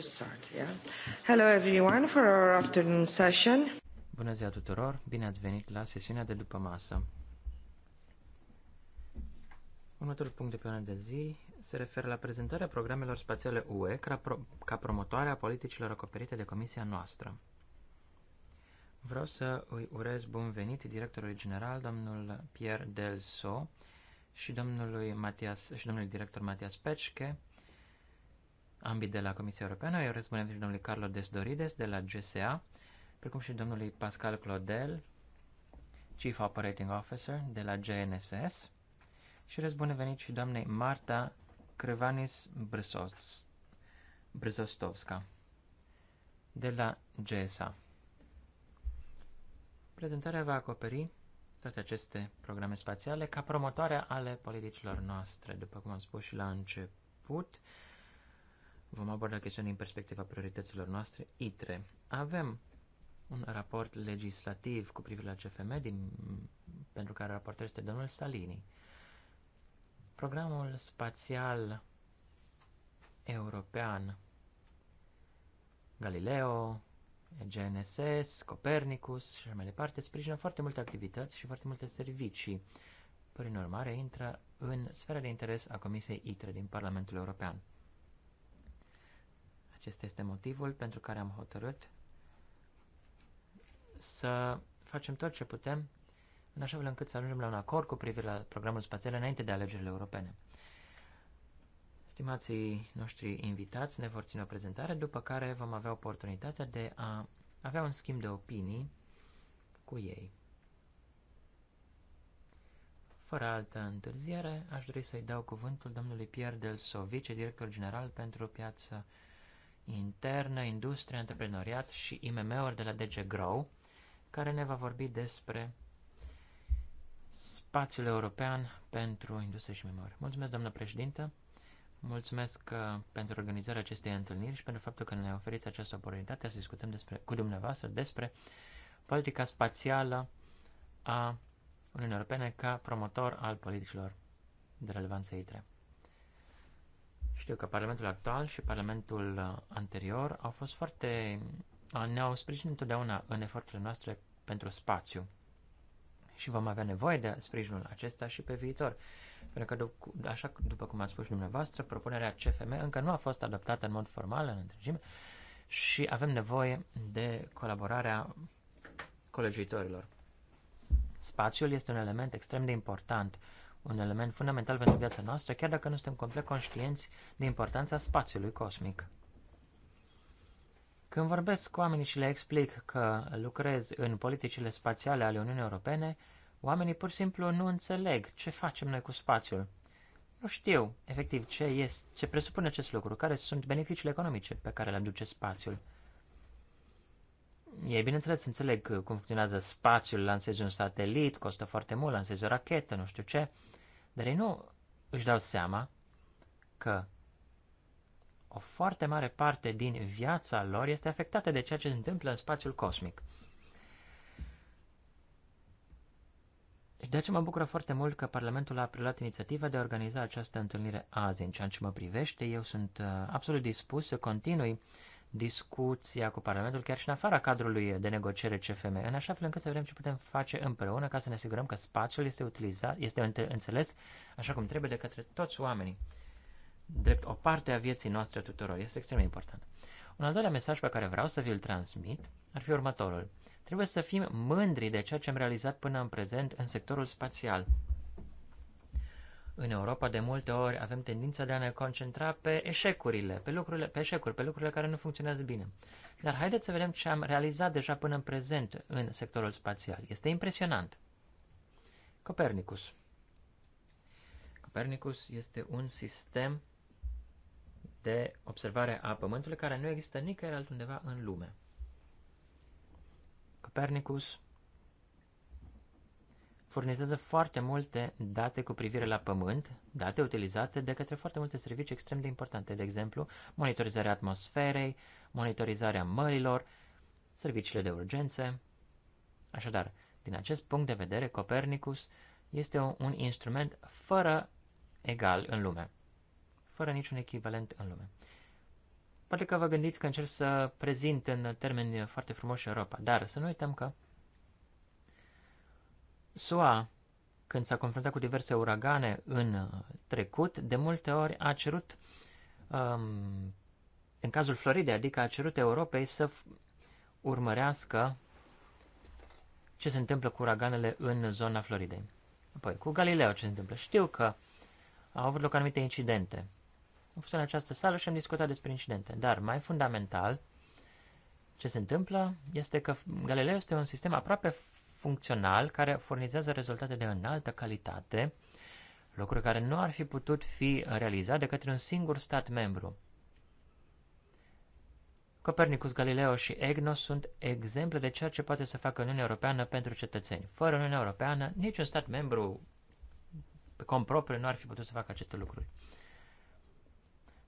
start, yeah? Hello everyone for our afternoon session. Bună ziua tuturor, bine ați venit la sesiunea de după masă. Următorul punct de pe de zi se referă la prezentarea programelor spațiale UE ca, pro- ca promotoare a politicilor acoperite de comisia noastră. Vreau să îi urez bun venit directorului general, domnul Pierre Delso, și domnului, Matias, și domnului director Matias Pecche, ambii de la Comisia Europeană. Eu răspundem și domnului Carlo Desdorides de la GSA, precum și domnului Pascal Claudel, Chief Operating Officer de la GNSS și răzbune venit și doamnei Marta Crevanis Brzostovska de la GSA. Prezentarea va acoperi toate aceste programe spațiale ca promotoare ale politicilor noastre, după cum am spus și la început. Vom aborda chestiunea din perspectiva priorităților noastre, ITRE. Avem un raport legislativ cu privire la CFM, din, pentru care raportul este domnul Salini. Programul spațial european Galileo, GNSS, Copernicus și mai departe, sprijină foarte multe activități și foarte multe servicii. Prin urmare, intră în sfera de interes a Comisiei ITRE din Parlamentul European. Acesta este motivul pentru care am hotărât să facem tot ce putem în așa fel încât să ajungem la un acord cu privire la programul spațial înainte de alegerile europene. Stimații noștri invitați ne vor ține o prezentare, după care vom avea oportunitatea de a avea un schimb de opinii cu ei. Fără altă întârziere, aș dori să-i dau cuvântul domnului Pierre Del Sovice, director general pentru piața internă, industrie, antreprenoriat și IMM-uri de la DG Grow, care ne va vorbi despre spațiul european pentru industrie și memorie. Mulțumesc, doamnă președintă! Mulțumesc uh, pentru organizarea acestei întâlniri și pentru faptul că ne oferiți această oportunitate să discutăm despre, cu dumneavoastră despre politica spațială a Uniunii Europene ca promotor al politicilor de relevanță ITRE. Știu că Parlamentul actual și Parlamentul uh, anterior au fost foarte... Uh, ne-au sprijinit întotdeauna în eforturile noastre pentru spațiu. Și vom avea nevoie de sprijinul acesta și pe viitor. Pentru că, așa după cum ați spus și dumneavoastră, propunerea CFM încă nu a fost adoptată în mod formal, în întregime, și avem nevoie de colaborarea colegiuitorilor. Spațiul este un element extrem de important uh, un element fundamental pentru viața noastră, chiar dacă nu suntem complet conștienți de importanța spațiului cosmic. Când vorbesc cu oamenii și le explic că lucrez în politicile spațiale ale Uniunii Europene, oamenii pur și simplu nu înțeleg ce facem noi cu spațiul. Nu știu, efectiv, ce, este, ce presupune acest lucru, care sunt beneficiile economice pe care le aduce spațiul. Ei, bineînțeles, înțeleg cum funcționează spațiul, lansezi un satelit, costă foarte mult, lansezi o rachetă, nu știu ce, dar ei nu își dau seama că o foarte mare parte din viața lor este afectată de ceea ce se întâmplă în spațiul cosmic. Și de aceea mă bucură foarte mult că Parlamentul a preluat inițiativa de a organiza această întâlnire azi. În ceea ce mă privește, eu sunt uh, absolut dispus să continui discuția cu Parlamentul chiar și în afara cadrului de negociere CFM, în așa fel încât să vedem ce putem face împreună ca să ne asigurăm că spațiul este utilizat, este înțeles așa cum trebuie de către toți oamenii, drept o parte a vieții noastre tuturor. Este extrem de important. Un al doilea mesaj pe care vreau să vi-l transmit ar fi următorul. Trebuie să fim mândri de ceea ce am realizat până în prezent în sectorul spațial. În Europa, de multe ori, avem tendința de a ne concentra pe eșecurile, pe, lucrurile, pe eșecuri, pe lucrurile care nu funcționează bine. Dar haideți să vedem ce am realizat deja până în prezent în sectorul spațial. Este impresionant. Copernicus. Copernicus este un sistem de observare a Pământului care nu există nicăieri altundeva în lume. Copernicus furnizează foarte multe date cu privire la pământ, date utilizate de către foarte multe servicii extrem de importante, de exemplu, monitorizarea atmosferei, monitorizarea mărilor, serviciile de urgențe. Așadar, din acest punct de vedere, Copernicus este un instrument fără egal în lume, fără niciun echivalent în lume. Poate că vă gândiți că încerc să prezint în termeni foarte frumoși Europa, dar să nu uităm că SUA, când s-a confruntat cu diverse uragane în uh, trecut, de multe ori a cerut, um, în cazul Floridei, adică a cerut Europei să urmărească ce se întâmplă cu uraganele în zona Floridei. Apoi, cu Galileo ce se întâmplă? Știu că au avut loc anumite incidente. Am fost în această sală și am discutat despre incidente, dar mai fundamental, ce se întâmplă este că Galileo este un sistem aproape funcțional care furnizează rezultate de înaltă calitate, lucruri care nu ar fi putut fi realizate de către un singur stat membru. Copernicus, Galileo și EGNOS sunt exemple de ceea ce poate să facă Uniunea Europeană pentru cetățeni. Fără Uniunea Europeană, niciun stat membru pe cont propriu nu ar fi putut să facă aceste lucruri.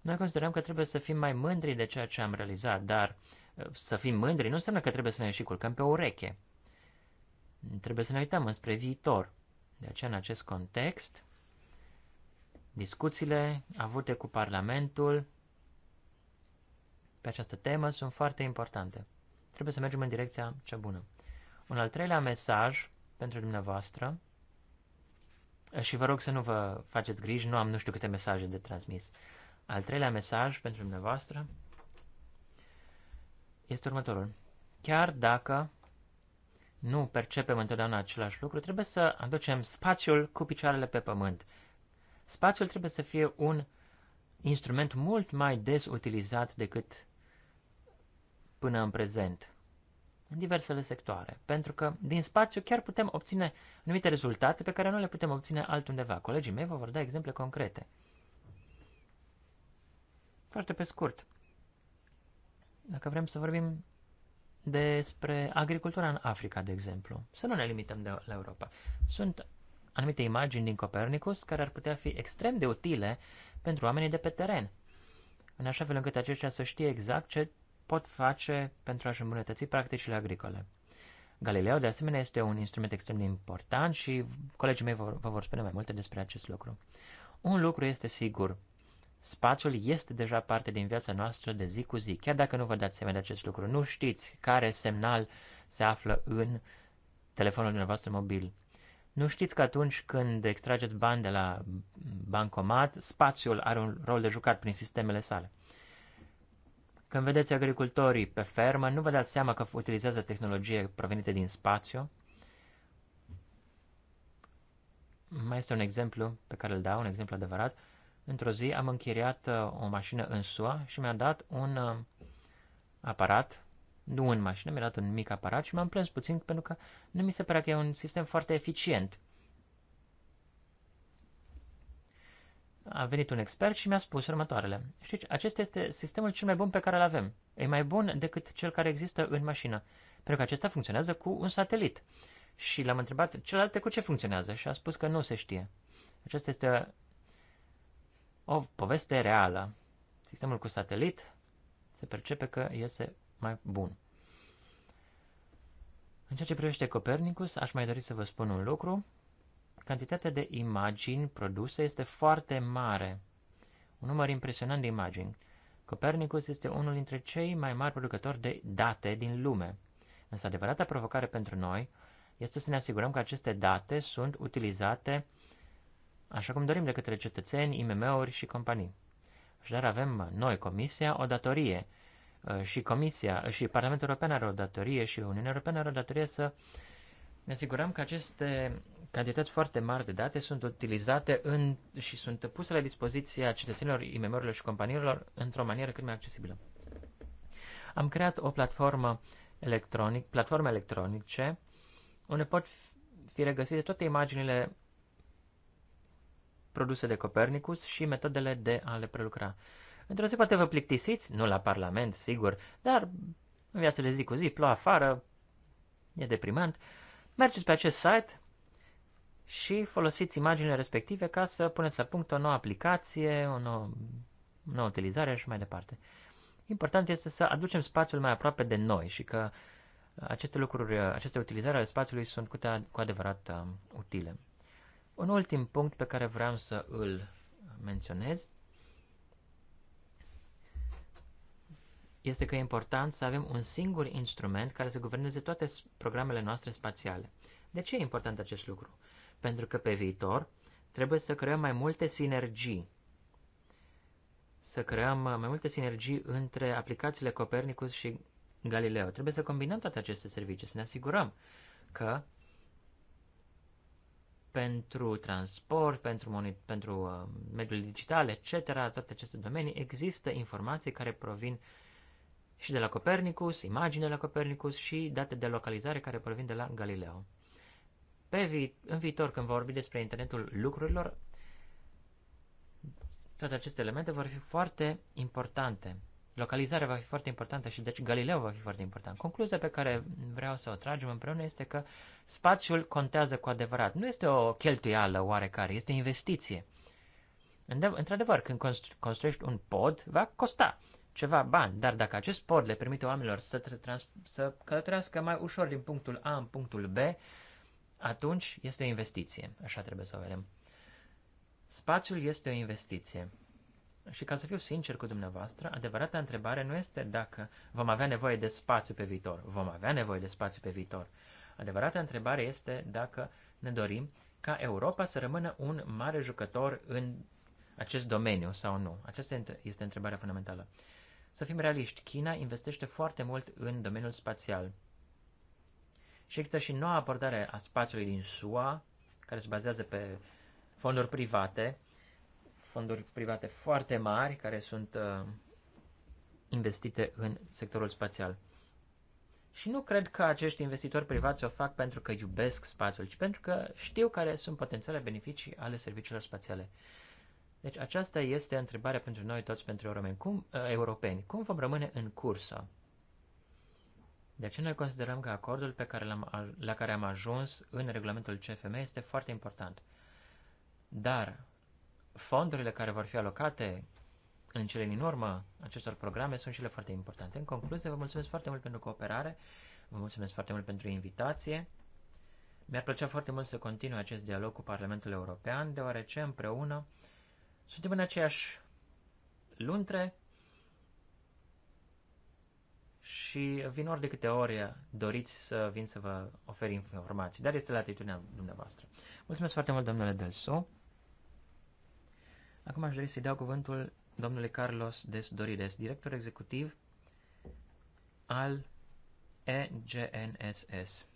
Noi considerăm că trebuie să fim mai mândri de ceea ce am realizat, dar uh, să fim mândri nu înseamnă că trebuie să ne și culcăm pe ureche. Trebuie să ne uităm înspre viitor. De aceea, în acest context, discuțiile avute cu Parlamentul pe această temă sunt foarte importante. Trebuie să mergem în direcția cea bună. Un al treilea mesaj pentru dumneavoastră, și vă rog să nu vă faceți griji, nu am nu știu câte mesaje de transmis. Al treilea mesaj pentru dumneavoastră este următorul. Chiar dacă nu percepem întotdeauna același lucru, trebuie să aducem spațiul cu picioarele pe pământ. Spațiul trebuie să fie un instrument mult mai des utilizat decât până în prezent în diversele sectoare, pentru că din spațiu chiar putem obține anumite rezultate pe care nu le putem obține altundeva. Colegii mei vă vor da exemple concrete. Foarte pe scurt. Dacă vrem să vorbim despre agricultura în Africa, de exemplu. Să nu ne limităm de la Europa. Sunt anumite imagini din Copernicus care ar putea fi extrem de utile pentru oamenii de pe teren, în așa fel încât aceștia să știe exact ce pot face pentru a-și îmbunătăți practicile agricole. Galileo, de asemenea, este un instrument extrem de important și colegii mei vă vor spune mai multe despre acest lucru. Un lucru este sigur, Spațiul este deja parte din viața noastră de zi cu zi. Chiar dacă nu vă dați seama de acest lucru, nu știți care semnal se află în telefonul dumneavoastră mobil. Nu știți că atunci când extrageți bani de la bancomat, spațiul are un rol de jucat prin sistemele sale. Când vedeți agricultorii pe fermă, nu vă dați seama că utilizează tehnologie provenite din spațiu. Mai este un exemplu pe care îl dau, un exemplu adevărat. Uh, Într-o zi am închiriat uh, o mașină în SUA și mi-a dat un uh, aparat, nu în mașină, mi-a dat un mic aparat și m-am plâns puțin pentru că nu mi se părea că e un sistem foarte eficient. a venit un expert și mi-a spus următoarele. Știți, acesta este sistemul cel mai bun pe care îl avem. E mai bun decât cel care există în mașină, pentru că acesta funcționează cu un satelit. Și l-am întrebat celelalte cu ce funcționează și a spus că nu se știe. Acesta este o poveste reală. Sistemul cu satelit se percepe că iese mai bun. În ceea ce privește Copernicus, aș mai dori să vă spun un lucru. Cantitatea de imagini produse este foarte mare. Un număr impresionant de imagini. Copernicus este unul dintre cei mai mari producători de date din lume. Însă adevărata provocare pentru noi este să ne asigurăm că aceste date sunt utilizate așa cum dorim de către cetățeni, IMM-uri și companii. Așadar avem noi, Comisia, o datorie uh, și Comisia uh, și Parlamentul European are o datorie și Uniunea Europeană are o datorie să ne asigurăm că aceste cantități foarte mari de date sunt utilizate în, și sunt puse la dispoziția cetățenilor, imm și companiilor într-o manieră cât mai accesibilă. Am creat o platformă electronic, platforme electronice unde pot fi regăsite toate imaginile produse de Copernicus și metodele de a le prelucra. Într-o zi poate vă plictisiți, nu la Parlament, sigur, dar în viața de zi cu zi, plouă afară, e deprimant. Mergeți pe acest site și folosiți imaginile respective ca să puneți la punct o nouă aplicație, o nouă, nouă utilizare și mai departe. Important este să aducem spațiul mai aproape de noi și că aceste lucruri, aceste utilizări ale spațiului sunt cu adevărat um, utile. Un ultim punct pe care vreau să îl menționez este că e important să avem un singur instrument care să guverneze toate programele noastre spațiale. De ce e important acest lucru? Pentru că pe viitor trebuie să creăm mai multe sinergii. Să creăm mai multe sinergii între aplicațiile Copernicus și Galileo. Trebuie să combinăm toate aceste servicii, să ne asigurăm că pentru transport, pentru, moni- pentru uh, mediul digital, etc., toate aceste domenii, există informații care provin și de la Copernicus, imagini de la Copernicus și date de localizare care provin de la Galileo. Pe vi- în viitor, când vorbim despre internetul lucrurilor, toate aceste elemente vor fi foarte importante. Localizarea va fi foarte importantă și deci Galileo va fi foarte important. Concluzia pe care vreau să o tragem împreună este că spațiul contează cu adevărat. Nu este o cheltuială oarecare, este o investiție. Într-adevăr, când construiești un pod, va costa ceva bani, dar dacă acest pod le permite oamenilor să, trans- să călătorească mai ușor din punctul A în punctul B, atunci este o investiție. Așa trebuie să o vedem. Spațiul este o investiție. Și ca să fiu sincer cu dumneavoastră, adevărata întrebare nu este dacă vom avea nevoie de spațiu pe viitor. Vom avea nevoie de spațiu pe viitor. Adevărata întrebare este dacă ne dorim ca Europa să rămână un mare jucător în acest domeniu sau nu. Aceasta este întrebarea fundamentală. Să fim realiști, China investește foarte mult în domeniul spațial. Și există și noua abordare a spațiului din SUA, care se bazează pe fonduri private, fonduri private foarte mari care sunt uh, investite în sectorul spațial. Și nu cred că acești investitori privați o fac pentru că iubesc spațiul, ci pentru că știu care sunt potențiale beneficii ale serviciilor spațiale. Deci aceasta este întrebarea pentru noi toți, pentru europeni. Cum, uh, europeni, cum vom rămâne în cursă? De ce noi considerăm că acordul pe care l-am, la care am ajuns în regulamentul CFM este foarte important. Dar fondurile care vor fi alocate în cele din urmă acestor programe sunt și ele foarte importante. În concluzie, vă mulțumesc foarte mult pentru cooperare, vă mulțumesc foarte mult pentru invitație. Mi-ar plăcea foarte mult să continui acest dialog cu Parlamentul European, deoarece împreună suntem în aceeași luntre și vin ori de câte ori doriți să vin să vă ofer informații, dar este la atitudinea dumneavoastră. Mulțumesc foarte mult, domnule Delso. Acum aș dori să-i dau cuvântul domnului Carlos Des Dorides, director executiv al EGNSS,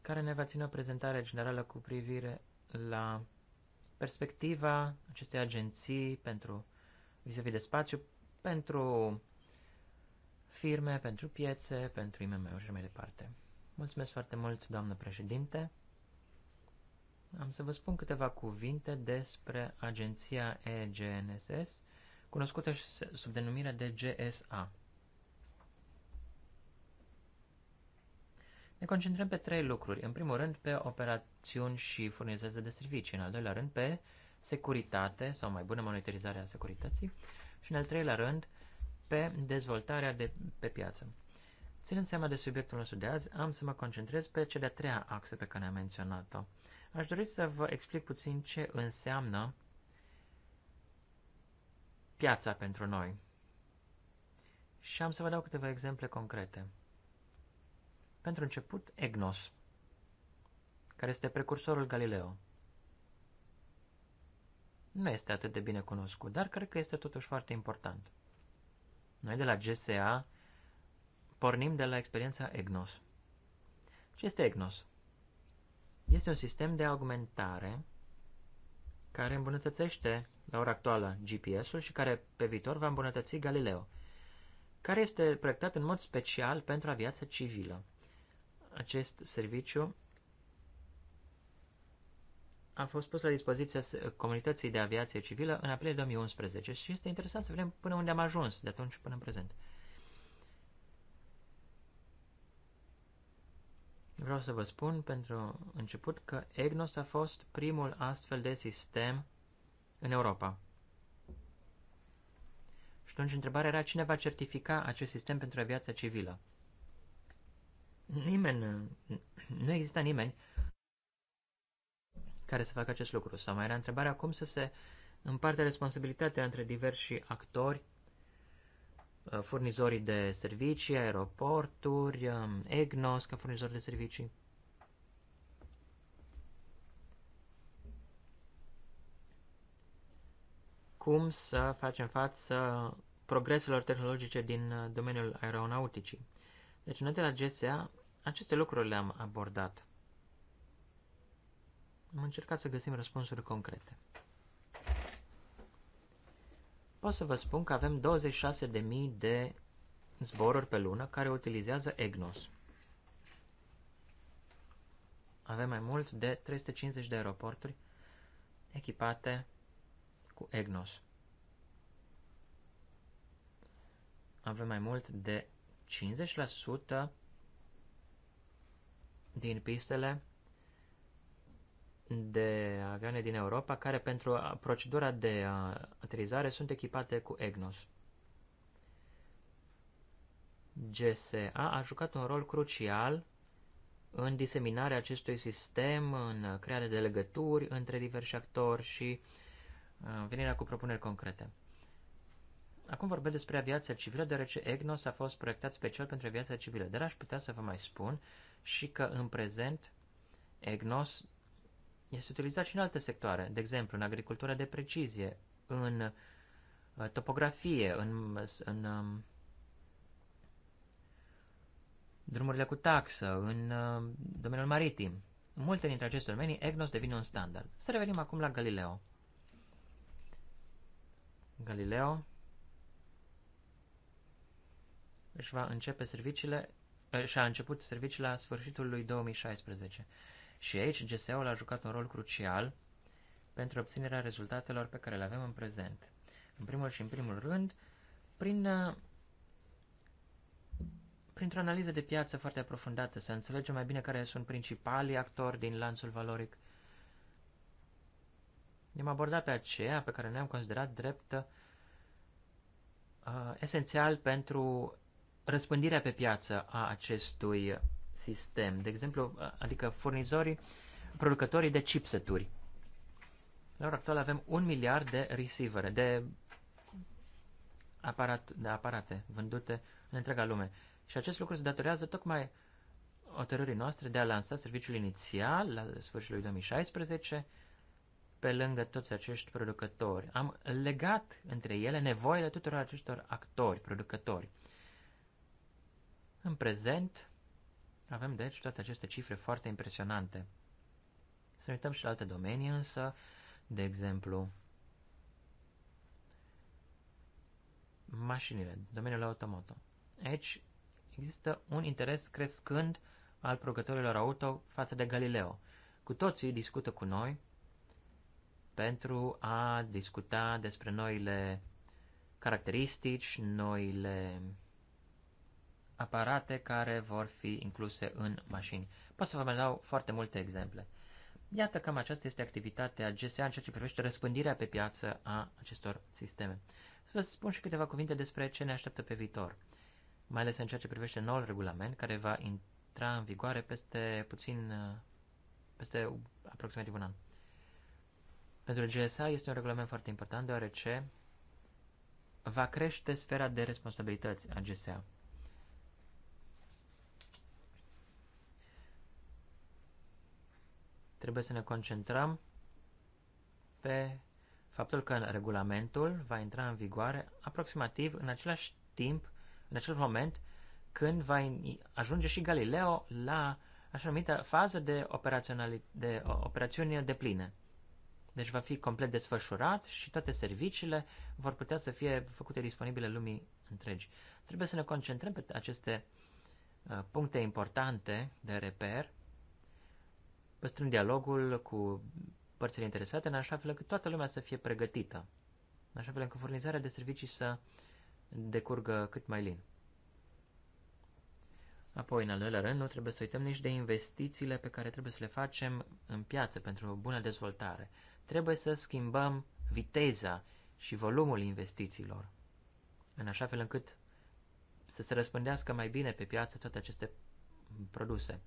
care ne va ține o prezentare generală cu privire la perspectiva acestei agenții pentru vis-a-vis -vis de spațiu, pentru firme, pentru piețe, pentru IMM-uri și mai departe. Mulțumesc foarte mult, doamnă președinte am să vă spun câteva cuvinte despre agenția EGNSS, cunoscută sub denumirea de GSA. Ne concentrăm pe trei lucruri. În primul rând, pe operațiuni și furnizare de servicii. În al doilea rând, pe securitate sau mai bună monitorizare a securității. Și în al treilea rând, pe dezvoltarea de pe piață. Ținând seama de subiectul nostru de azi, am să mă concentrez pe cea de-a treia axă pe care am menționat-o – Aș dori să vă explic puțin ce înseamnă piața pentru noi. Și am să vă dau câteva exemple concrete. Pentru început, EGNOS, care este precursorul Galileo. Nu este atât de bine cunoscut, dar cred că este totuși foarte important. Noi de la GSA pornim de la experiența EGNOS. Ce este EGNOS? Este un sistem de augmentare care îmbunătățește la ora actuală GPS-ul și care pe viitor va îmbunătăți Galileo, care este proiectat în mod special pentru aviația civilă. Acest serviciu a fost pus la dispoziția comunității de aviație civilă în aprilie 2011 și este interesant să vedem până unde am ajuns de atunci până în prezent. Vreau să vă spun pentru început că EGNOS a fost primul astfel de sistem în Europa. Și atunci întrebarea era cine va certifica acest sistem pentru aviația civilă. Nimeni, nu exista nimeni care să facă acest lucru. Sau mai era întrebarea cum să se împarte responsabilitatea între diversi actori Uh, furnizorii de servicii, aeroporturi, um, EGNOS ca furnizor de servicii. Cum să facem față progreselor tehnologice din uh, domeniul aeronauticii. Deci, noi la GSA, aceste lucruri le-am abordat. Am încercat să găsim răspunsuri concrete pot să vă spun că avem 26.000 de zboruri pe lună care utilizează EGNOS. Avem mai mult de 350 de aeroporturi echipate cu EGNOS. Avem mai mult de 50% din pistele de avioane din Europa care pentru procedura de aterizare sunt echipate cu EGNOS. GSA a jucat un rol crucial în diseminarea acestui sistem, în crearea de legături între diversi actori și uh, venirea cu propuneri concrete. Acum vorbesc despre aviația civilă, deoarece EGNOS a fost proiectat special pentru aviația civilă, dar aș putea să vă mai spun și că în prezent EGNOS este utilizat și în alte sectoare, de exemplu, în agricultura de precizie, în uh, topografie, în, în um, drumurile cu taxă, în um, domeniul maritim. În multe dintre aceste domenii, EGNOS devine un standard. Să revenim acum la Galileo. Galileo își va începe serviciile uh, și a început serviciile la sfârșitul lui 2016. Și aici GSE-ul a jucat un rol crucial pentru obținerea rezultatelor pe care le avem în prezent. În primul și în primul rând, prin, uh, printr-o analiză de piață foarte aprofundată, să înțelegem mai bine care sunt principalii actori din lanțul valoric. Ne-am abordat pe aceea pe care ne-am considerat drept uh, esențial pentru răspândirea pe piață a acestui sistem. De exemplu, adică furnizorii, producătorii de chipseturi. La ora actuală avem un miliard de receivere, de, aparat, de aparate vândute în întreaga lume. Și acest lucru se datorează tocmai hotărârii noastre de a lansa serviciul inițial la sfârșitul 2016 pe lângă toți acești producători. Am legat între ele nevoile tuturor acestor actori, producători. În prezent, avem, deci, toate aceste cifre foarte impresionante. Să ne uităm și la alte domenii, însă, de exemplu, mașinile, domeniul automoto. Aici există un interes crescând al producătorilor auto față de Galileo. Cu toții discută cu noi pentru a discuta despre noile caracteristici, noile aparate care vor fi incluse în mașini. Pot să vă mai dau foarte multe exemple. Iată cam aceasta este activitatea GSA în ceea ce privește răspândirea pe piață a acestor sisteme. Să vă spun și câteva cuvinte despre ce ne așteaptă pe viitor, mai ales în ceea ce privește noul regulament care va intra în vigoare peste puțin, peste aproximativ un an. Pentru GSA este un regulament foarte important deoarece va crește sfera de responsabilități a GSA. Trebuie să ne concentrăm pe faptul că regulamentul va intra în vigoare aproximativ în același timp, în acel moment, când va ajunge și Galileo la așa numită fază de, de operațiune de plină. Deci va fi complet desfășurat și toate serviciile vor putea să fie făcute disponibile lumii întregi. Trebuie să ne concentrăm pe aceste uh, puncte importante de reper păstrând dialogul cu părțile interesate, în așa fel încât toată lumea să fie pregătită, în așa fel încât furnizarea de servicii să decurgă cât mai lin. Apoi, în al doilea rând, nu trebuie să uităm nici de investițiile pe care trebuie să le facem în piață pentru o bună dezvoltare. Trebuie să schimbăm viteza și volumul investițiilor, în așa fel încât să se răspândească mai bine pe piață toate aceste produse.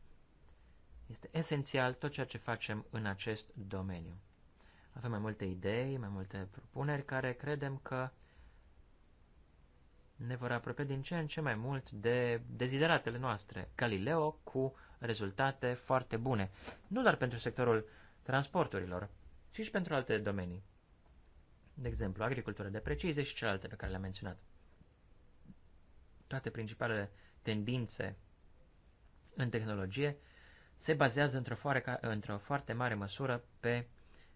Este esențial tot ceea ce facem în acest domeniu. Avem mai multe idei, mai multe propuneri care credem că ne vor apropia din ce în ce mai mult de dezideratele noastre. Galileo cu rezultate foarte bune, nu doar pentru sectorul transporturilor, ci și pentru alte domenii. De exemplu, agricultura de precizie și celelalte pe care le-am menționat. Toate principalele tendințe în tehnologie se bazează într-o foarte, într foarte mare măsură pe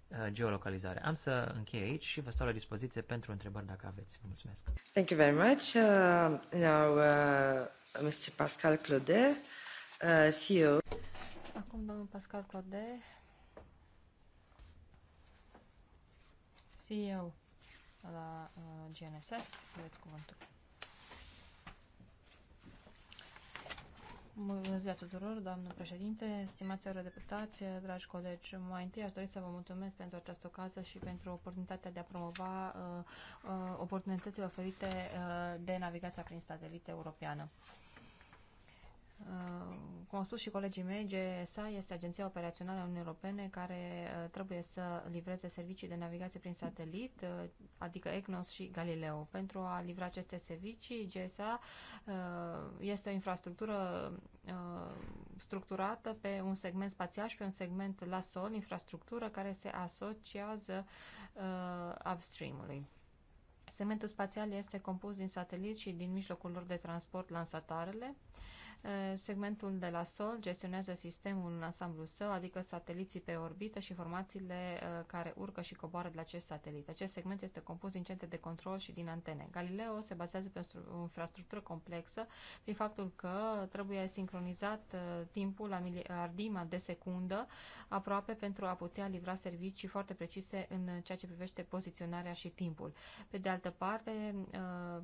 uh, geolocalizare. Am să închei aici și vă stau la dispoziție pentru întrebări dacă aveți. Vă mulțumesc. Thank you very much. Uh, now, uh, Mr. Pascal Claudet, uh, CEO. Acum domnul Pascal Claudet, CEO la uh, GNSS, aveți cuvântul. Bună ziua tuturor, doamnă președinte, stimați eurodeputați, dragi colegi. Mai întâi aș dori să vă mulțumesc pentru această ocază și pentru oportunitatea de a promova uh, uh, oportunitățile oferite uh, de navigația prin satelite europeană. Uh, Uh, cum au spus și colegii mei, GSA este Agenția Operațională a Uniunii Europene care uh, trebuie să livreze servicii de navigație prin satelit, uh, adică EGNOS și Galileo. Pentru a livra aceste servicii, GSA este o infrastructură structurată pe un segment spațial și pe un segment la sol, infrastructură care se asociază upstream-ului. Segmentul spațial este compus din sateliți și din mijlocul lor de transport lansatarele. Segmentul de la Sol gestionează sistemul în ansamblu său, adică sateliții pe orbită și formațiile care urcă și coboară de la acest satelit. Acest segment este compus din centre de control și din antene. Galileo se bazează pe o infrastructură complexă prin faptul că trebuie sincronizat timpul la miliardima de secundă aproape pentru a putea livra servicii foarte precise în ceea ce privește poziționarea și timpul. Pe de altă parte,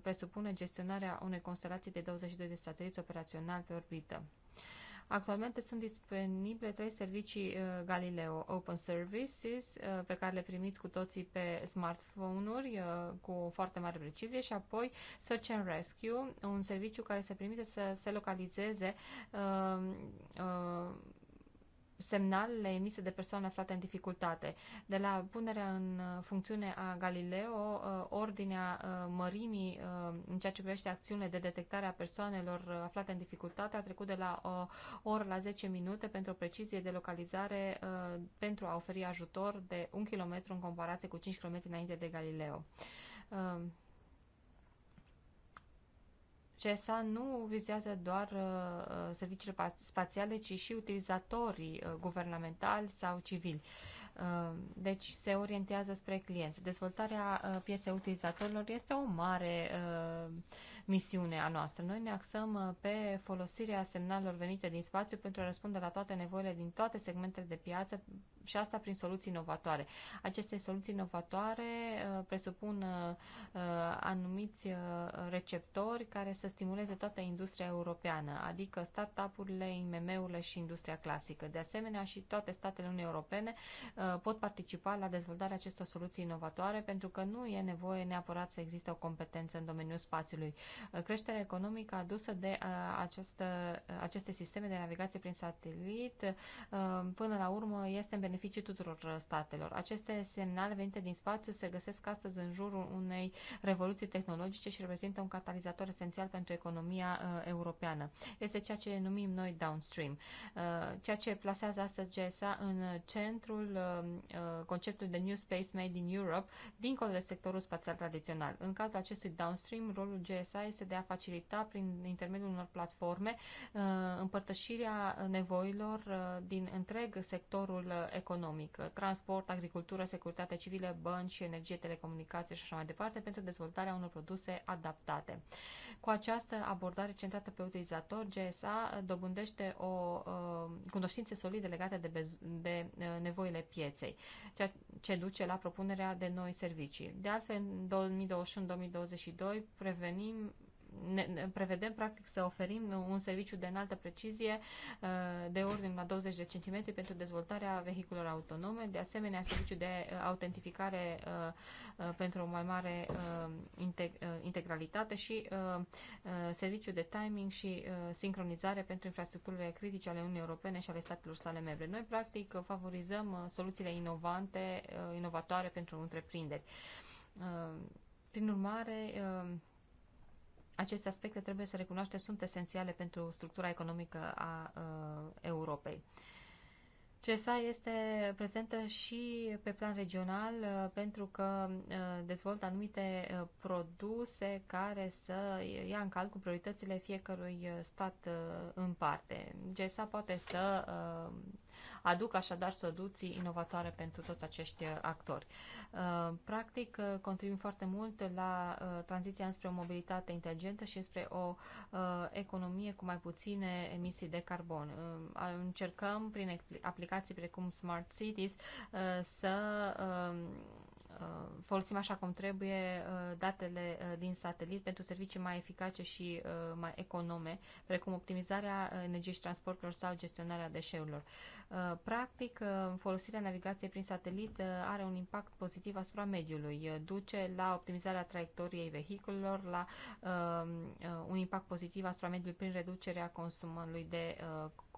presupune gestionarea unei constelații de 22 de sateliți operaționali pe orbită. Actualmente sunt disponibile trei servicii uh, Galileo Open Services uh, pe care le primiți cu toții pe smartphone-uri uh, cu foarte mare precizie și apoi Search and Rescue, un serviciu care se permite să se localizeze uh, uh, semnalele emise de persoane aflate în dificultate. De la punerea în funcțiune a Galileo, uh, ordinea uh, mărimii uh, în ceea ce privește acțiunile de detectare a persoanelor aflate în dificultate a trecut de la o oră la 10 minute pentru o precizie de localizare pentru a oferi ajutor de 1 km în comparație cu 5 km înainte de Galileo CESA nu vizează doar uh, uh serviciile spațiale, ci și utilizatorii uh, guvernamentali sau civili. Uh, deci se orientează spre clienți. Dezvoltarea uh, pieței utilizatorilor este o mare uh, misiune a noastră. Noi ne axăm uh, pe folosirea semnalelor venite din spațiu pentru a răspunde la toate nevoile din toate segmentele de piață și asta prin soluții inovatoare. Aceste soluții inovatoare uh, presupun uh, uh, anumiți receptori care să stimuleze toată industria europeană, adică startup-urile, IMM-urile și industria clasică. De asemenea, și toate statele Uniunii Europene pot participa la dezvoltarea acestor soluții inovatoare pentru că nu e nevoie neapărat să există o competență în domeniul spațiului. Creșterea economică adusă de această, aceste sisteme de navigație prin satelit până la urmă este în beneficiu beneficiu tuturor uh, statelor. Aceste semnale venite din spațiu se găsesc astăzi în jurul unei revoluții tehnologice și reprezintă un catalizator esențial pentru economia uh, europeană. Este ceea ce numim noi downstream, uh, ceea ce plasează astăzi GSA în centrul uh, uh, conceptului de New Space Made in Europe, dincolo de sectorul spațial tradițional. În cazul acestui downstream, rolul GSA este de a facilita prin intermediul unor platforme uh, împărtășirea nevoilor uh, din întreg sectorul economic uh, economic, transport, agricultură, securitate civilă, bănci, energie, telecomunicații și așa mai departe, pentru dezvoltarea unor produse adaptate. Cu această abordare centrată pe utilizator, GSA dobândește o uh, cunoștințe solide legate de, de uh, nevoile pieței, ceea ce duce la propunerea de noi servicii. De altfel, în 2021-2022 prevenim ne, ne prevedem practic să oferim un serviciu de înaltă precizie uh, de ordin la 20 de centimetri pentru dezvoltarea vehiculelor autonome, de asemenea serviciu de uh, autentificare uh, pentru o mai mare integralitate și serviciu de timing și sincronizare pentru infrastructurile critice ale Uniunii Europene și ale statelor sale membre. Noi practic favorizăm soluțiile inovante, inovatoare pentru întreprinderi. Prin urmare, aceste aspecte, trebuie să recunoaștem, sunt esențiale pentru structura economică a uh, Europei. CSA este prezentă și pe plan regional ă, pentru că ă, dezvoltă anumite produse care să ia în calcul prioritățile fiecărui stat în parte. CSA poate să aduc așadar soluții inovatoare pentru toți acești uh, actori. Uh, practic, uh, contribuim foarte mult la tranziția înspre o mobilitate inteligentă și înspre o economie cu mai puține emisii de carbon. Încercăm prin aplicații precum Smart Cities să Uh, folosim așa cum trebuie uh, datele uh, din satelit pentru servicii mai eficace și mai econome, precum optimizarea energiei și transporturilor sau gestionarea deșeurilor. Practic, folosirea navigației prin satelit are un impact pozitiv asupra mediului, duce la optimizarea traiectoriei vehiculelor, la un impact pozitiv asupra mediului prin reducerea consumului de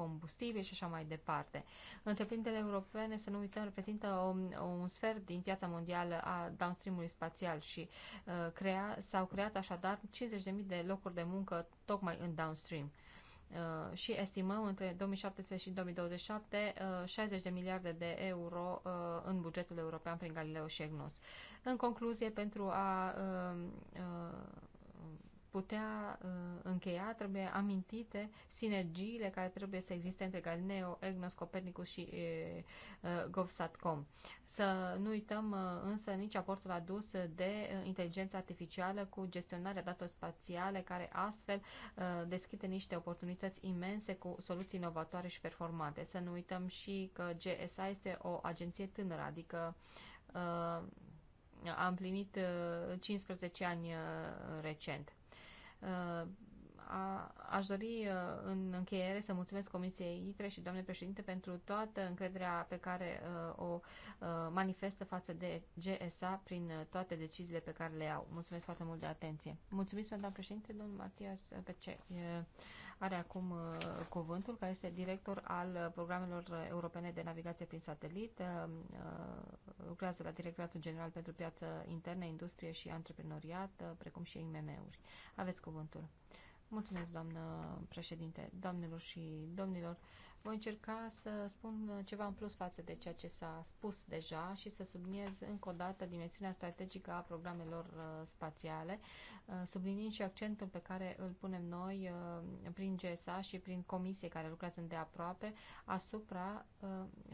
combustibili și așa mai departe. Întreprinderile europene, să nu uităm, reprezintă o, un sfert din piața mondială a downstream-ului spațial și uh, crea, s-au creat așadar 50.000 de locuri de muncă tocmai în downstream uh, și estimăm între 2017 și 2027 60 uh, de miliarde de euro uh, în bugetul european prin Galileo și EGNOS. În concluzie, pentru a putea uh, încheia, trebuie amintite sinergiile care trebuie să existe între Galileo, EGNOS, Copernicus și uh, uh, GovSatcom. Să nu uităm însă nici aportul adus de inteligența artificială cu gestionarea datelor spațiale, care astfel deschide niște oportunități imense cu soluții inovatoare și performante. Să nu uităm și că GSA este o agenție tânără, adică am plinit 15 ani recent. Uh, a, aș dori uh, în încheiere să mulțumesc Comisiei ITRE și doamne președinte pentru toată încrederea pe care uh, o manifestă față de GSA prin toate deciziile pe care le au. Mulțumesc foarte mult de atenție. Mulțumesc, doamne președinte, domnul Matias, pe ce? Are acum uh, cuvântul, care este director al programelor europene de navigație prin satelit. Uh, uh, lucrează la Directoratul General pentru Piață Internă, Industrie și Antreprenoriat, precum și IMM-uri. Aveți cuvântul. Mulțumesc, doamnă președinte, doamnelor și domnilor voi încerca să spun ceva în plus față de ceea ce s-a spus deja și să subliniez încă o dată dimensiunea strategică a programelor uh, spațiale, uh, subliniind și accentul pe care îl punem noi uh, prin GSA și prin comisie care lucrează îndeaproape asupra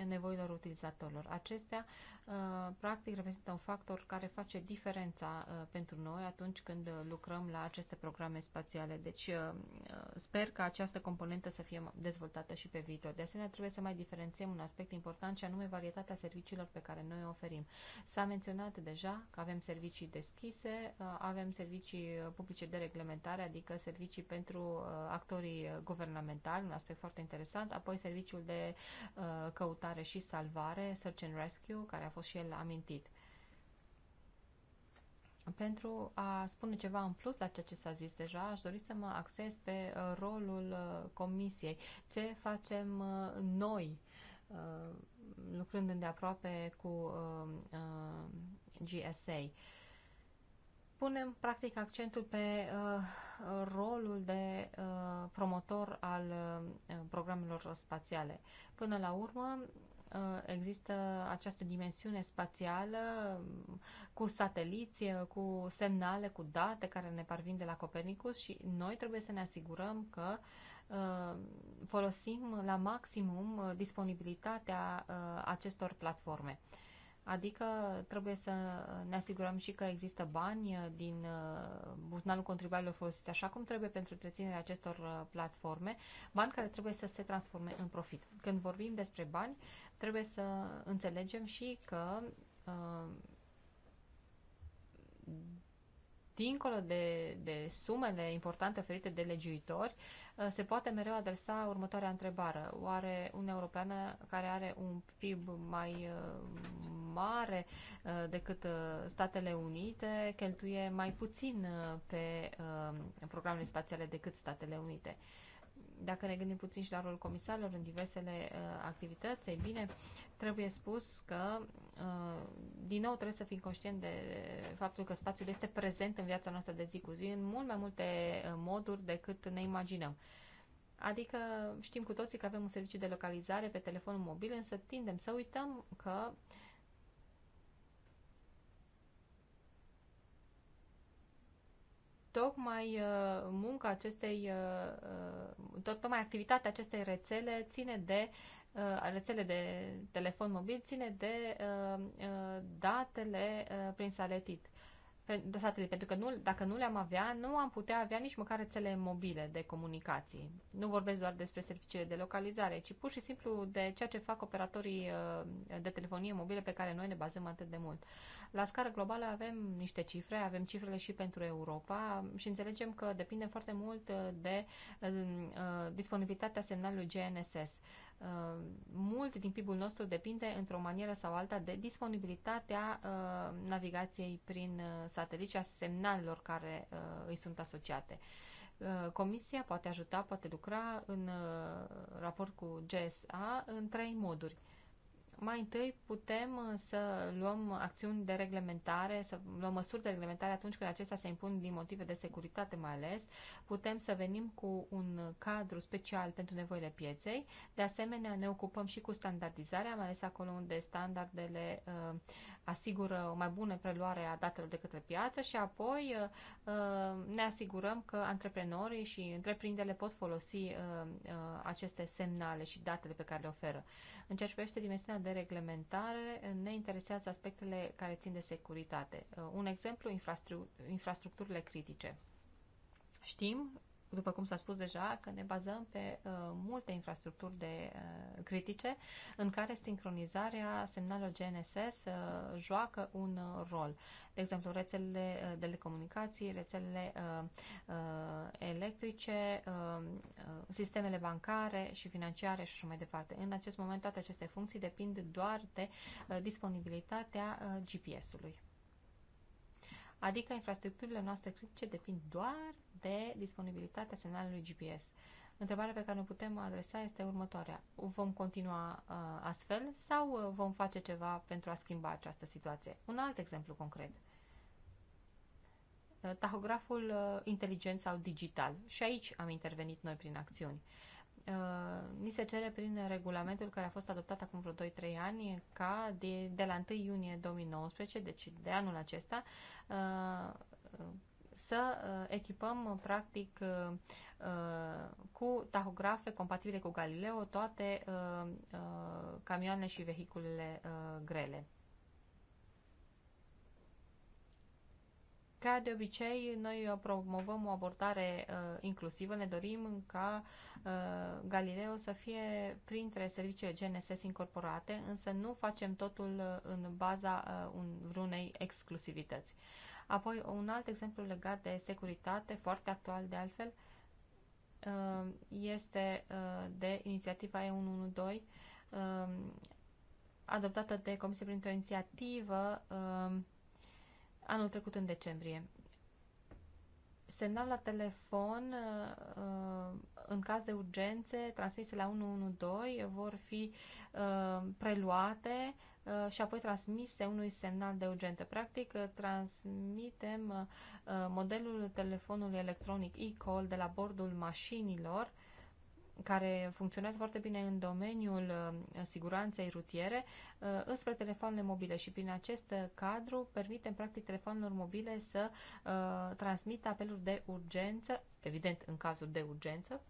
nevoilor utilizatorilor. Acestea Uh, practic reprezintă un factor care face diferența uh, pentru noi atunci când uh, lucrăm la aceste programe spațiale. Deci sper că această componentă să fie dezvoltată și pe viitor. De asemenea, trebuie să mai diferențiem un aspect important și anume varietatea serviciilor pe care noi o oferim. S-a menționat deja că avem servicii deschise, avem servicii publice de reglementare, adică servicii pentru actorii guvernamentali, un aspect foarte interesant, apoi serviciul de căutare și salvare, Search and Rescue, care a fost și el amintit. Pentru a spune ceva în plus la ceea ce s-a zis deja, aș dori să mă acces pe uh, rolul uh, comisiei. Ce facem uh, noi, lucrând îndeaproape cu GSA? Punem, practic, accentul pe rolul de promotor al programelor spațiale. Până la urmă, Uh, există această dimensiune spațială um, cu sateliți, uh, cu semnale, cu date care ne parvin de la Copernicus și noi trebuie să ne asigurăm că uh, folosim la maximum disponibilitatea acestor platforme. Adică trebuie să ne asigurăm și că există bani uh, din uh, buzunarul contribuabililor folosiți așa cum trebuie pentru întreținerea acestor uh, platforme, bani care trebuie să se transforme în profit. Când vorbim despre bani, trebuie să înțelegem și că dincolo de, de sumele importante oferite de legiuitori, uh, se poate mereu adresa următoarea întrebare. Oare Uniunea Europeană, care are un PIB mai uh, mare uh, decât Statele Unite, cheltuie mai puțin pe programele spațiale decât Statele Unite? dacă ne gândim puțin și la rolul comisarilor în diversele uh, activități, ei bine, trebuie spus că, uh, din nou, trebuie să fim conștient de faptul că spațiul este prezent în viața noastră de zi cu zi, în mult mai multe uh, moduri decât ne imaginăm. Adică știm cu toții că avem un serviciu de localizare pe telefonul mobil, însă tindem să uităm că uh, tocmai uh, munca acestei, uh, uh, tot, tocmai activitatea acestei rețele ține de rețele de telefon mobil ține de datele prin satelit de satelit, pentru că nu, dacă nu le-am avea, nu am putea avea nici măcar rețele mobile de comunicații. Nu vorbesc doar despre serviciile de localizare, ci pur și simplu de ceea ce fac operatorii uh, de telefonie mobile pe care noi ne bazăm atât de mult. La scară globală avem niște cifre, avem cifrele și pentru Europa și înțelegem că depinde foarte mult uh, de uh, disponibilitatea semnalului GNSS. Uh, mult din PIB-ul nostru depinde într-o manieră sau alta de disponibilitatea uh, navigației prin uh, satelit și a semnalelor care îi sunt asociate. Comisia poate ajuta, poate lucra în raport cu GSA în trei moduri. Mai întâi putem să luăm acțiuni de reglementare, să luăm măsuri de reglementare atunci când acestea se impun din motive de securitate mai ales. Putem să venim cu un cadru special pentru nevoile pieței. De asemenea, ne ocupăm și cu standardizarea, mai ales acolo unde standardele uh, asigură o mai bună preluare a datelor de către piață și apoi uh, uh, ne asigurăm că antreprenorii și întreprinderile pot folosi uh, aceste semnale și datele pe care le oferă. În ceea ce privește dimensiunea de reglementare, ne interesează aspectele care țin de securitate. Un exemplu, infrastructurile critice. Știm după cum s-a spus deja, că ne bazăm pe uh, multe infrastructuri de uh, critice în care sincronizarea semnalelor GNSS uh, joacă un uh, rol. De exemplu, rețelele uh, de telecomunicații, rețelele uh, uh, electrice, uh, uh, sistemele bancare și financiare și așa mai departe. În acest moment toate aceste funcții depind doar de uh, disponibilitatea uh, GPS-ului. Adică infrastructurile noastre critice depind doar de disponibilitatea semnalului GPS. Întrebarea pe care o putem adresa este următoarea. Vom continua uh, astfel sau uh, vom face ceva pentru a schimba această situație? Un alt exemplu concret. Uh, tahograful uh, inteligent sau digital. Și aici am intervenit noi prin acțiuni. Uh, ni se cere prin regulamentul care a fost adoptat acum vreo 2-3 ani ca de, de la 1 iunie 2019, deci de anul acesta, uh, să uh, echipăm, uh, practic, uh, cu tahografe compatibile cu Galileo toate camioanele și vehiculele grele. Ca de obicei, noi promovăm o abordare uh, inclusivă. Ne dorim ca uh, Galileo să fie printre serviciile GNSS incorporate, însă nu facem totul în baza uh, un, vreunei exclusivități. Uh, Apoi, un alt exemplu legat de securitate, foarte actual de altfel, uh, este uh, de inițiativa E112 uh, adoptată de Comisie printr-o inițiativă anul trecut în decembrie. Semnal la telefon în caz de urgențe transmise la 112 vor fi preluate Uh, și apoi transmise unui semnal de urgentă. Practic, uh, transmitem uh, modelul telefonului electronic e-call de la bordul mașinilor care funcționează foarte bine în domeniul siguranței rutiere, înspre telefoanele mobile și prin acest cadru permitem practic telefonelor mobile să transmită apeluri de urgență, evident în cazul de urgență,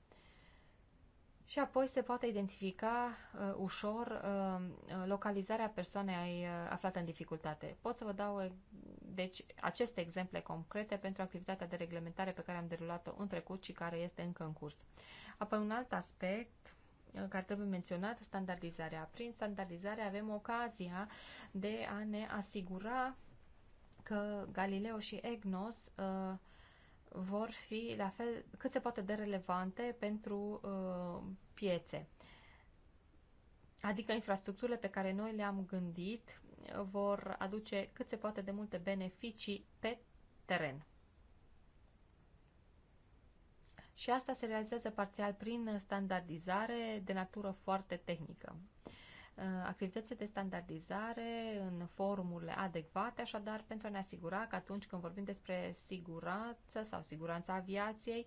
și apoi se poate identifica uh, ușor uh, localizarea persoanei uh, aflate în dificultate. Pot să vă dau uh, deci, aceste exemple concrete pentru activitatea de reglementare pe care am derulat-o în trecut și care este încă în curs. Apoi un alt aspect uh, care trebuie menționat, standardizarea. Prin standardizare avem ocazia de a ne asigura că Galileo și EGNOS uh, vor fi la fel cât se poate de relevante pentru uh, piețe. Adică infrastructurile pe care noi le-am gândit uh, vor aduce cât se poate de multe beneficii pe teren. Și asta se realizează parțial prin standardizare de natură foarte tehnică. Uh, activitățile de standardizare în formule adecvate, așadar pentru a ne asigura că atunci când vorbim despre siguranță sau siguranța aviației,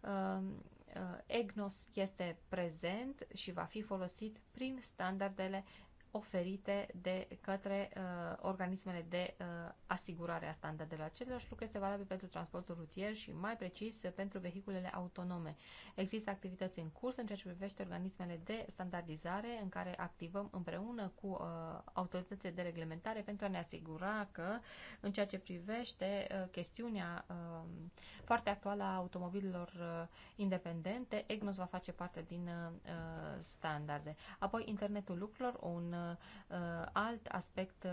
uh, uh, EGNOS este prezent și va fi folosit prin standardele oferite de către uh, organismele de uh, asigurare a standardelor. Același lucru este valabil pentru transportul rutier și mai precis pentru vehiculele autonome. Există activități în curs în ceea ce privește organismele de standardizare în care activăm împreună cu uh, autoritățile de reglementare pentru a ne asigura că în ceea ce privește uh, chestiunea uh, foarte actuală a automobililor uh, independente, EGNOS va face parte din uh, uh standarde. Apoi internetul lucrurilor, un Uh, alt aspect uh,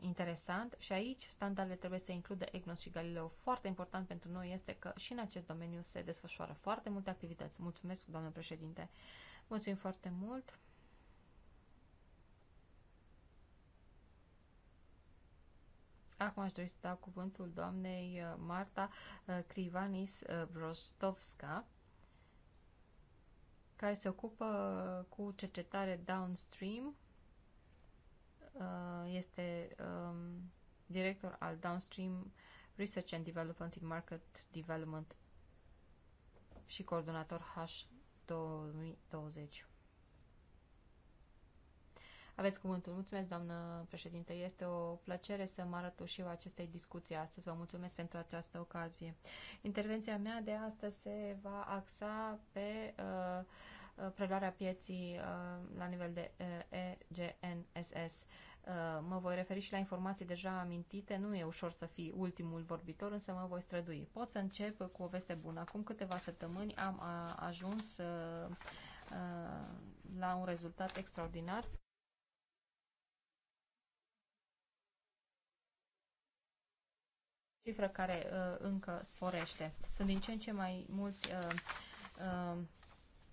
interesant și aici standardele trebuie să includă EGNOS și Galileo. Foarte important pentru noi este că și în acest domeniu se desfășoară foarte multe activități. Mulțumesc, doamnă președinte. Mulțumim foarte mult. Acum aș dori să dau cuvântul doamnei uh, Marta Crivanis Brostovska, care se ocupă cu cercetare downstream Uh, este um, director al Downstream Research and Development in Market Development și coordonator H 2020. Aveți cuvântul. Mulțumesc, doamnă președinte. Este o plăcere să mă arăt și eu acestei discuții astăzi. Vă mulțumesc pentru această ocazie. Intervenția mea de astăzi se va axa pe uh, Uh, preluarea pieții uh, la nivel de uh, EGNSS. Mă voi referi și la informații deja amintite. Nu e ușor să fii ultimul vorbitor, însă mă voi strădui. Pot să încep cu o veste bună. Acum câteva săptămâni am ajuns la un rezultat extraordinar. cifră care încă sporește. Sunt din ce în ce mai mulți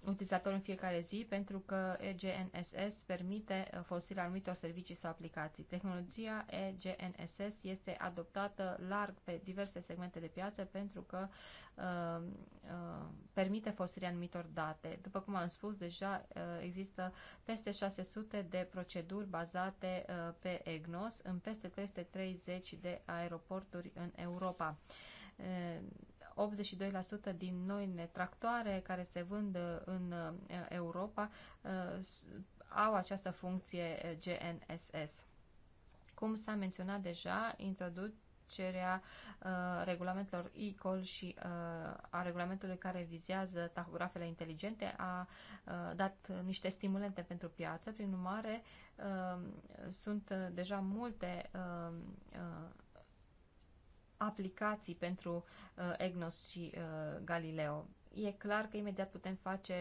utilizator în fiecare zi pentru că EGNSS permite uh, folosirea anumitor servicii sau aplicații. Tehnologia EGNSS este adoptată larg pe diverse segmente de piață pentru că uh, uh, permite folosirea anumitor date. După cum am spus, deja uh, există peste 600 de proceduri bazate uh, pe EGNOS în peste 330 de aeroporturi în Europa. Uh, 82% din noile tractoare care se vând în uh, Europa uh, au această funcție uh, GNSS. Cum s-a menționat deja, introduc cerea uh, regulamentelor e-call și uh, a regulamentului care vizează tahografele inteligente a uh, dat niște stimulente pentru piață. Prin urmare, uh, sunt deja multe uh, uh, aplicații pentru uh, EGNOS și uh, Galileo. E clar că imediat putem face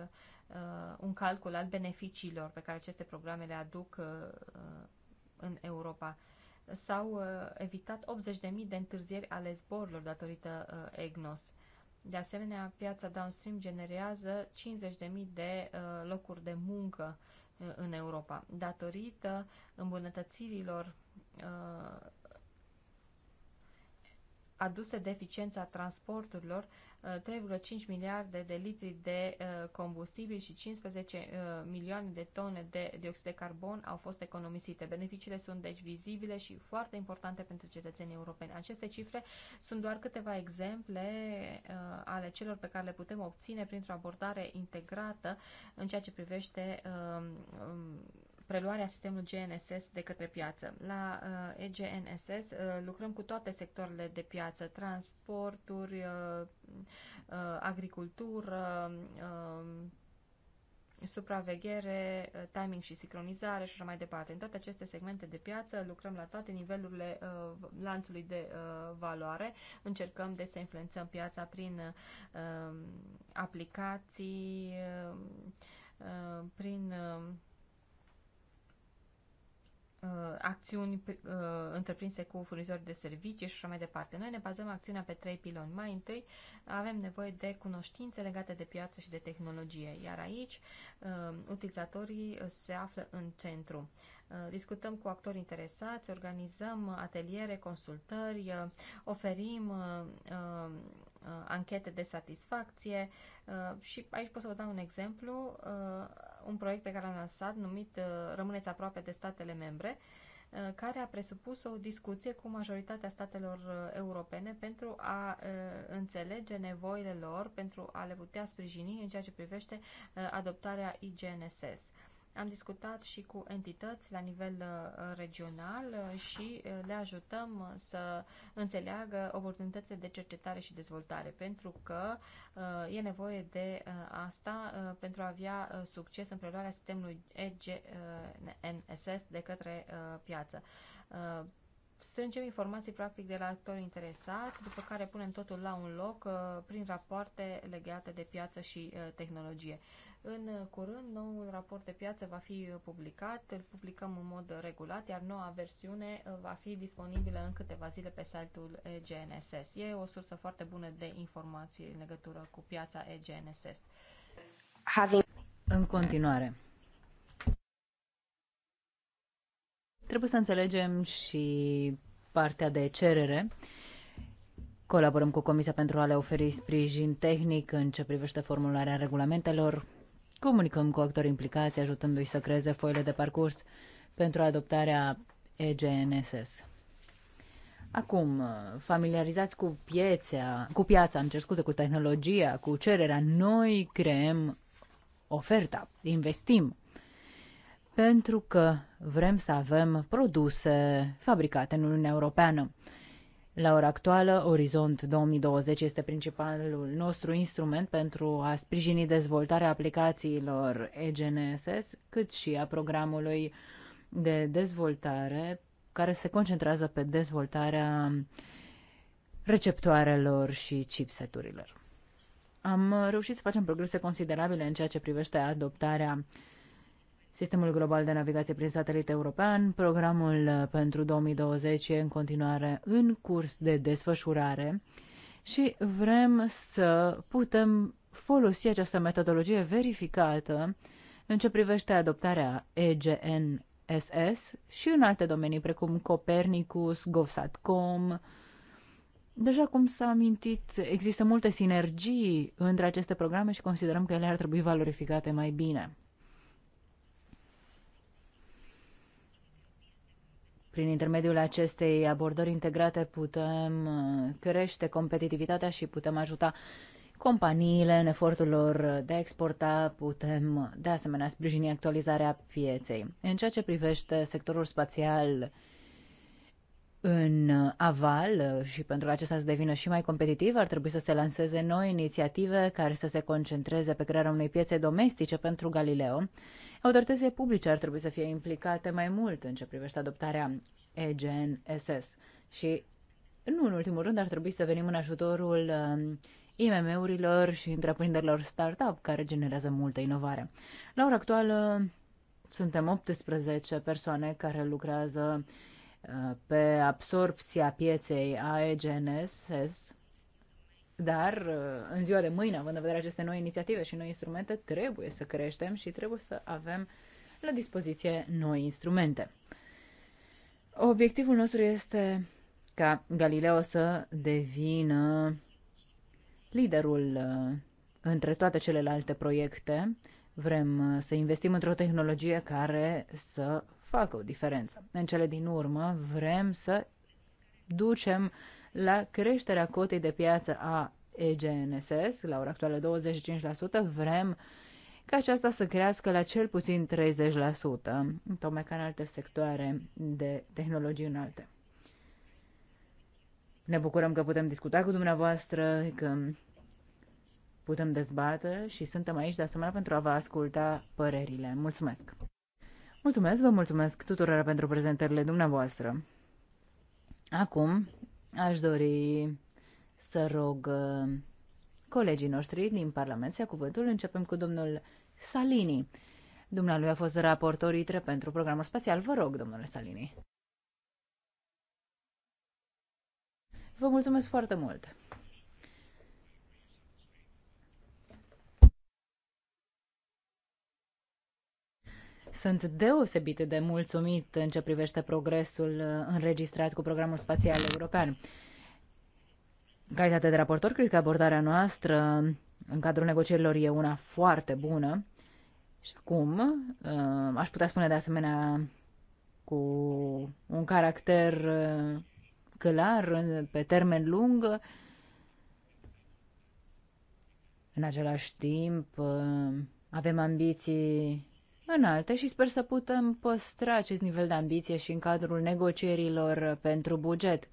uh, uh, un calcul al beneficiilor pe care aceste programe le aduc uh, uh în Europa. S-au uh, evitat 80.000 de întârzieri ale zborurilor datorită uh, EGNOS. De asemenea, piața downstream generează 50.000 de uh, locuri de muncă uh, în Europa, datorită îmbunătățirilor uh, aduse deficiența transporturilor, 3,5 uh, miliarde de litri de uh, combustibil și 15 uh, milioane de tone de dioxid de carbon au fost economisite. Beneficiile sunt deci vizibile și foarte importante pentru cetățenii europeni. Aceste cifre sunt doar câteva exemple ale celor pe care le putem obține printr-o abordare integrată în ceea ce privește um, preluarea sistemului GNSS de către piață. La uh, EGNSS uh, lucrăm cu toate sectoarele de piață, transporturi, uh, uh, agricultură, uh, supraveghere, uh, timing și sincronizare și așa mai departe. În toate aceste segmente de piață lucrăm la toate nivelurile uh, lanțului de uh, valoare. Încercăm deci să influențăm piața prin uh, aplicații, uh, uh prin uh, Uh, acțiuni uh, întreprinse cu furnizori de servicii și așa mai departe. Noi ne bazăm acțiunea pe trei piloni. Mai întâi avem nevoie de cunoștințe legate de piață și de tehnologie, iar aici uh, utilizatorii se află în centru. Discutăm cu actori interesați, organizăm ateliere, consultări, oferim anchete de satisfacție și aici pot să vă dau un exemplu un proiect pe care l-am lansat numit uh, Rămâneți aproape de statele membre, uh, care a presupus o discuție cu majoritatea statelor uh, europene pentru a înțelege nevoile lor, pentru a le putea sprijini în ceea ce privește adoptarea IGNSS. Am discutat și cu entități la nivel uh, regional uh, și uh, le ajutăm să înțeleagă oportunitățile de cercetare și dezvoltare, pentru că e nevoie de asta pentru a avea succes în preluarea sistemului EGNSS de către piață strângem informații practic de la actorii interesați, după care punem totul la un loc prin rapoarte legate de piață și tehnologie. În curând, noul raport de piață va fi publicat, îl publicăm în mod regulat, iar noua versiune uh, va fi disponibilă în câteva zile pe site-ul EGNSS. E o sursă foarte bună de informații în legătură cu piața EGNSS. Having... În continuare, trebuie să înțelegem și partea de cerere. Colaborăm cu Comisia pentru a le oferi sprijin tehnic în ce privește formularea regulamentelor, Comunicăm cu actori implicați, ajutându-i să creeze foile de parcurs pentru adoptarea EGNSS. Acum, familiarizați cu piața, cu piața, am cer scuze, cu tehnologia, cu cererea, noi creăm oferta, investim. Pentru că vrem să avem produse fabricate în Uniunea Europeană. La ora actuală, Orizont 2020 este principalul nostru instrument pentru a sprijini dezvoltarea aplicațiilor EGNSS, cât și a programului de dezvoltare care se concentrează pe dezvoltarea receptoarelor și chipseturilor. Am reușit să facem progrese considerabile în ceea ce privește adoptarea Sistemul global de navigație prin satelit european, programul uh, pentru 2020 e în continuare în curs de desfășurare și vrem să putem folosi această metodologie verificată în ce privește adoptarea EGNSS și în alte domenii precum Copernicus, GovSatcom. Deja cum s-a amintit, există multe sinergii între aceste programe și considerăm că ele ar trebui valorificate mai bine. Prin intermediul acestei abordări integrate putem uh, crește competitivitatea și putem ajuta companiile în efortul lor de a exporta, putem de asemenea sprijini actualizarea pieței. În ceea ce privește sectorul spațial în aval uh, și pentru ca acesta să devină și mai competitiv, ar trebui să se lanseze noi inițiative care să se concentreze pe crearea unei piețe domestice pentru Galileo, Autoritățile publice ar trebui să fie implicate mai mult în ce privește adoptarea EGNSS și, nu în ultimul rând, ar trebui să venim în ajutorul um, IMM-urilor și întreprinderilor startup care generează multă inovare. La ora actuală suntem 18 persoane care lucrează uh, pe absorpția pieței a EGNSS dar uh, în ziua de mâine, având în vedere aceste noi inițiative și noi instrumente, trebuie să creștem și trebuie să avem la dispoziție noi instrumente. Obiectivul nostru este ca Galileo să devină liderul uh, între toate celelalte proiecte. Vrem uh, să investim într-o tehnologie care să facă o diferență. În cele din urmă vrem să ducem la creșterea cotei de piață a EGNSS, la ora actuală 25%, vrem ca aceasta să crească la cel puțin 30%, tocmai ca în alte sectoare de tehnologii înalte. Ne bucurăm că putem discuta cu dumneavoastră, că putem dezbate și suntem aici de asemenea pentru a vă asculta părerile. Mulțumesc! Mulțumesc, vă mulțumesc tuturor pentru prezentările dumneavoastră. Acum Aș dori să rog uh, colegii noștri din Parlament să ia cuvântul. Începem cu domnul Salini. Dumnealui a fost raportor ITRE pentru programul spațial. Vă rog, domnule Salini. Vă mulțumesc foarte mult. Sunt deosebit de mulțumit în ce privește progresul uh, înregistrat cu programul spațial european. Calitate de raportor, cred că abordarea noastră în cadrul negocierilor e una foarte bună. Și acum, uh, aș putea spune de asemenea cu un caracter uh, clar, pe termen lung, în același timp, avem ambiții înalte și sper să putem păstra acest nivel de ambiție și în cadrul negocierilor pentru buget.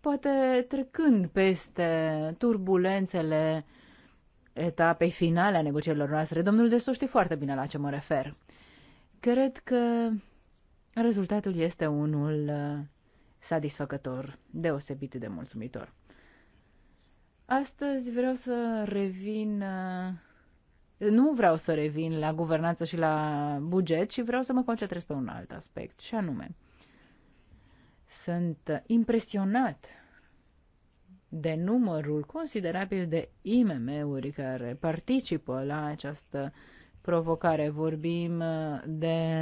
Poate trecând peste turbulențele etapei finale a negocierilor noastre, domnul Desu știe foarte bine la ce mă refer. Cred că rezultatul este unul uh, satisfăcător, deosebit de mulțumitor. Astăzi vreau să revin uh, nu vreau să revin la guvernanță și la buget, ci vreau să mă concentrez pe un alt aspect, și anume, sunt impresionat de numărul considerabil de IMM-uri care participă la această provocare. Vorbim de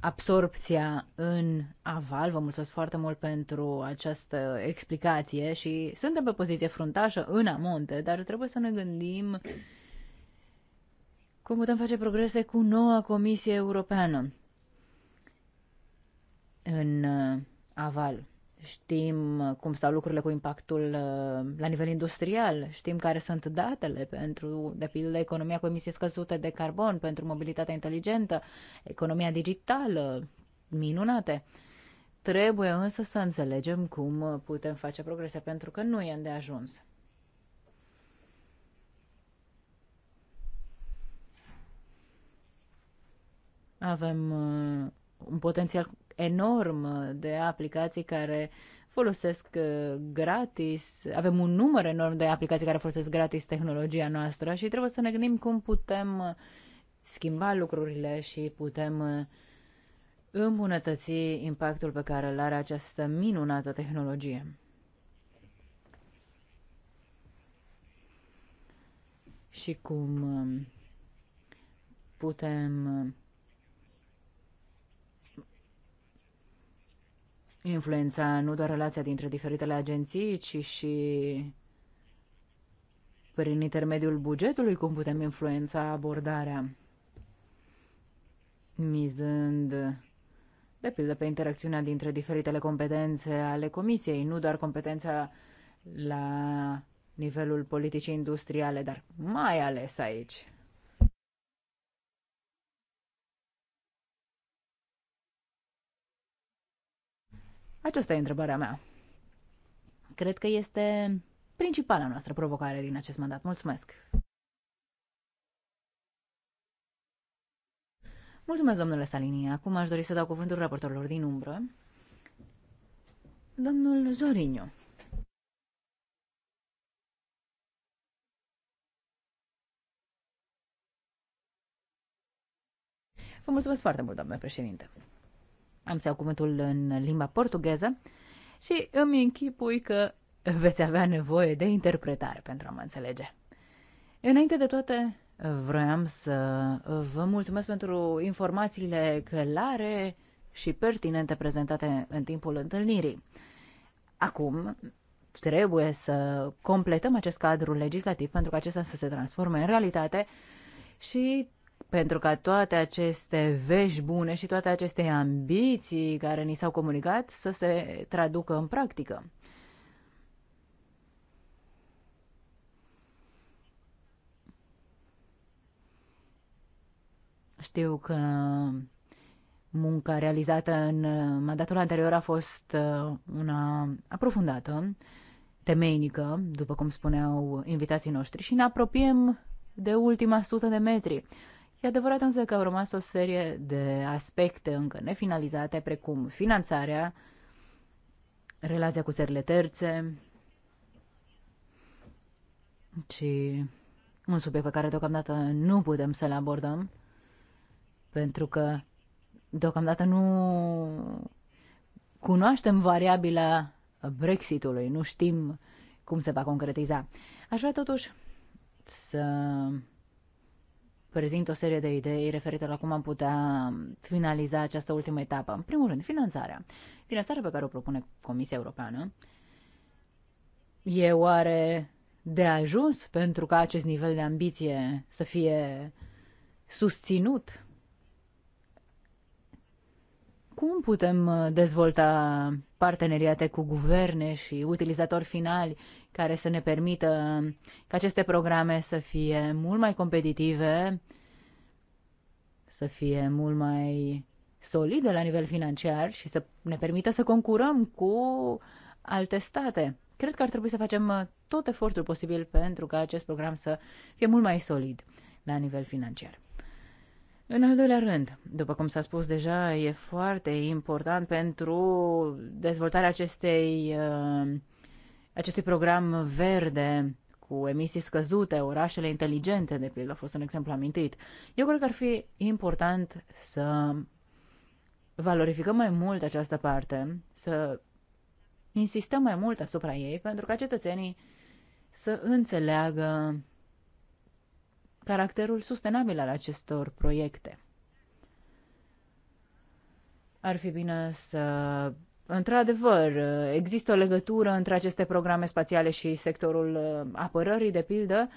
absorpția în aval. Vă mulțumesc foarte mult pentru această explicație și suntem pe poziție fruntașă în amonte, dar trebuie să ne gândim cum putem face progrese cu noua Comisie Europeană în uh, aval. Știm uh, cum stau lucrurile cu impactul uh, la nivel industrial, știm care sunt datele pentru, de pildă, economia cu emisii scăzute de carbon, pentru mobilitatea inteligentă, economia digitală, minunate. Trebuie însă să înțelegem cum uh, putem face progrese, pentru că nu e îndeajuns. Avem un potențial enorm de aplicații care folosesc uh, gratis, avem un număr enorm de aplicații care folosesc gratis tehnologia noastră și trebuie să ne gândim cum putem uh, schimba lucrurile și putem uh, îmbunătăți impactul pe care îl are această minunată tehnologie. Și cum putem influența nu doar relația dintre diferitele agenții, ci și prin intermediul bugetului cum putem influența abordarea, mizând de pildă pe interacțiunea dintre diferitele competențe ale comisiei, nu doar competența la nivelul politicii industriale, dar mai ales aici. Aceasta e întrebarea mea. Cred că este principala noastră provocare din acest mandat. Mulțumesc! Mulțumesc, domnule Salini. Acum aș dori să dau cuvântul raportorilor din umbră. Domnul Zoriniu. Vă mulțumesc foarte mult, doamnă președinte am să iau cuvântul în limba portugheză și îmi închipui că veți avea nevoie de interpretare pentru a mă înțelege. Înainte de toate, vroiam să vă mulțumesc pentru informațiile clare și pertinente prezentate în timpul întâlnirii. Acum, trebuie să completăm acest cadru legislativ pentru că acesta să se transforme în realitate și pentru ca toate aceste vești bune și toate aceste ambiții care ni s-au comunicat să se traducă în practică. Știu că munca realizată în mandatul anterior a fost uh, una aprofundată, temeinică, după cum spuneau invitații noștri, și ne apropiem de ultima sută de metri. E adevărat însă că au rămas o serie de aspecte încă nefinalizate, precum finanțarea, relația cu țările terțe, și un subiect pe care deocamdată nu putem să-l abordăm, pentru că deocamdată nu cunoaștem variabila Brexitului, nu știm cum se va concretiza. Aș vrea totuși să prezint o serie de idei referite la cum am putea finaliza această ultimă etapă. În primul rând, finanțarea. Finanțarea pe care o propune Comisia Europeană e oare de ajuns pentru ca acest nivel de ambiție să fie susținut? Cum putem uh, dezvolta parteneriate cu guverne și utilizatori finali care să ne permită ca aceste programe să fie mult mai competitive, să fie mult mai solide la nivel financiar și să ne permită să concurăm cu alte state. Cred că ar trebui să facem uh, tot efortul posibil pentru ca acest program să fie mult mai solid la nivel financiar. În al doilea rând, după cum s-a spus deja, e foarte important pentru dezvoltarea acestei uh, acestui program verde cu emisii scăzute, orașele inteligente, de pildă, a fost un exemplu amintit. Eu cred că ar fi important să valorificăm mai mult această parte, să insistăm mai mult asupra ei, pentru ca cetățenii să înțeleagă caracterul sustenabil al acestor proiecte. Ar fi bine să Într-adevăr, există o legătură între aceste programe spațiale și sectorul uh, apărării, de pildă,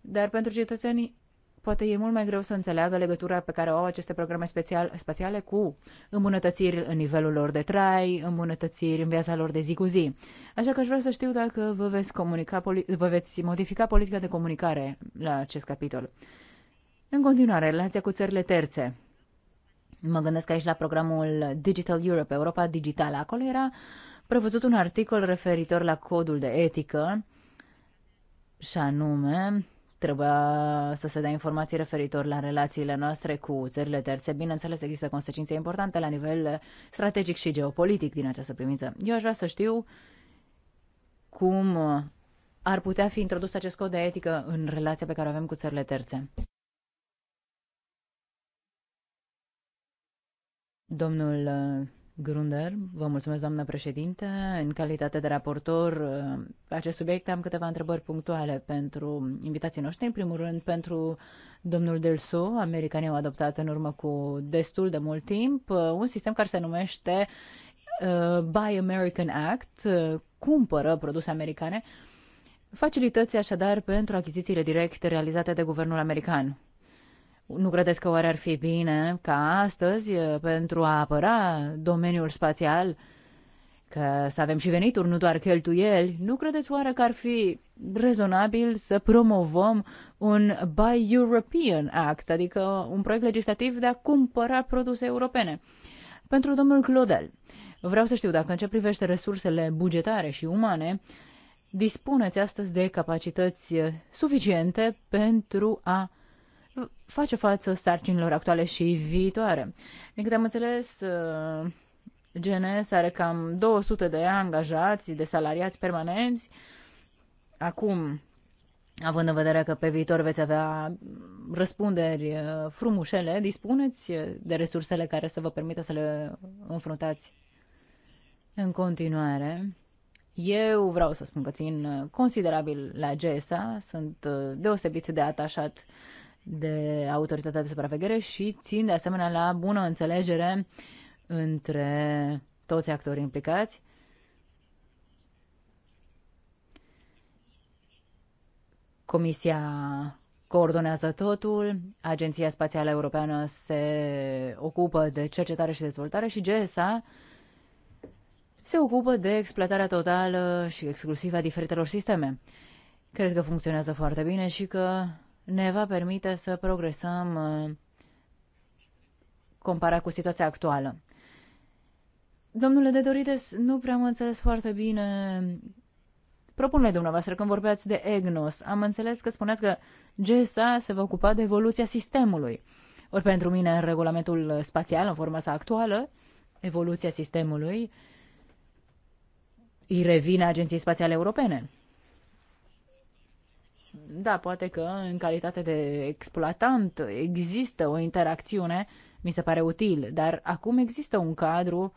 dar pentru cetățenii poate e mult mai greu să înțeleagă legătura pe care o au aceste programe special, spațiale cu îmbunătățiri în nivelul lor de trai, îmbunătățiri în viața lor de zi cu zi. Așa că aș vrea să știu dacă vă veți, comunica, vă veți modifica politica de comunicare la acest capitol. În continuare, relația cu țările terțe. Mă gândesc aici la programul Digital Europe, Europa Digitală. Acolo era prevăzut un articol referitor la codul de etică și anume trebuia să se dea informații referitor la relațiile noastre cu țările terțe. Bineînțeles, există consecințe importante la nivel strategic și geopolitic din această privință. Eu aș vrea să știu cum ar putea fi introdus acest cod de etică în relația pe care o avem cu țările terțe. Domnul uh, Grunder, vă mulțumesc, doamnă președinte. În calitate de raportor, uh, pe acest subiect am câteva întrebări punctuale pentru invitații noștri. În primul rând, pentru domnul Delso, americanii au adoptat în urmă cu destul de mult timp uh, un sistem care se numește Buy American Act, cumpără produse americane, facilități așadar pentru achizițiile directe realizate de guvernul american. Nu credeți că oare ar fi bine ca astăzi, pentru a apăra domeniul spațial, că să avem și venituri, nu doar cheltuieli, nu credeți oare că ar fi rezonabil să promovăm un Buy European Act, adică un proiect legislativ de a cumpăra produse europene? Pentru domnul Clodel, vreau să știu dacă în ce privește resursele bugetare și umane, dispuneți astăzi de capacități suficiente pentru a face față sarcinilor actuale și viitoare. Din câte am înțeles, uh, GNS are cam 200 de angajați, de salariați permanenți. Acum, având în vedere că pe viitor veți avea răspunderi uh, frumușele, dispuneți uh, de resursele care să vă permită să le înfruntați în continuare. Eu vreau să spun că țin considerabil la GSA, sunt deosebit de atașat de autoritatea de supraveghere și țin de asemenea la bună înțelegere între toți actorii implicați. Comisia coordonează totul, Agenția Spațială Europeană se ocupă de cercetare și dezvoltare și GSA se ocupă de exploatarea totală și exclusivă a diferitelor sisteme. Cred că funcționează foarte bine și că ne va permite să progresăm uh, comparat cu situația actuală. Domnule de Dorides, nu prea am înțeles foarte bine propunerea dumneavoastră când vorbeați de EGNOS. Am înțeles că spuneați că GSA se va ocupa de evoluția sistemului. Ori pentru mine, în regulamentul spațial, în forma sa actuală, evoluția sistemului îi revine Agenției Spațiale Europene. Da, poate că în calitate de exploatant există o interacțiune, mi se pare util, dar acum există un cadru uh,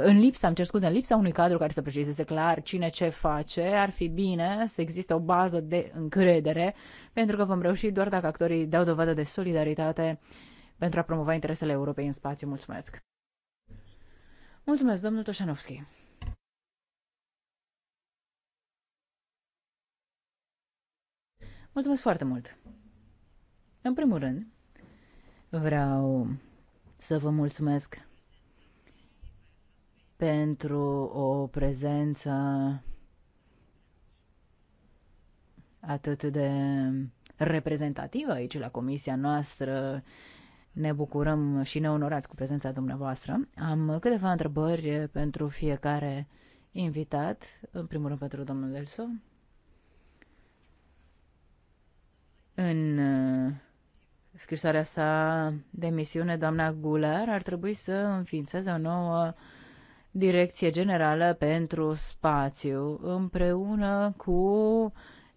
în lipsa, îmi cer scuze, în lipsa unui cadru care să precizeze clar cine ce face, ar fi bine să existe o bază de încredere, pentru că vom reuși doar dacă actorii dau dovadă de solidaritate pentru a promova interesele Europei în spațiu. Mulțumesc! Mulțumesc, domnul Toșanovski! Mulțumesc foarte mult! În primul rând, vreau să vă mulțumesc pentru o prezență atât de reprezentativă aici la comisia noastră. Ne bucurăm și ne onorați cu prezența dumneavoastră. Am câteva întrebări pentru fiecare invitat, în primul rând pentru domnul Delso. În uh, scrisoarea sa de misiune, doamna Guler, ar trebui să înființeze o nouă direcție generală pentru spațiu, împreună cu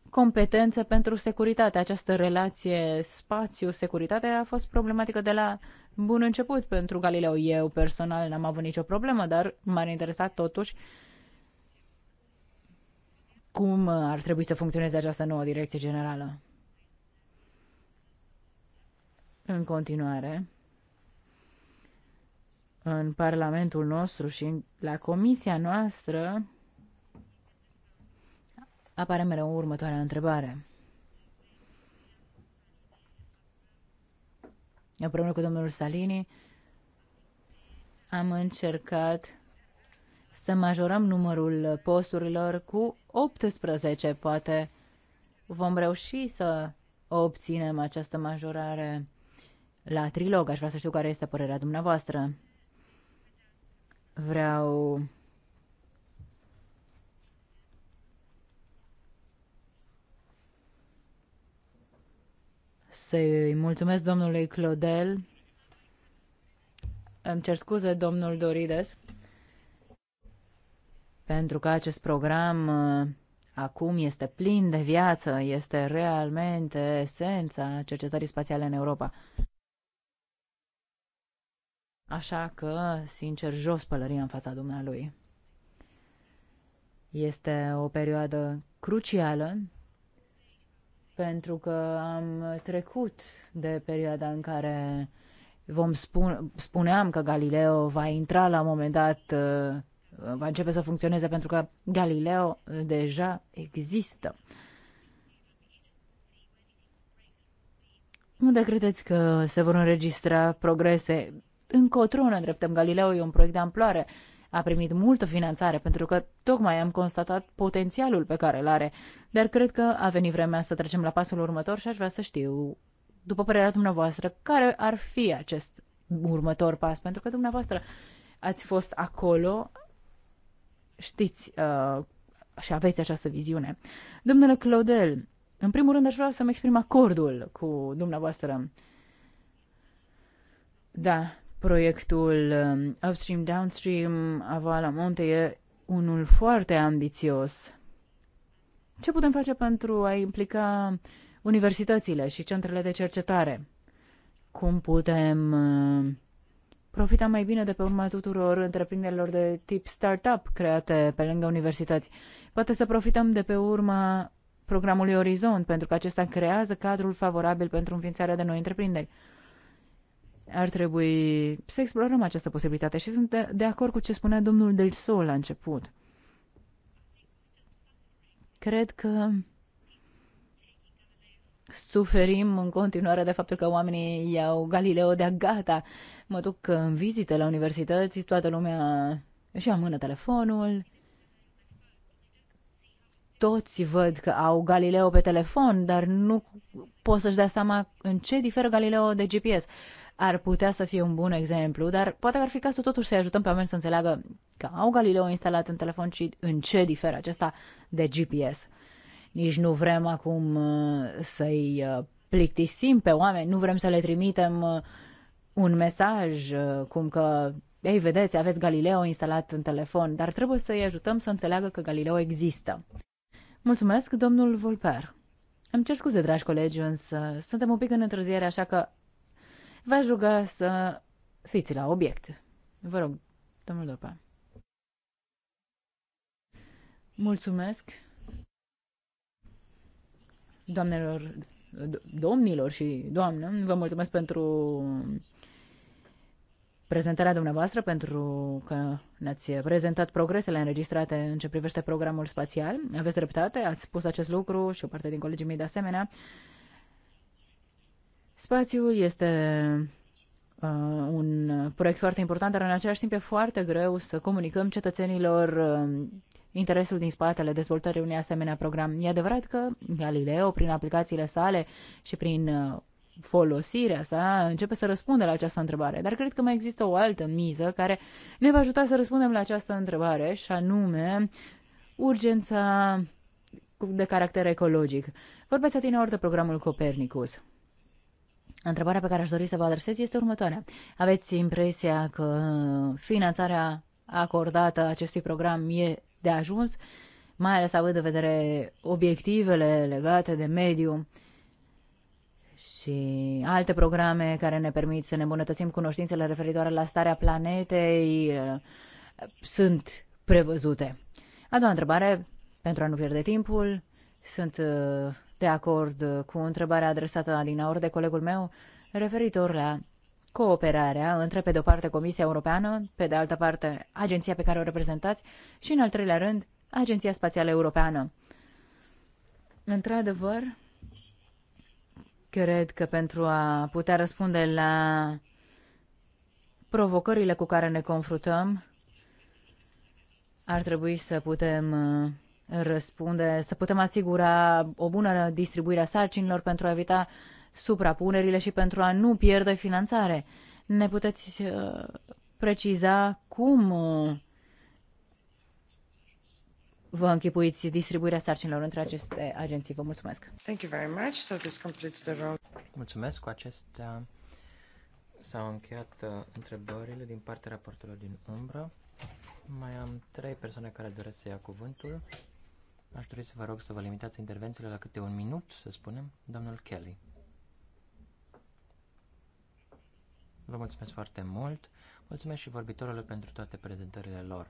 competențe pentru securitate. Această relație spațiu-securitate a fost problematică de la bun început pentru Galileo. Eu personal n-am avut nicio problemă, dar m-ar interesa totuși cum ar trebui să funcționeze această nouă direcție generală. În continuare, în Parlamentul nostru și la comisia noastră apare mereu următoarea întrebare. Împreună cu domnul Salini am încercat să majorăm numărul posturilor cu 18, poate vom reuși să obținem această majorare la trilog. Aș vrea să știu care este părerea dumneavoastră. Vreau să-i mulțumesc domnului Clodel. Îmi cer scuze, domnul Dorides, pentru că acest program uh, acum este plin de viață, este realmente esența cercetării spațiale în Europa. Așa că, sincer, jos pălăria în fața dumnealui. Este o perioadă crucială pentru că am trecut de perioada în care vom spune, spuneam că Galileo va intra la un moment dat, uh, va începe să funcționeze pentru că Galileo deja există. Unde credeți că se vor înregistra progrese încotro ne îndreptăm. Galileo e un proiect de amploare, a primit multă finanțare pentru că tocmai am constatat potențialul pe care îl are, dar cred că a venit vremea să trecem la pasul următor și aș vrea să știu, după părerea dumneavoastră, care ar fi acest următor pas, pentru că dumneavoastră ați fost acolo, știți uh, și aveți această viziune. Domnule Claudel, în primul rând aș vrea să-mi exprim acordul cu dumneavoastră. Da, Proiectul um, Upstream Downstream Avala Monte e unul foarte ambițios. Ce putem face pentru a implica universitățile și centrele de cercetare? Cum putem uh, profita mai bine de pe urma tuturor întreprinderilor de tip startup create pe lângă universități? Poate să profităm de pe urma programului Orizont, pentru că acesta creează cadrul favorabil pentru înființarea de noi întreprinderi. Ar trebui să explorăm această posibilitate și sunt de acord cu ce spunea domnul Del Sol la început. Cred că suferim în continuare de faptul că oamenii iau Galileo de-a gata. Mă duc în vizite la universități, toată lumea își ia mână telefonul. Toți văd că au Galileo pe telefon, dar nu pot să-și dea seama în ce diferă Galileo de GPS ar putea să fie un bun exemplu, dar poate că ar fi cazul totuși să-i ajutăm pe oameni să înțeleagă că au Galileo instalat în telefon și în ce diferă acesta de GPS. Nici nu vrem acum uh, să-i uh, plictisim pe oameni, nu vrem să le trimitem uh, un mesaj cum că ei, vedeți, aveți Galileo instalat în telefon, dar trebuie să-i ajutăm să înțeleagă că Galileo există. Mulțumesc, domnul Volper. Îmi cer scuze, dragi colegi, însă suntem un pic în întârziere, așa că V-aș ruga să fiți la obiect. Vă rog, domnul Dopa. Mulțumesc doamnelor, domnilor și doamnă, vă mulțumesc pentru prezentarea dumneavoastră, pentru că ne-ați prezentat progresele înregistrate în ce privește programul spațial. Aveți dreptate, ați spus acest lucru și o parte din colegii mei de asemenea. Spațiul este uh, un proiect foarte important, dar în același timp e foarte greu să comunicăm cetățenilor uh, interesul din spatele dezvoltării unui asemenea program. E adevărat că Galileo, prin aplicațiile sale și prin uh, folosirea sa, începe să răspundă la această întrebare. Dar cred că mai există o altă miză care ne va ajuta să răspundem la această întrebare, și anume urgența de caracter ecologic. Vorbeați ori de programul Copernicus. Întrebarea pe care aș dori să vă adresez este următoarea. Aveți impresia că finanțarea acordată acestui program e de ajuns, mai ales având în vedere obiectivele legate de mediu și alte programe care ne permit să ne îmbunătățim cunoștințele referitoare la starea planetei sunt prevăzute. A doua întrebare, pentru a nu pierde timpul, sunt uh, de acord cu întrebarea adresată adinaori de colegul meu referitor la cooperarea între, pe de-o parte, Comisia Europeană, pe de altă parte, agenția pe care o reprezentați și, în al treilea rând, Agenția Spațială Europeană. Într-adevăr, cred că pentru a putea răspunde la provocările cu care ne confruntăm, ar trebui să putem uh, răspunde, să putem asigura o bună distribuire a sarcinilor pentru a evita suprapunerile și pentru a nu pierde finanțare. Ne puteți uh, preciza cum uh, vă închipuiți distribuirea sarcinilor între aceste agenții. Vă mulțumesc. Thank you very much. So this completes the round. Mulțumesc. Cu acestea s-au încheiat uh, întrebările din partea raportelor din umbră. Mai am trei persoane care doresc să ia cuvântul. Aș dori să vă rog să vă limitați intervențiile la câte un minut, să spunem, domnul Kelly. Vă mulțumesc foarte mult. Mulțumesc și vorbitorilor pentru toate prezentările lor.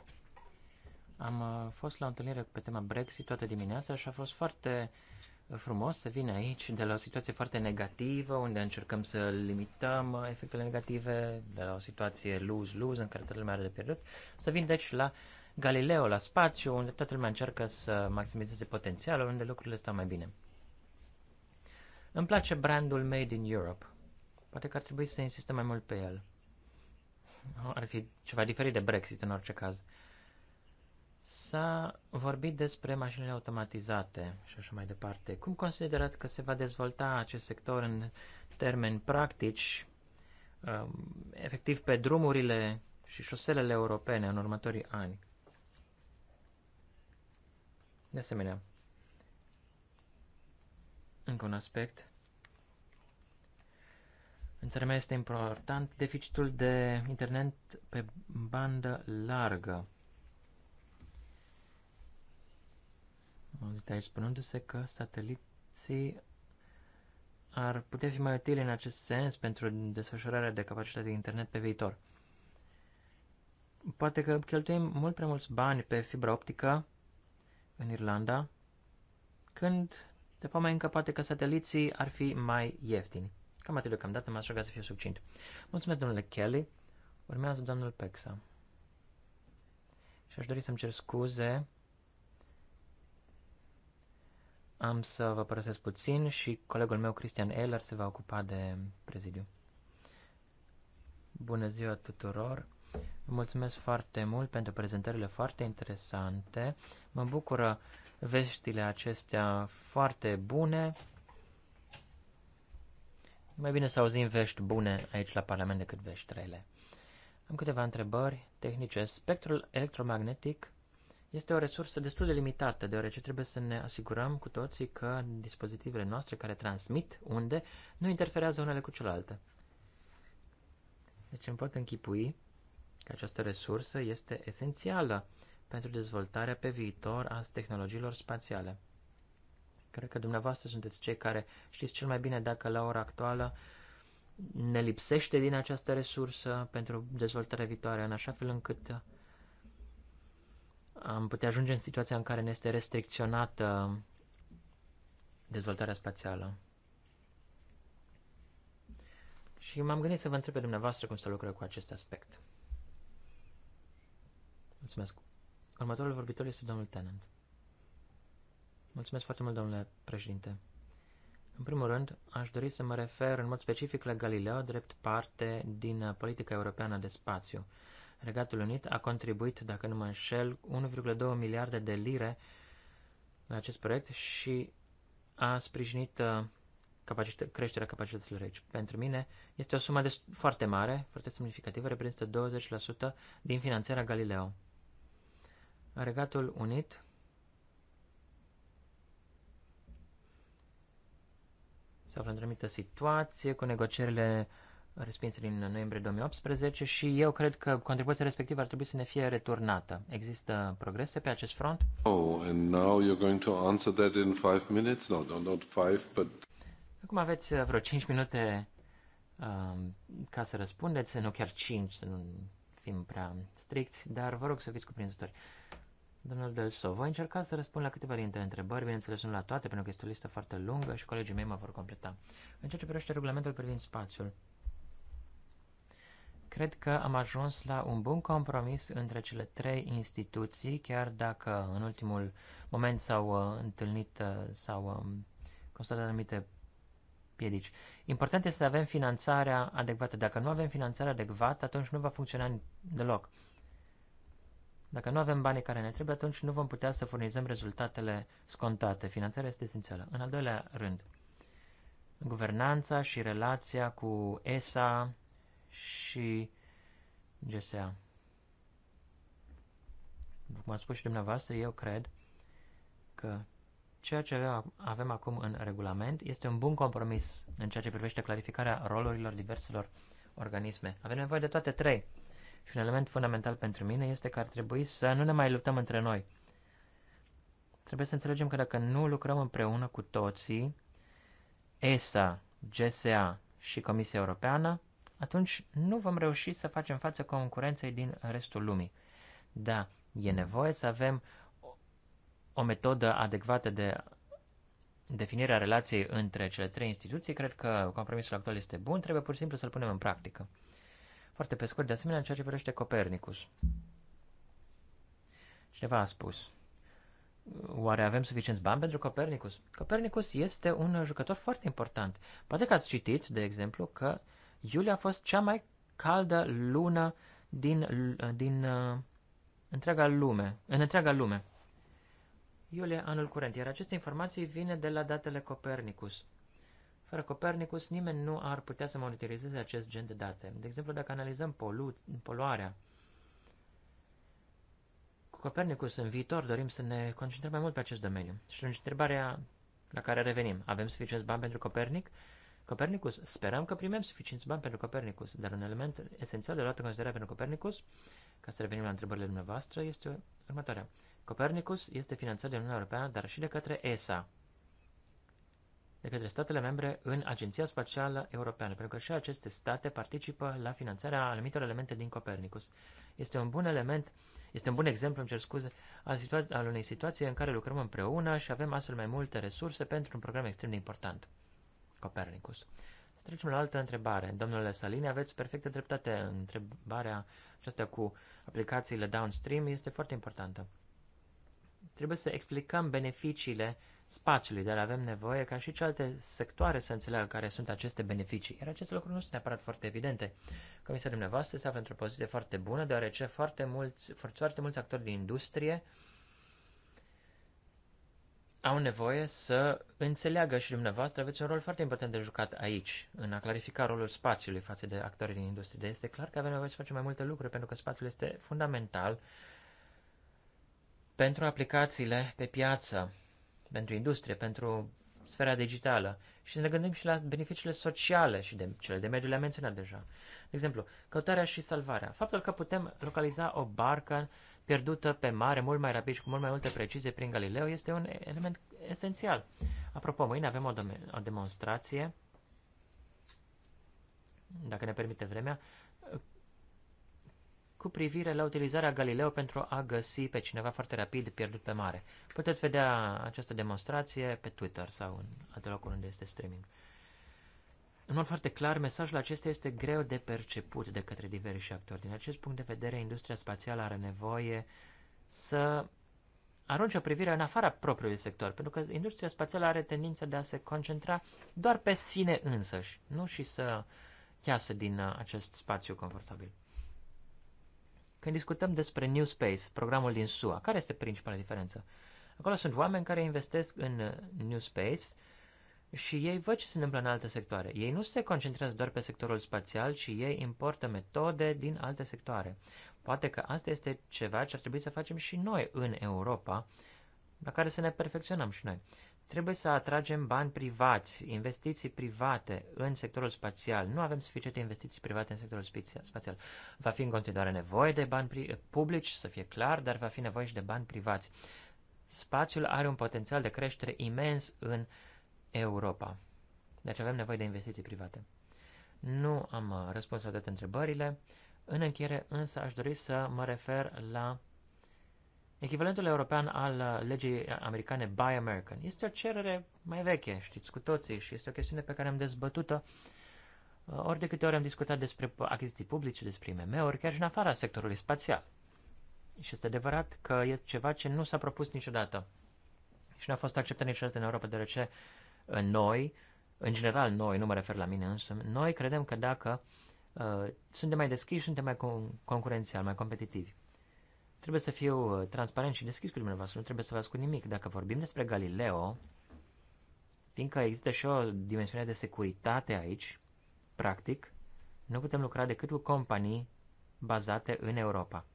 Am uh, fost la o întâlnire pe tema Brexit toată dimineața și a fost foarte uh, frumos să vin aici de la o situație foarte negativă, unde încercăm să limităm uh, efectele negative, de la o situație lose-lose în care toată lumea are de pierdut, să vin deci la uh, Galileo la spațiu, unde toată lumea încearcă să maximizeze potențialul, unde lucrurile stau mai bine. Îmi place brandul Made in Europe. Poate că ar trebui să insistăm mai mult pe el. Ar fi ceva diferit de Brexit în orice caz. S-a vorbit despre mașinile automatizate și așa mai departe. Cum considerați că se va dezvolta acest sector în termeni practici, um, efectiv pe drumurile și șoselele europene în următorii ani? De asemenea, încă un aspect. În țara mea este important deficitul de internet pe bandă largă. Am auzit aici spunându-se că sateliții ar putea fi mai utile în acest sens pentru desfășurarea de capacitate de internet pe viitor. Poate că cheltuim mult prea mulți bani pe fibra optică în Irlanda, când de fapt mai poate că sateliții ar fi mai ieftini. Cam atât deocamdată, m-aș ruga să fiu succint. Mulțumesc, domnule Kelly. Urmează domnul Pexa. Și aș dori să-mi cer scuze. Am să vă părăsesc puțin și colegul meu, Cristian Eller, se va ocupa de prezidiu. Bună ziua tuturor! Vă mulțumesc foarte mult pentru prezentările foarte interesante. Mă bucură veștile acestea foarte bune. Mai bine să auzim vești bune aici la Parlament decât vești rele. Am câteva întrebări tehnice. Spectrul electromagnetic este o resursă destul de limitată, deoarece trebuie să ne asigurăm cu toții că dispozitivele noastre care transmit unde nu interferează unele cu celelalte. Deci îmi pot închipui că această resursă este esențială pentru dezvoltarea pe viitor a tehnologiilor spațiale. Cred că dumneavoastră sunteți cei care știți cel mai bine dacă la ora actuală ne lipsește din această resursă pentru dezvoltarea viitoare, în așa fel încât am putea ajunge în situația în care ne este restricționată dezvoltarea spațială. Și m-am gândit să vă întreb pe dumneavoastră cum să lucrăm cu acest aspect. Mulțumesc. Următorul vorbitor este domnul Tennant. Mulțumesc foarte mult, domnule președinte. În primul rând, aș dori să mă refer în mod specific la Galileo drept parte din politica europeană de spațiu. Regatul Unit a contribuit, dacă nu mă înșel, 1,2 miliarde de lire la acest proiect și a sprijinit uh, capacită- creșterea capacităților aici. Pentru mine este o sumă de- foarte mare, foarte semnificativă, reprezintă 20% din finanțarea Galileo. Regatul Unit se află într-o anumită situație cu negocierile respinse din noiembrie 2018 și eu cred că contribuția respectivă ar trebui să ne fie returnată. Există progrese pe acest front? Oh, and now you're going to answer that in five minutes? No, no, not five, but... Acum aveți uh, vreo 5 minute uh, ca să răspundeți, nu chiar 5, să nu fim prea stricți, dar vă rog să fiți cuprinzători. Uh, Domnul Delso, voi încerca să răspund la câteva dintre întrebări, bineînțeles nu la toate, pentru că este o listă foarte lungă și colegii mei mă vor completa. În ceea ce privește regulamentul privind spațiul, cred că am ajuns la un bun compromis între cele trei instituții, chiar dacă în ultimul moment s-au uh, întâlnit, uh, s-au um, constatat anumite piedici. Important este să avem finanțarea adecvată. Dacă nu avem finanțarea adecvată, atunci nu va funcționa deloc. Dacă nu avem banii care ne trebuie, atunci nu vom putea să furnizăm rezultatele scontate. Finanțarea este esențială. În al doilea rând, guvernanța și relația cu ESA și GSA. Cum a spus și dumneavoastră, eu cred că ceea ce avem, avem acum în regulament este un bun compromis în ceea ce privește clarificarea rolurilor diverselor organisme. Avem nevoie de toate trei. Și un element fundamental pentru mine este că ar trebui să nu ne mai luptăm între noi. Trebuie să înțelegem că dacă nu lucrăm împreună cu toții, ESA, GSA și Comisia Europeană, atunci nu vom reuși să facem față concurenței din restul lumii. Da, e nevoie să avem o metodă adecvată de definirea relației între cele trei instituții. Cred că compromisul actual este bun, trebuie pur și simplu să-l punem în practică. Foarte pe scurt, de asemenea, în ceea ce privește Copernicus. Cineva a spus, oare avem suficienți bani pentru Copernicus? Copernicus este un jucător foarte important. Poate că ați citit, de exemplu, că iulie a fost cea mai caldă lună din, din uh, întreaga lume, în întreaga lume. Iulie anul curent, iar aceste informații vine de la datele Copernicus. Fără Copernicus, nimeni nu ar putea să monitorizeze acest gen de date. De exemplu, dacă analizăm polu poluarea, cu Copernicus în viitor dorim să ne concentrăm mai mult pe acest domeniu. Și atunci întrebarea la care revenim, avem suficienți bani pentru Copernic? Copernicus, sperăm că primim suficienți bani pentru Copernicus, dar un element esențial de luat în considerare pentru Copernicus, ca să revenim la întrebările dumneavoastră, este următoarea. Copernicus este finanțat de Uniunea Europeană, dar și de către ESA, de către statele membre în Agenția Spațială Europeană, pentru că și aceste state participă la finanțarea anumitor elemente din Copernicus. Este un bun element, este un bun exemplu, îmi cer scuze, al, situa- al unei situații în care lucrăm împreună și avem astfel mai multe resurse pentru un program extrem de important, Copernicus. Să trecem la altă întrebare. Domnule Saline, aveți perfectă dreptate. Întrebarea aceasta cu aplicațiile downstream este foarte importantă. Trebuie să explicăm beneficiile uh, spațiului, dar avem nevoie ca și celelalte sectoare să înțeleagă care sunt aceste beneficii. Iar aceste lucruri nu sunt neapărat foarte evidente. Comisia dumneavoastră se află într-o poziție foarte bună, deoarece foarte mulți, foarte mulți actori din industrie au nevoie să înțeleagă și dumneavoastră aveți un rol foarte important de jucat aici, în a clarifica rolul spațiului față de actorii din industrie. Deci este clar că avem nevoie să facem mai multe lucruri, pentru că spațiul este fundamental pentru aplicațiile pe piață pentru industrie, pentru sfera digitală și să ne gândim și la beneficiile sociale și de cele de mediu le-am menționat deja. De exemplu, căutarea și salvarea. Faptul că putem localiza o barcă pierdută pe mare mult mai rapid și cu mult mai multe precizie prin Galileo este un element esențial. Apropo, mâine avem o, o demonstrație, dacă ne permite vremea, cu privire la utilizarea Galileo pentru a găsi pe cineva foarte rapid pierdut pe mare. Puteți vedea această demonstrație pe Twitter sau în alte locuri unde este streaming. În mod foarte clar, mesajul acesta este greu de perceput de către diversi actori. Din acest punct de vedere, industria spațială are nevoie să arunce o privire în afara propriului sector, pentru că industria spațială are tendința de a se concentra doar pe sine însăși, nu și să iasă din uh, acest spațiu confortabil. Când discutăm despre New Space, programul din SUA, care este principala diferență? Acolo sunt oameni care investesc în uh, New Space și ei văd ce se întâmplă în alte sectoare. Ei nu se concentrează doar pe sectorul spațial, ci ei importă metode din alte sectoare. Poate că asta este ceva ce ar trebui să facem și noi în Europa, la care să ne perfecționăm și noi. Trebuie să atragem bani privați, investiții private în sectorul spațial. Nu avem suficiente investiții private în sectorul spațial. Va fi în continuare nevoie de bani publici, să fie clar, dar va fi nevoie și de bani privați. Spațiul are un potențial de creștere imens în Europa. Deci avem nevoie de investiții private. Nu am uh, răspuns la toate întrebările. În încheiere, însă, aș dori să mă refer la Echivalentul european al uh, legii uh, americane Buy American este o cerere mai veche, știți cu toții, și este o chestiune pe care am dezbătut-o uh, ori de câte ori am discutat despre achiziții publice, despre IMM-uri, chiar și în afara sectorului spațial. Și este adevărat că este ceva ce nu s-a propus niciodată și nu a fost acceptat niciodată în Europa, deoarece noi, în general noi, nu mă refer la mine însă, noi credem că dacă uh, suntem mai deschiși, suntem mai concurențiali, mai competitivi. Trebuie să fiu uh, transparent și deschis cu dumneavoastră, nu trebuie să vă ascund nimic. Dacă vorbim despre Galileo, fiindcă există și o dimensiune de securitate aici, practic, nu putem lucra decât cu companii bazate în Europa.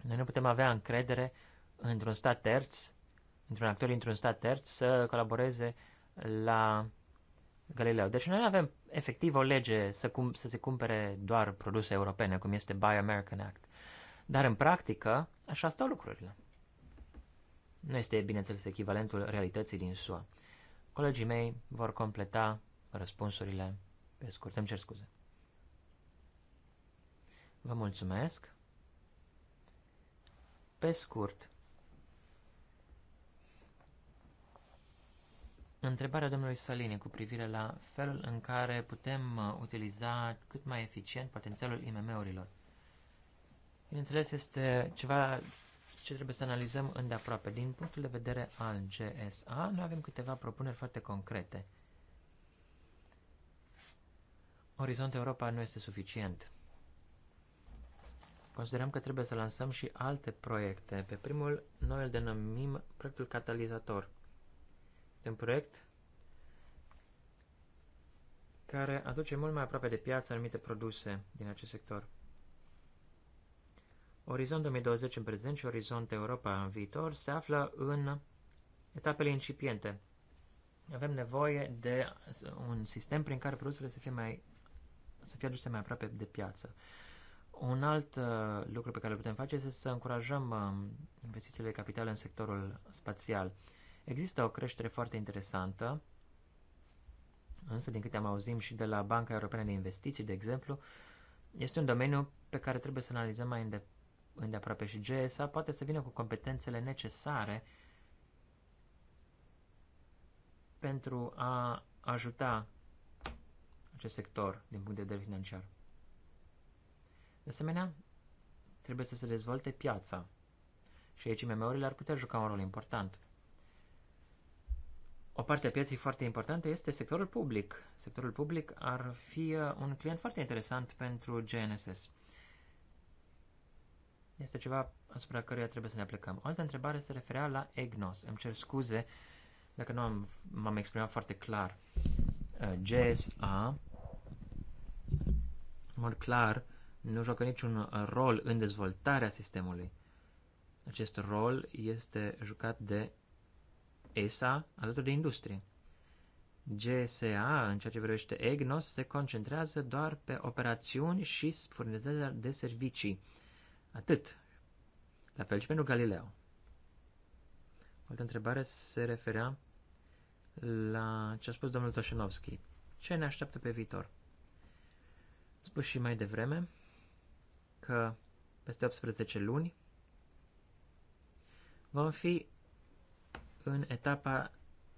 Noi nu putem avea încredere într-un stat terț, într-un actor într-un stat terț să colaboreze la Galileo. Deci noi avem efectiv o lege să, cum, să se cumpere doar produse europene, cum este Buy American Act. Dar în practică, așa stau lucrurile. Nu este, bineînțeles, echivalentul realității din SUA. Colegii mei vor completa răspunsurile pe scurt. Îmi cer scuze. Vă mulțumesc. Pe scurt, Întrebarea domnului Salini cu privire la felul în care putem uh, utiliza cât mai eficient potențialul IMM-urilor bineînțeles, este ceva ce trebuie să analizăm îndeaproape. Din punctul de vedere al GSA, noi avem câteva propuneri foarte concrete. Orizont Europa nu este suficient. Considerăm că trebuie să lansăm și alte proiecte. Pe primul, noi îl denumim proiectul catalizator. Este un proiect care aduce mult mai aproape de piață anumite produse din acest sector. Orizont 2020 în prezent și Orizont Europa în viitor se află în etapele incipiente. Avem nevoie de un sistem prin care produsele să fie, mai, să fie aduse mai aproape de piață. Un alt uh, lucru pe care îl putem face este să încurajăm uh, investițiile de capital în sectorul spațial. Există o creștere foarte interesantă, însă din câte am auzit și de la Banca Europeană de Investiții, de exemplu, este un domeniu pe care trebuie să analizăm mai, îndep- îndeaproape și GSA poate să vină cu competențele necesare pentru a ajuta acest sector din punct de vedere financiar. De asemenea, trebuie să se dezvolte piața și aici mmo urile ar putea juca un rol important. O parte a pieței foarte importantă este sectorul public. Sectorul public ar fi uh, un client foarte interesant pentru GNSS este ceva asupra căruia trebuie să ne aplicăm. O altă întrebare se referea la EGNOS. Îmi cer scuze dacă nu am, m-am exprimat foarte clar. Uh, GSA, în mod clar, nu joacă niciun rol în dezvoltarea sistemului. Acest rol este jucat de ESA alături de industrie. GSA, în ceea ce privește EGNOS, se concentrează doar pe operațiuni și furnizarea de servicii. Atât. La fel și pentru Galileo. O altă întrebare se referea la ce a spus domnul Toșenovski. Ce ne așteaptă pe viitor? Am spus și mai devreme că peste 18 luni vom fi în etapa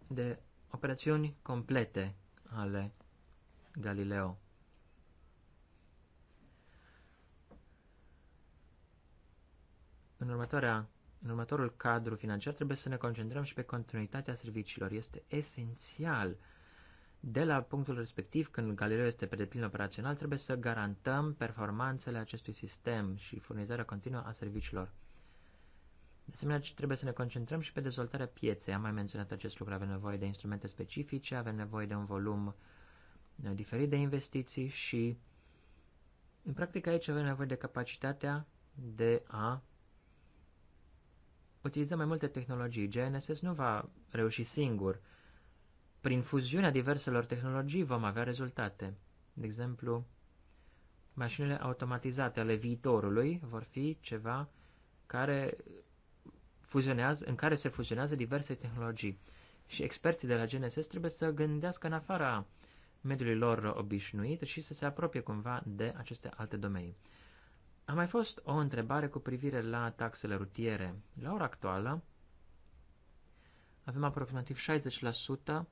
de operațiuni complete ale Galileo. În, următoarea, în următorul cadru financiar trebuie să ne concentrăm și pe continuitatea serviciilor. Este esențial de la punctul respectiv, când Galileo este pe deplin operațional, trebuie să garantăm performanțele acestui sistem și furnizarea continuă a serviciilor. De asemenea, trebuie să ne concentrăm și pe dezvoltarea pieței. Am mai menționat acest lucru, avem nevoie de instrumente specifice, avem nevoie de un volum uh, diferit de investiții și, în practică, aici avem nevoie de capacitatea de a utilizăm mai multe tehnologii. GNSS nu va reuși singur. Prin fuziunea diverselor tehnologii vom avea rezultate. De exemplu, mașinile automatizate ale viitorului vor fi ceva care fuzionează, în care se fuzionează diverse tehnologii. Și experții de la GNSS trebuie să gândească în afara mediului lor obișnuit și să se apropie cumva de aceste alte domenii. A mai fost o întrebare cu privire la taxele rutiere. La ora actuală avem aproximativ 60%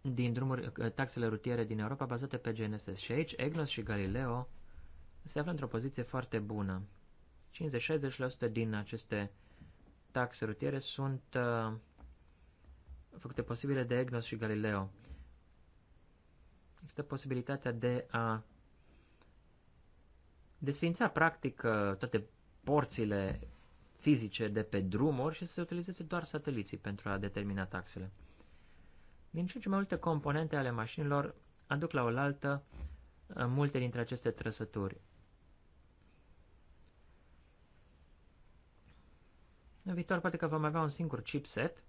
din drumuri, ă, taxele rutiere din Europa bazate pe GNSS și aici EGNOS și Galileo se află într-o poziție foarte bună. 50-60% din aceste taxe rutiere sunt uh, făcute posibile de EGNOS și Galileo. Există posibilitatea de a desfința practic uh, toate porțile fizice de pe drumuri și să se utilizeze doar sateliții pentru a determina taxele. Din ce mai multe componente ale mașinilor aduc la oaltă uh, multe dintre aceste trăsături. În viitor poate că vom avea un singur chipset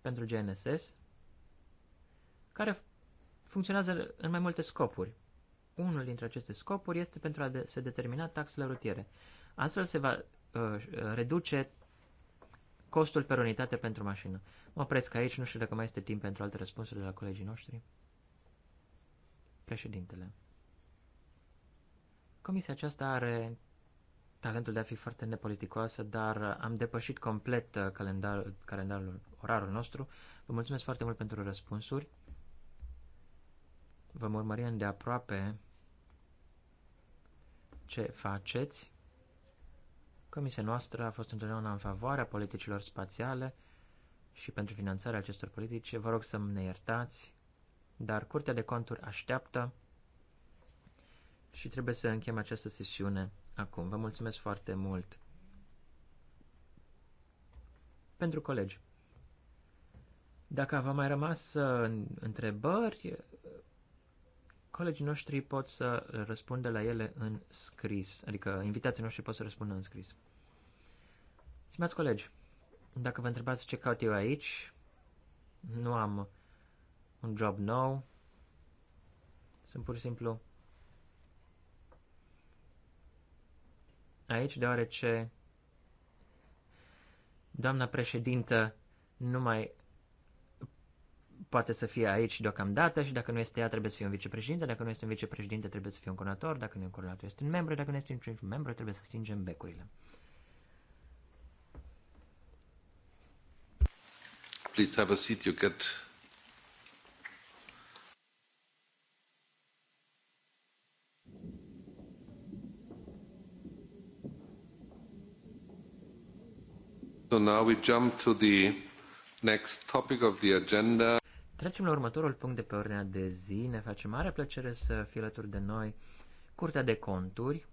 pentru GNSS care funcționează în mai multe scopuri. Unul dintre aceste scopuri este pentru a de- se determina taxele rutiere. Astfel se va uh, reduce costul per unitate pentru mașină. Mă opresc aici, nu știu dacă mai este timp pentru alte răspunsuri de la colegii noștri. Președintele. Comisia aceasta are talentul de a fi foarte nepoliticoasă, dar am depășit complet uh, calendarul, calendarul, orarul nostru. Vă mulțumesc foarte mult pentru răspunsuri. Vă urmărim de aproape ce faceți. Comisia noastră a fost întotdeauna în favoarea politicilor spațiale și pentru finanțarea acestor politici. Vă rog să ne iertați, dar Curtea de Conturi așteaptă și trebuie să încheiem această sesiune acum. Vă mulțumesc foarte mult pentru colegi. Dacă v a mai rămas uh, întrebări, Colegii noștri pot să răspundă la ele în scris, adică invitații noștri pot să răspundă în scris. Stimați colegi, dacă vă întrebați ce caut eu aici, nu am un job nou, sunt pur și simplu aici deoarece doamna președintă nu mai poate să fie aici deocamdată și dacă nu este ea, trebuie să fie un vicepreședinte, dacă nu este un vicepreședinte, trebuie să fie un conator, dacă nu e un conator, este un membru, dacă nu este un membru, trebuie să stingem becurile. Please have a seat, you get So now we jump to the next topic of the agenda. Trecem la următorul punct de pe ordinea de zi. Ne face mare plăcere să fie alături de noi Curtea de Conturi.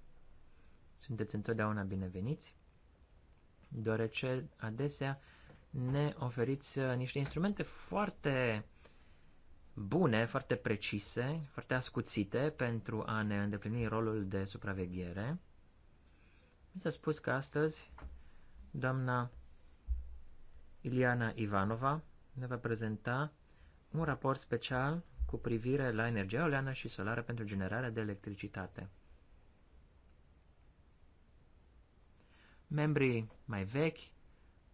Sunteți întotdeauna bineveniți, deoarece adesea ne oferiți uh, niște instrumente foarte bune, foarte precise, foarte ascuțite pentru a ne îndeplini rolul de supraveghere. Mi s-a spus că astăzi doamna Iliana Ivanova ne va prezenta un raport special cu privire la energia oleană și solară pentru generarea de electricitate. Membrii mai vechi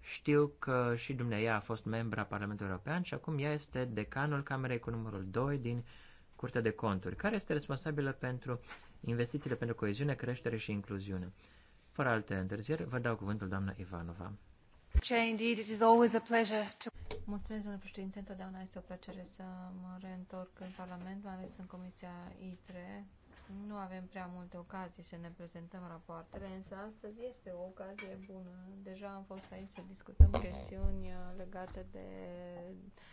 știu că și dumneia a fost membra Parlamentului European și acum ea este decanul Camerei cu numărul 2 din Curtea de Conturi, care este responsabilă pentru investițiile pentru coeziune, creștere și incluziune. Fără alte întârzieri, vă dau cuvântul doamna Ivanova. Mulțumesc, domnule președinte. Întotdeauna este o plăcere să mă reîntorc în Parlament, mai ales în Comisia ITRE. Nu avem prea multe ocazii să ne prezentăm rapoartele, însă astăzi este o ocazie bună. Deja am fost aici să discutăm chestiuni uh, legate de uh,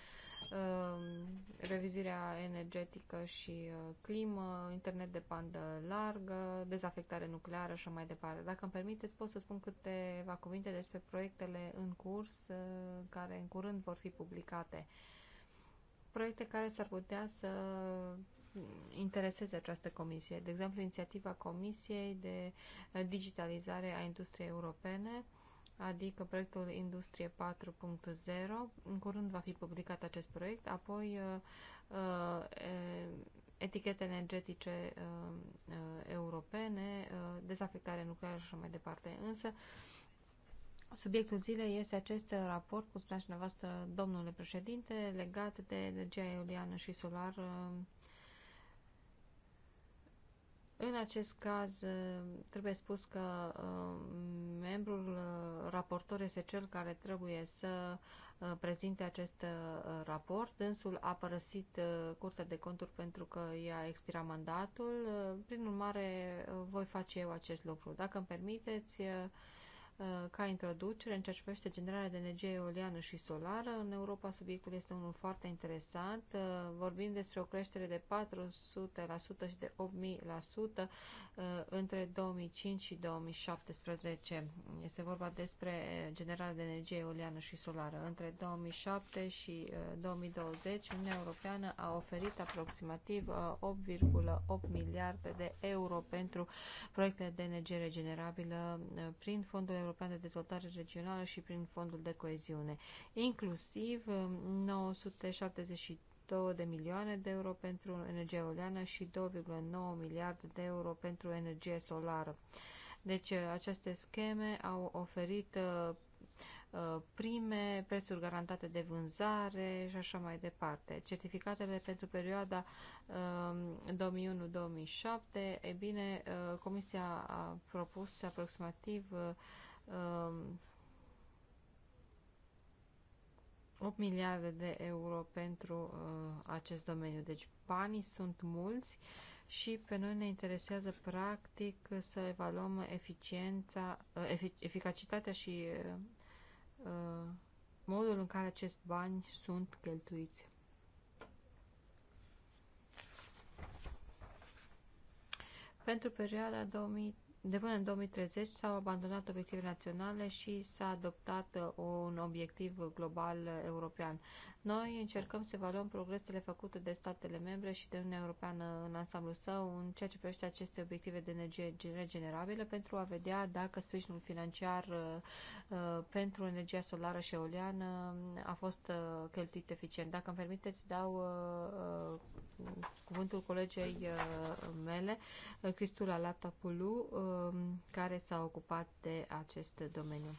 Um, revizuirea energetică și uh, climă, internet de pandă largă, dezafectare nucleară și mai departe. Dacă îmi permiteți, pot să spun câteva cuvinte despre proiectele în curs, uh, care în curând vor fi publicate. Proiecte care s-ar putea să intereseze această comisie. De exemplu, inițiativa Comisiei de Digitalizare a Industriei Europene, adică proiectul Industrie 4.0. În curând va fi publicat acest proiect, apoi uh, uh, etichete energetice uh, europene, dezafectare nucleară și așa mai departe. Însă, Subiectul zilei este acest raport, cum spunea și dumneavoastră, domnule președinte, legat de energia eoliană și solară în acest caz, uh, trebuie spus că uh, membrul uh, raportor este cel care trebuie să prezinte acest raport. Însul a părăsit Curtea de Conturi pentru că i-a expirat mandatul. Prin urmare, voi face eu acest lucru. Dacă îmi permiteți, Uh, ca introducere în ceea ce privește generarea de energie eoliană și solară. În Europa subiectul este unul foarte interesant. Uh, vorbim despre o creștere de 400% și de 8000% uh, între 2005 și 2017. Este vorba despre generarea de energie eoliană și solară. Între 2007 și 2020 Uniunea Europeană a oferit aproximativ 8,8 miliarde de euro pentru proiecte de energie regenerabilă prin fondul European European de Dezvoltare Regională și prin Fondul de Coeziune, inclusiv 972 um, de milioane de euro pentru energie eoliană și 2,9 miliarde de euro pentru energie solară. Deci uh, aceste scheme au oferit uh, uh, prime, prețuri garantate de vânzare și așa mai departe. Certificatele pentru perioada 2001-2007, um, e bine, Comisia a propus aproximativ um, 8 miliarde de euro pentru uh, acest domeniu. Deci banii sunt mulți și pe noi ne interesează practic să evaluăm eficiența, uh, efic eficacitatea și uh, uh modul în care acești bani sunt cheltuiți. Pentru perioada 2000 de până în 2030 s-au abandonat obiective naționale și s-a adoptat uh, un obiectiv global uh, european. Noi încercăm să evaluăm progresele făcute de statele membre și de Uniunea Europeană în ansamblul său în ceea ce privește aceste obiective de energie regenerabilă pentru a vedea dacă sprijinul financiar uh, uh, pentru energia solară și eoliană a fost uh, cheltuit eficient. Dacă îmi permiteți, dau cuvântul colegei mele, Cristula Latapulu, care s-a ocupat de acest domeniu.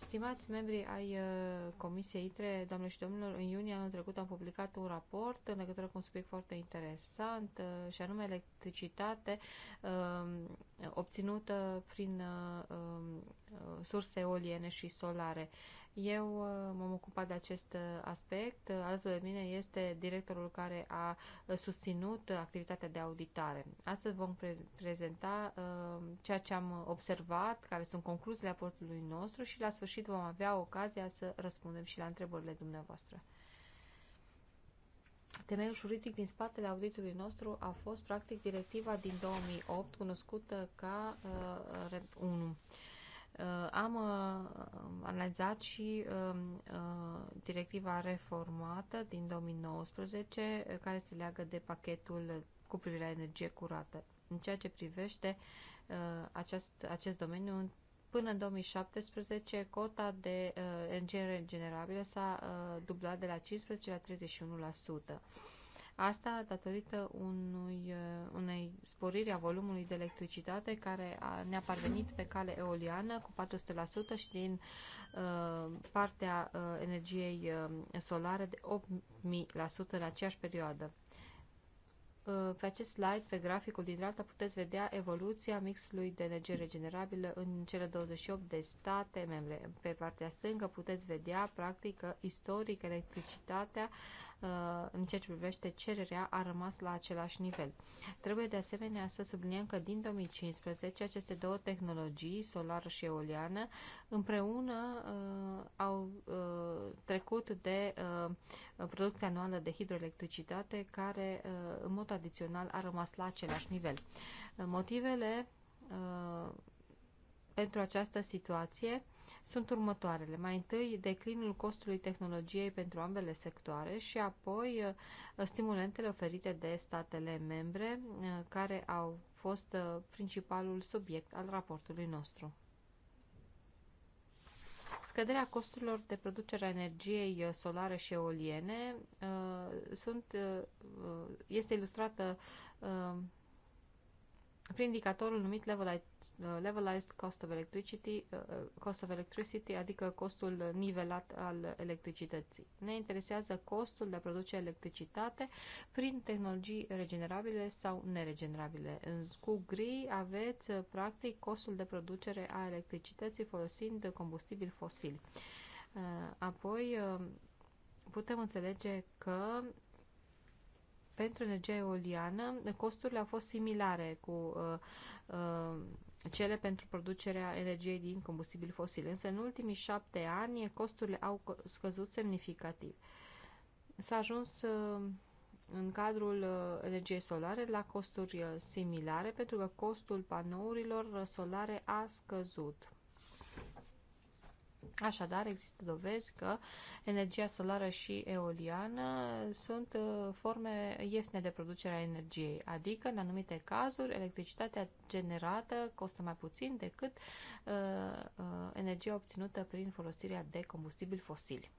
Stimați membri ai uh, Comisiei ITRE, doamne și domnilor, în iunie anul trecut am publicat un raport în legătură cu un subiect foarte interesant uh, și anume electricitate um, obținută prin uh, um, surse eoliene și solare. Eu uh, m-am ocupat de acest uh, aspect. Uh, alături de mine este directorul care a susținut activitatea de auditare. Astăzi vom pre- prezenta uh, ceea ce am observat, care sunt concluziile raportului nostru și la sfârșit vom avea ocazia să răspundem și la întrebările dumneavoastră. Temeiul juridic din spatele auditului nostru a fost practic directiva din 2008, cunoscută ca uh, REP 1. Uh, am uh, analizat și um, uh, directiva reformată din 2019 care se leagă de pachetul cu privire la energie curată. În ceea ce privește acest, acest domeniu, până în 2017 cota de energie regenerabilă s-a dublat de la 15 la 31%. Asta datorită unui, uh, unei sporiri a volumului de electricitate care ne-a parvenit pe cale eoliană cu 400% și din uh, partea uh, energiei uh, solare de 8000% în aceeași perioadă. Uh, pe acest slide, pe graficul din dreapta, puteți vedea evoluția mixului de energie regenerabilă în cele 28 de state membre. Pe partea stângă puteți vedea, practic, istoric electricitatea uh, Uh, în ceea ce privește cererea a rămas la același nivel. Trebuie de asemenea să subliniem că din 2015 aceste două tehnologii, solară și eoliană, împreună uh, au uh, trecut de producția anuală de hidroelectricitate care în mod adițional a rămas la același nivel. Motivele pentru această situație sunt următoarele. Mai întâi, declinul costului tehnologiei pentru ambele sectoare și apoi uh, stimulentele oferite de statele membre uh, care au fost uh, principalul subiect al raportului nostru. Scăderea costurilor de producere a energiei solare și eoliene sunt, este ilustrată prin indicatorul numit Level Uh, levelized cost of electricity, uh, uh, cost of electricity, adică costul nivelat al electricității. Ne interesează costul de a produce electricitate prin tehnologii regenerabile sau neregenerabile. Cu gri aveți practic costul de producere a electricității folosind combustibili fosili. Apoi putem înțelege că pentru energia eoliană, costurile au fost similare cu uh, uh, cele pentru producerea energiei din combustibili fosili. Însă în ultimii șapte ani costurile au scăzut semnificativ. S-a ajuns uh, în cadrul uh, energiei solare la costuri uh, similare pentru că costul panourilor solare a scăzut. Așadar, există dovezi că energia solară și eoliană sunt uh, forme ieftine de producere a energiei, adică, în anumite cazuri, electricitatea generată costă mai puțin decât uh, uh, energia obținută prin folosirea de combustibili fosili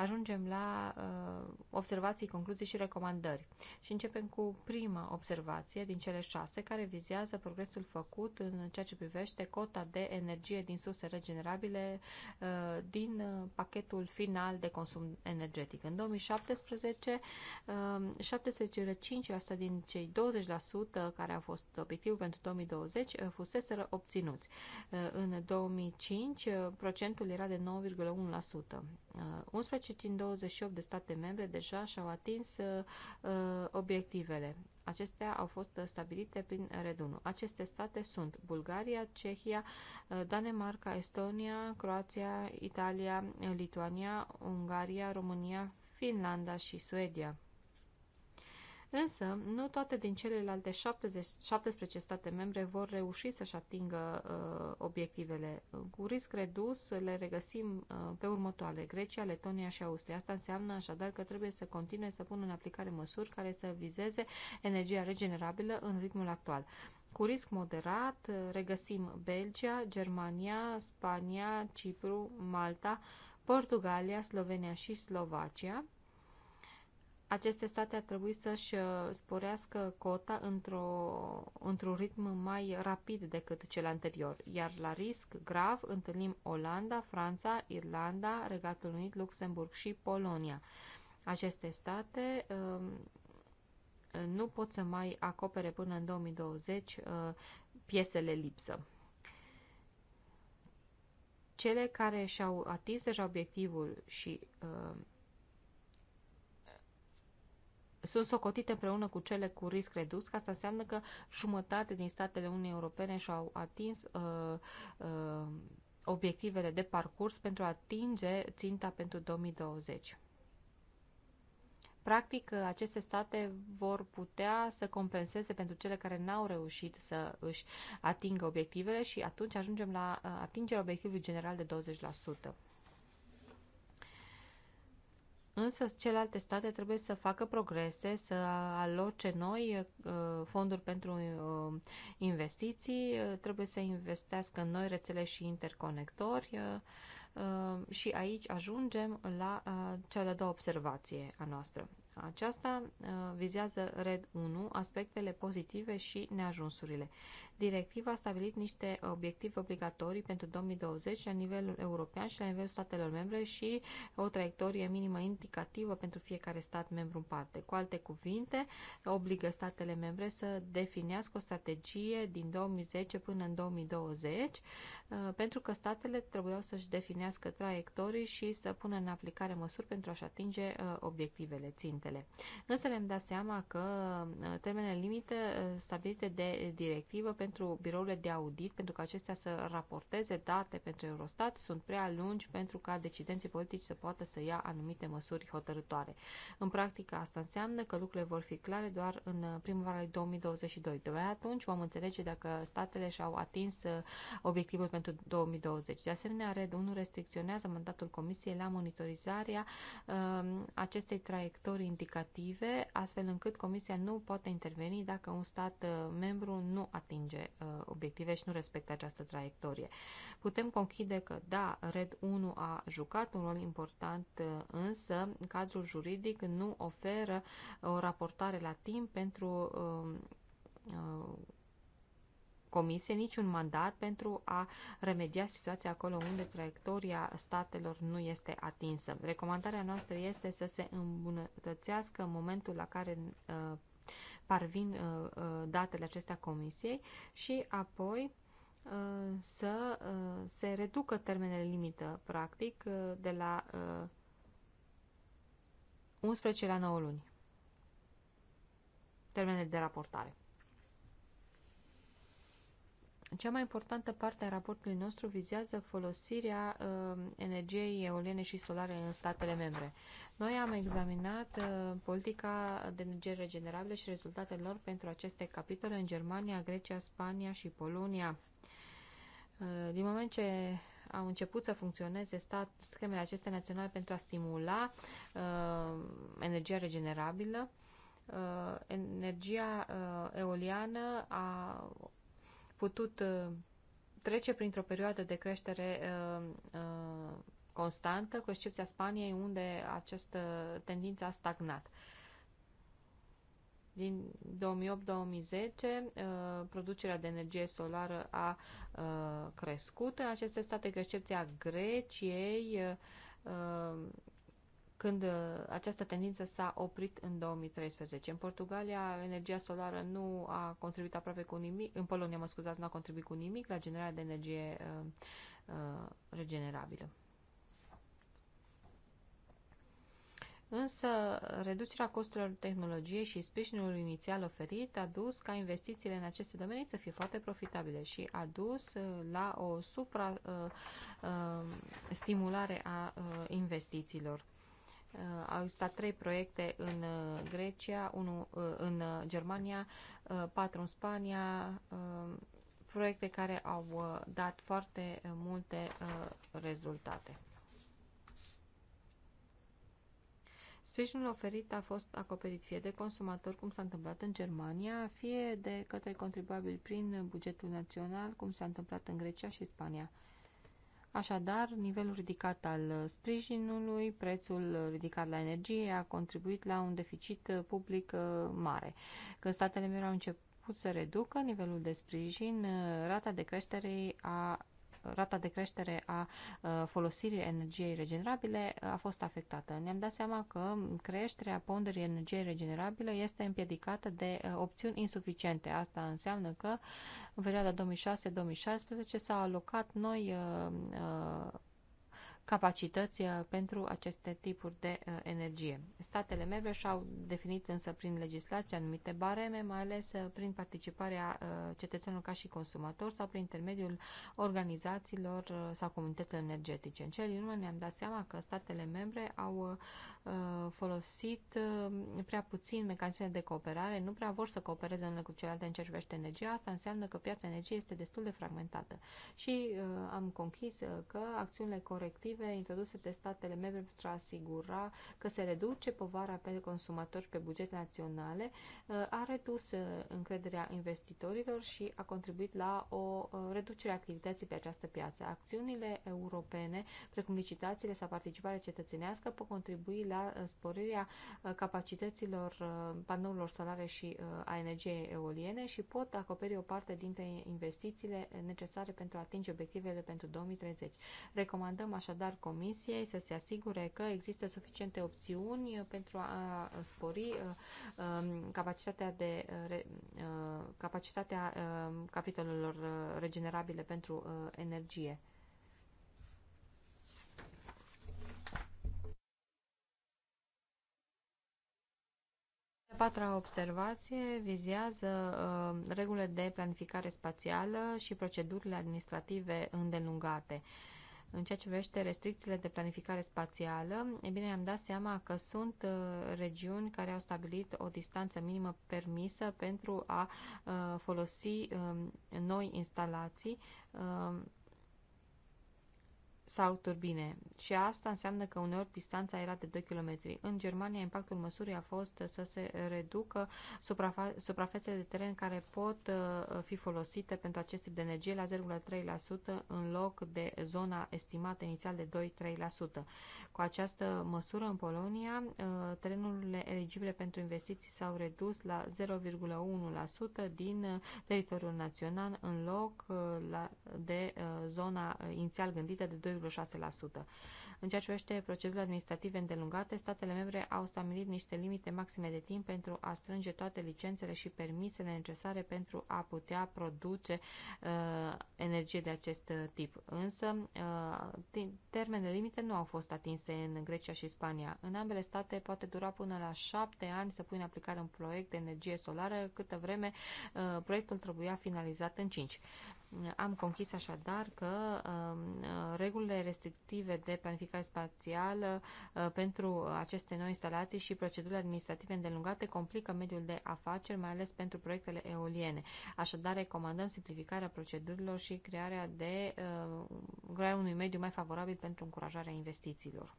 ajungem la uh, observații, concluzii și recomandări. Și începem cu prima observație din cele șase, care vizează progresul făcut în ceea ce privește cota de energie din surse regenerabile uh, din uh, pachetul final de consum energetic. În 2017, uh, 75% din cei 20% care au fost obiectiv pentru 2020 uh, fuseseră obținuți. Uh, în 2005, uh, procentul era de 9,1%. Uh, 11 din 28 de state membre deja și-au atins uh, uh obiectivele. Acestea au fost uh, stabilite prin RED1. Aceste state sunt Bulgaria, Cehia, uh, Danemarca, Estonia, Croația, Italia, Lituania, Ungaria, România, Finlanda și Suedia. Însă, nu toate din celelalte 70, 17 state membre vor reuși să-și atingă uh, obiectivele. Cu risc redus le regăsim uh, pe următoare, Grecia, Letonia și Austria. Asta înseamnă așadar că trebuie să continue să pună în aplicare măsuri care să vizeze energia regenerabilă în ritmul actual. Cu risc moderat uh, regăsim Belgia, Germania, Spania, Cipru, Malta, Portugalia, Slovenia și Slovacia, aceste state ar trebui să-și uh, sporească cota într-o, într-un ritm mai rapid decât cel anterior, iar la risc grav întâlnim Olanda, Franța, Irlanda, Regatul Unit, Luxemburg și Polonia. Aceste state um, nu pot să mai acopere până în 2020 uh, piesele lipsă cele care și-au atins deja obiectivul și uh, sunt socotite împreună cu cele cu risc redus, că asta înseamnă că jumătate din statele Uniunii Europene și-au atins uh, uh, obiectivele de parcurs pentru a atinge ținta pentru 2020. Practic, uh, aceste state vor putea să compenseze pentru cele care n-au reușit să își atingă obiectivele și atunci ajungem la uh, atingerea obiectivului general de 20%. Însă celelalte state trebuie să facă progrese, să aloce noi uh, fonduri pentru uh, investiții, uh, trebuie să investească în noi rețele și interconectori și aici ajungem la cea de-a doua observație a noastră. Aceasta vizează RED 1, aspectele pozitive și neajunsurile. Directiva a stabilit niște obiective obligatorii pentru 2020 la nivelul european și la nivelul statelor membre și o traiectorie minimă indicativă pentru fiecare stat membru în parte. Cu alte cuvinte, obligă statele membre să definească o strategie din 2010 până în 2020, uh, pentru că statele trebuiau să-și definească traiectorii și să pună în aplicare măsuri pentru a-și atinge uh, obiectivele, țintele. Însă le-am dat seama că uh, termenele limită stabilite de directivă pentru pentru birourile de audit, pentru că acestea să raporteze date pentru Eurostat, sunt prea lungi pentru ca decidenții politici să poată să ia anumite măsuri hotărătoare. În practică asta înseamnă că lucrurile vor fi clare doar în primăvara 2022. De atunci vom înțelege dacă statele și-au atins uh, obiectivul pentru 2020. De asemenea, RED 1 restricționează mandatul Comisiei la monitorizarea um, acestei traiectorii indicative, astfel încât Comisia nu poate interveni dacă un stat uh, membru nu atinge atinge uh, obiective și nu respectă această traiectorie. Putem conchide că, da, Red 1 a jucat un rol important, uh, însă cadrul juridic nu oferă uh, o raportare la timp pentru um, comise niciun mandat pentru a remedia situația acolo unde traiectoria statelor nu este atinsă. Recomandarea noastră este să se îmbunătățească momentul la care uh, parvin uh, uh, datele acestea comisiei și apoi uh, să se reducă termenele limită, practic, de la 11 la 9 luni. Termenele de raportare. Cea mai importantă parte a raportului nostru vizează folosirea uh, energiei eoliene și solare în statele membre. Noi am examinat uh, politica de energie regenerabile și rezultatele lor pentru aceste capitole în Germania, Grecia, Spania și Polonia. Uh, din moment ce au început să funcționeze stat, schemele acestea naționale pentru a stimula uh, energia regenerabilă, uh, energia uh, eoliană a putut uh, trece printr-o perioadă de creștere uh, uh, constantă, cu excepția Spaniei, unde această tendință a stagnat. Din 2008-2010, uh, producerea de energie solară a uh, crescut în aceste state, cu excepția Greciei, uh, când această tendință s-a oprit în 2013. În Portugalia, energia solară nu a contribuit aproape cu nimic, în Polonia, mă scuzați, nu a contribuit cu nimic la generarea de energie regenerabilă. Însă, reducerea costurilor tehnologiei și sprijinul inițial oferit a dus ca investițiile în aceste domenii să fie foarte profitabile și a dus uh, la o supra-stimulare uh, uh, a investițiilor. Au existat trei proiecte în Grecia, unul în Germania, patru în Spania, proiecte care au dat foarte multe rezultate. Sprijinul oferit a fost acoperit fie de consumator, cum s-a întâmplat în Germania, fie de către contribuabil prin bugetul național, cum s-a întâmplat în Grecia și Spania. Așadar, nivelul ridicat al sprijinului, prețul ridicat la energie a contribuit la un deficit public uh, mare. Când statele membre au început să reducă nivelul de sprijin, uh, rata de creștere a rata de creștere a uh, folosirii energiei regenerabile uh, a fost afectată. Ne-am dat seama că creșterea ponderii energiei regenerabile este împiedicată de uh, opțiuni insuficiente. Asta înseamnă că în perioada 2006-2016 s-au alocat noi capacități uh, pentru aceste tipuri de uh, energie. Statele membre și-au definit însă prin legislație anumite bareme, mai ales uh, prin participarea cetățenilor ca și consumatori sau prin intermediul organizațiilor sau comunităților energetice. În cel din urmă ne-am dat seama că statele membre au folosit prea puțin mecanismele de cooperare, nu prea vor să coopereze unele cu celelalte în ce privește energia. Asta înseamnă că piața energiei este destul de fragmentată. Și am conchis că acțiunile corective legislative introduse de statele membre pentru a asigura că se reduce povara pe consumatori pe bugete naționale uh, a redus uh, încrederea investitorilor și a contribuit la o uh, reducere a activității pe această piață. Acțiunile europene, precum licitațiile sau participarea cetățenească, pot contribui la sporirea capacităților panourilor solare și a energiei eoliene și pot acoperi o parte dintre investițiile necesare pentru a atinge obiectivele pentru 2030. Recomandăm așadar așadar Comisiei să se asigure că există suficiente opțiuni pentru a spori capacitatea, de, capacitatea capitolelor regenerabile pentru energie. patra observație vizează uh, regulile de planificare spațială și procedurile administrative îndelungate. Uh, în ceea ce privește restricțiile de planificare spațială, e bine, am dat seama că sunt uh, regiuni care au stabilit o distanță minimă permisă pentru a uh, folosi um, noi instalații um, sau turbine. Și asta înseamnă că uneori distanța era de 2 km. În Germania, impactul măsurii a fost să se reducă suprafa- suprafețele de teren care pot uh, fi folosite pentru acest tip de energie la 0,3% în loc de zona estimată inițial de 2-3%. Cu această măsură în Polonia, uh, terenurile eligibile pentru investiții s-au redus la 0,1% din uh, teritoriul național în loc de zona inițial gândită de 2 0,6%. În ceea ce privește procedurile administrative îndelungate, statele membre au stabilit niște limite maxime de timp pentru a strânge toate licențele și permisele necesare pentru a putea produce uh, energie de acest uh, tip. Însă, uh, termenele limite nu au fost atinse în Grecia și Spania. În ambele state poate dura până la șapte ani să pui în aplicare un proiect de energie solară, câtă vreme uh, proiectul trebuia finalizat în cinci. Am conchis așadar că um, regulile restrictive de planificare spațială uh, pentru aceste noi instalații și procedurile administrative îndelungate complică mediul de afaceri, mai ales pentru proiectele eoliene. Așadar, recomandăm simplificarea procedurilor și crearea de uh, crearea unui mediu mai favorabil pentru încurajarea investițiilor.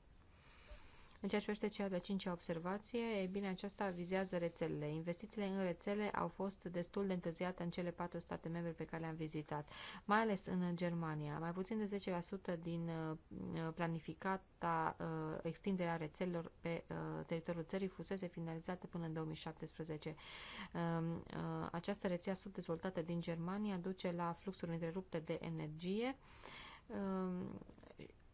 În ceea ce privește cea de-a cincea observație, e bine, aceasta vizează rețelele. Investițiile în rețele au fost destul de întârziate în cele patru state membre pe care le-am vizitat, mai ales în Germania. Mai puțin de 10% din uh, uh, planificata uh, extinderea rețelelor pe teritoriul țării fusese finalizată până în 2017. Um, această rețea subdezvoltată din Germania duce la fluxuri întrerupte de energie um,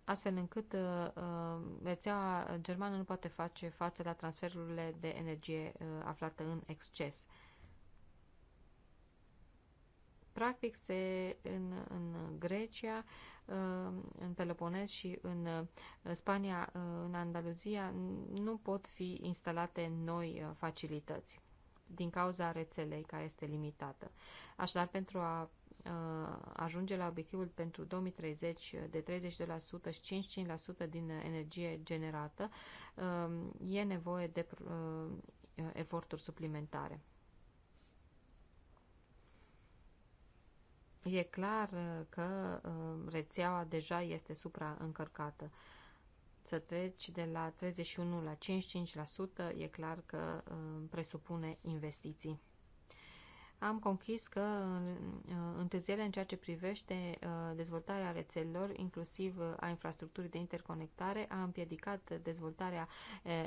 astfel încât uh, uh rețeaua germană nu poate face față la transferurile de energie uh, aflată în exces. Practic, se, în, în Grecia, uh, în Peloponez și în uh, Spania, în Andaluzia, nu pot fi instalate noi facilități din cauza rețelei care este limitată. Așadar, pentru a Uh, ajunge la obiectivul pentru 2030 de 32% și 55% din energie generată, uh, e nevoie de uh, eforturi suplimentare. E clar că rețeaua deja este supraîncărcată. Să treci de la 31 la 55% e clar că presupune investiții am conchis că uh, întârzierile în ceea ce privește uh, dezvoltarea rețelelor, inclusiv uh, a infrastructurii de interconectare, a împiedicat dezvoltarea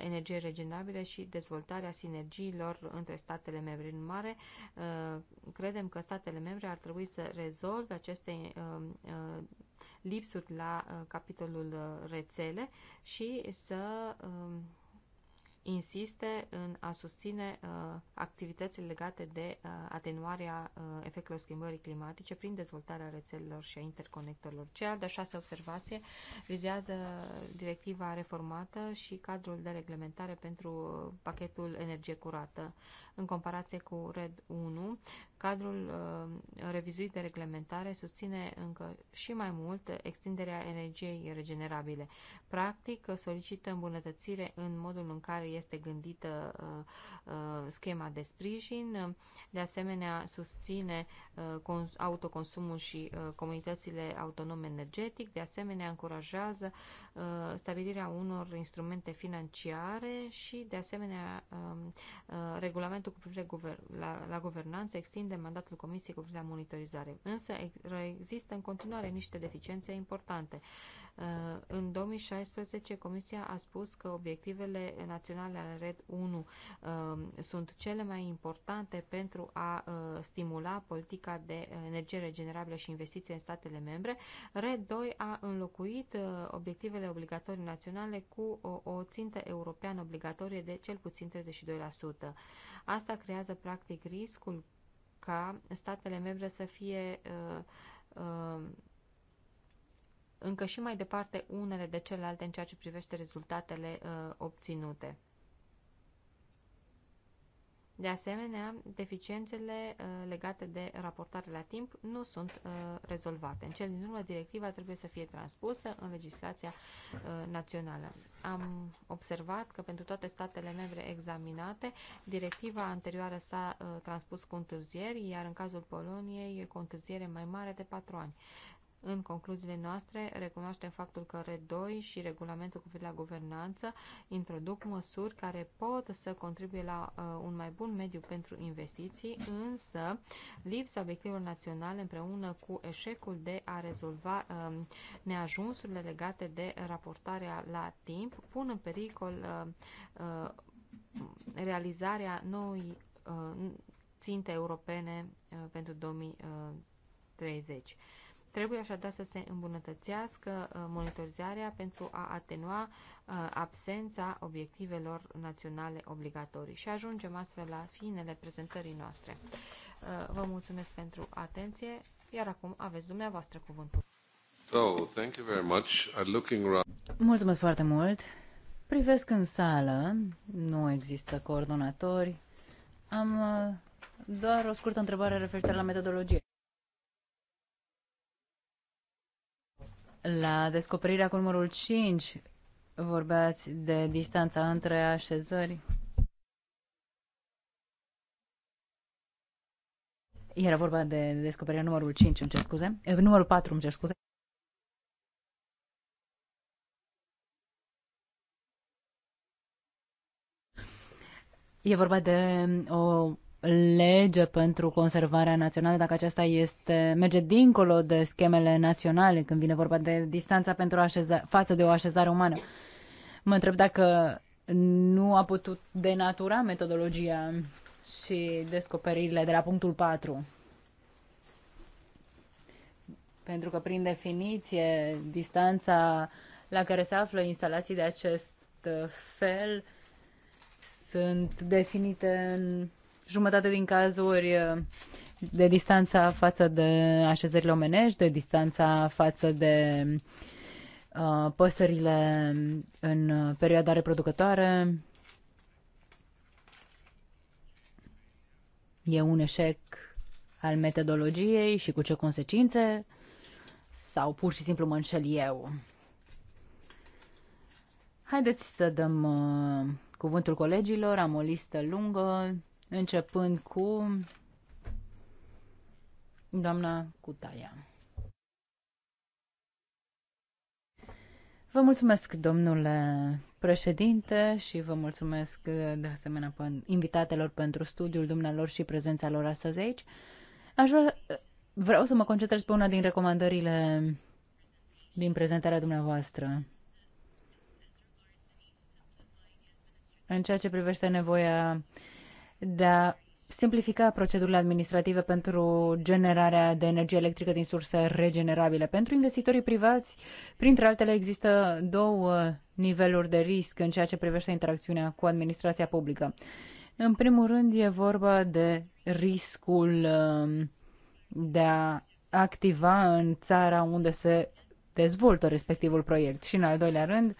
energiei regenerabile și dezvoltarea sinergiilor între statele membre. În mare, credem că statele membre ar trebui să rezolve aceste lipsuri la capitolul rețele și să insiste în a susține uh, activități legate de uh, atenuarea uh, efectelor schimbării climatice prin dezvoltarea rețelelor și a interconectorilor. Cea de-a șase observație vizează directiva reformată și cadrul de reglementare pentru uh, pachetul energie curată. În comparație cu RED 1, Cadrul uh, revizuit de reglementare susține încă și mai mult extinderea energiei regenerabile. Practic, solicită îmbunătățire în modul în care este gândită uh, uh, schema de sprijin. De asemenea, susține uh, autoconsumul și uh, comunitățile autonome energetic. De asemenea, încurajează uh, stabilirea unor instrumente financiare și, de asemenea, uh, uh, regulamentul cu privire guver la, la guvernanță extinde de mandatul Comisiei cu privire la monitorizare. Însă există în continuare niște deficiențe importante. Uh, în 2016, Comisia a spus că obiectivele naționale ale RED 1 uh, sunt cele mai importante pentru a uh, stimula politica de energie regenerabilă și investiții în statele membre. RED 2 a înlocuit obiectivele obligatorii naționale cu o, o țintă europeană obligatorie de cel puțin 32%. Asta creează practic riscul ca statele membre să fie uh, uh, încă și mai departe unele de celelalte în ceea ce privește rezultatele uh, obținute. De asemenea, deficiențele uh, legate de raportare la timp nu sunt uh, rezolvate. În cel din urmă, directiva trebuie să fie transpusă în legislația uh, națională. Am observat că pentru toate statele membre examinate, directiva anterioară s-a transpus cu întârzieri, iar în cazul Poloniei, cu întârziere mai mare de patru ani. În concluziile noastre, recunoaștem faptul că RED2 și regulamentul cu privire la guvernanță introduc măsuri care pot să contribuie la uh, un mai bun mediu pentru investiții, însă lipsa obiectivelor naționale împreună cu eșecul de a rezolva uh, neajunsurile legate de raportarea la timp pun în pericol uh, uh, realizarea noi uh, ținte europene uh, pentru 2030. Trebuie așadar să se îmbunătățească uh, monitorizarea pentru a atenua uh, absența obiectivelor naționale obligatorii. Și ajungem astfel la finele prezentării noastre. Uh, vă mulțumesc pentru atenție, iar acum aveți dumneavoastră cuvântul. So, oh, thank you very much. I'm looking around. Mulțumesc foarte mult. Privesc în sală, nu există coordonatori. Am doar o scurtă întrebare referitoare la metodologie. La descoperirea cu numărul 5 vorbeați de distanța între așezări. Era vorba de descoperirea numărul 5, îmi cer scuze. Eh, numărul 4, îmi cer scuze. E vorba de um, o lege pentru conservarea națională, dacă aceasta este, merge dincolo de schemele naționale când vine vorba de distanța pentru așeza, față de o așezare umană. Mă întreb dacă nu a putut denatura metodologia și descoperirile de la punctul 4. Pentru că, prin definiție, distanța la care se află instalații de acest fel sunt definite în jumătate din cazuri uh, de distanța față de așezările omenești, de distanța față de uh, păsările în perioada reproducătoare. E un eșec al metodologiei și cu ce consecințe? Sau pur și simplu mă înșel eu? Haideți să dăm uh, cuvântul colegilor, am o listă lungă, începând cu doamna Cutaia. Vă mulțumesc, domnule președinte, și vă mulțumesc de asemenea invitatelor pentru studiul dumnealor și prezența lor astăzi aici. Aș vrea, vreau să mă concentrez pe una din recomandările din prezentarea dumneavoastră. În ceea ce privește nevoia de a simplifica procedurile administrative pentru generarea de energie electrică din surse regenerabile. Pentru investitorii privați, printre altele, există două niveluri de risc în ceea ce privește interacțiunea cu administrația publică. În primul rând, e vorba de riscul um, de a activa în țara unde se dezvoltă respectivul proiect și, în al doilea rând,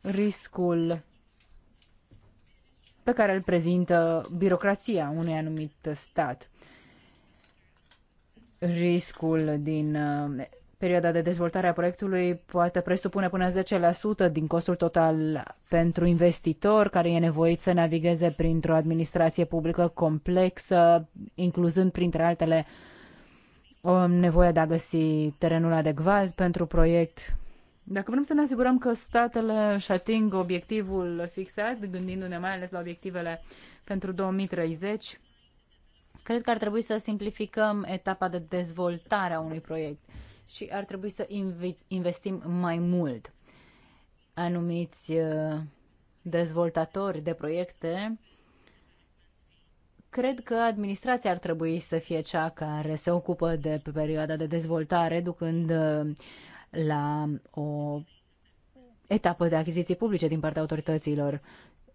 riscul pe care îl prezintă birocrația unui anumit stat. Riscul din uh, perioada de dezvoltare a proiectului poate presupune până 10% din costul total pentru investitor care e nevoit să navigheze printr-o administrație publică complexă, incluzând printre altele o nevoie de a găsi terenul adecvat pentru proiect, dacă vrem să ne asigurăm că statele își ating obiectivul fixat, gândindu-ne mai ales la obiectivele pentru 2030, cred că ar trebui să simplificăm etapa de dezvoltare a unui proiect și ar trebui să investim mai mult. Anumiți uh, dezvoltatori de proiecte cred că administrația ar trebui să fie cea care se ocupă de perioada de dezvoltare, ducând uh, la o etapă de achiziții publice din partea autorităților,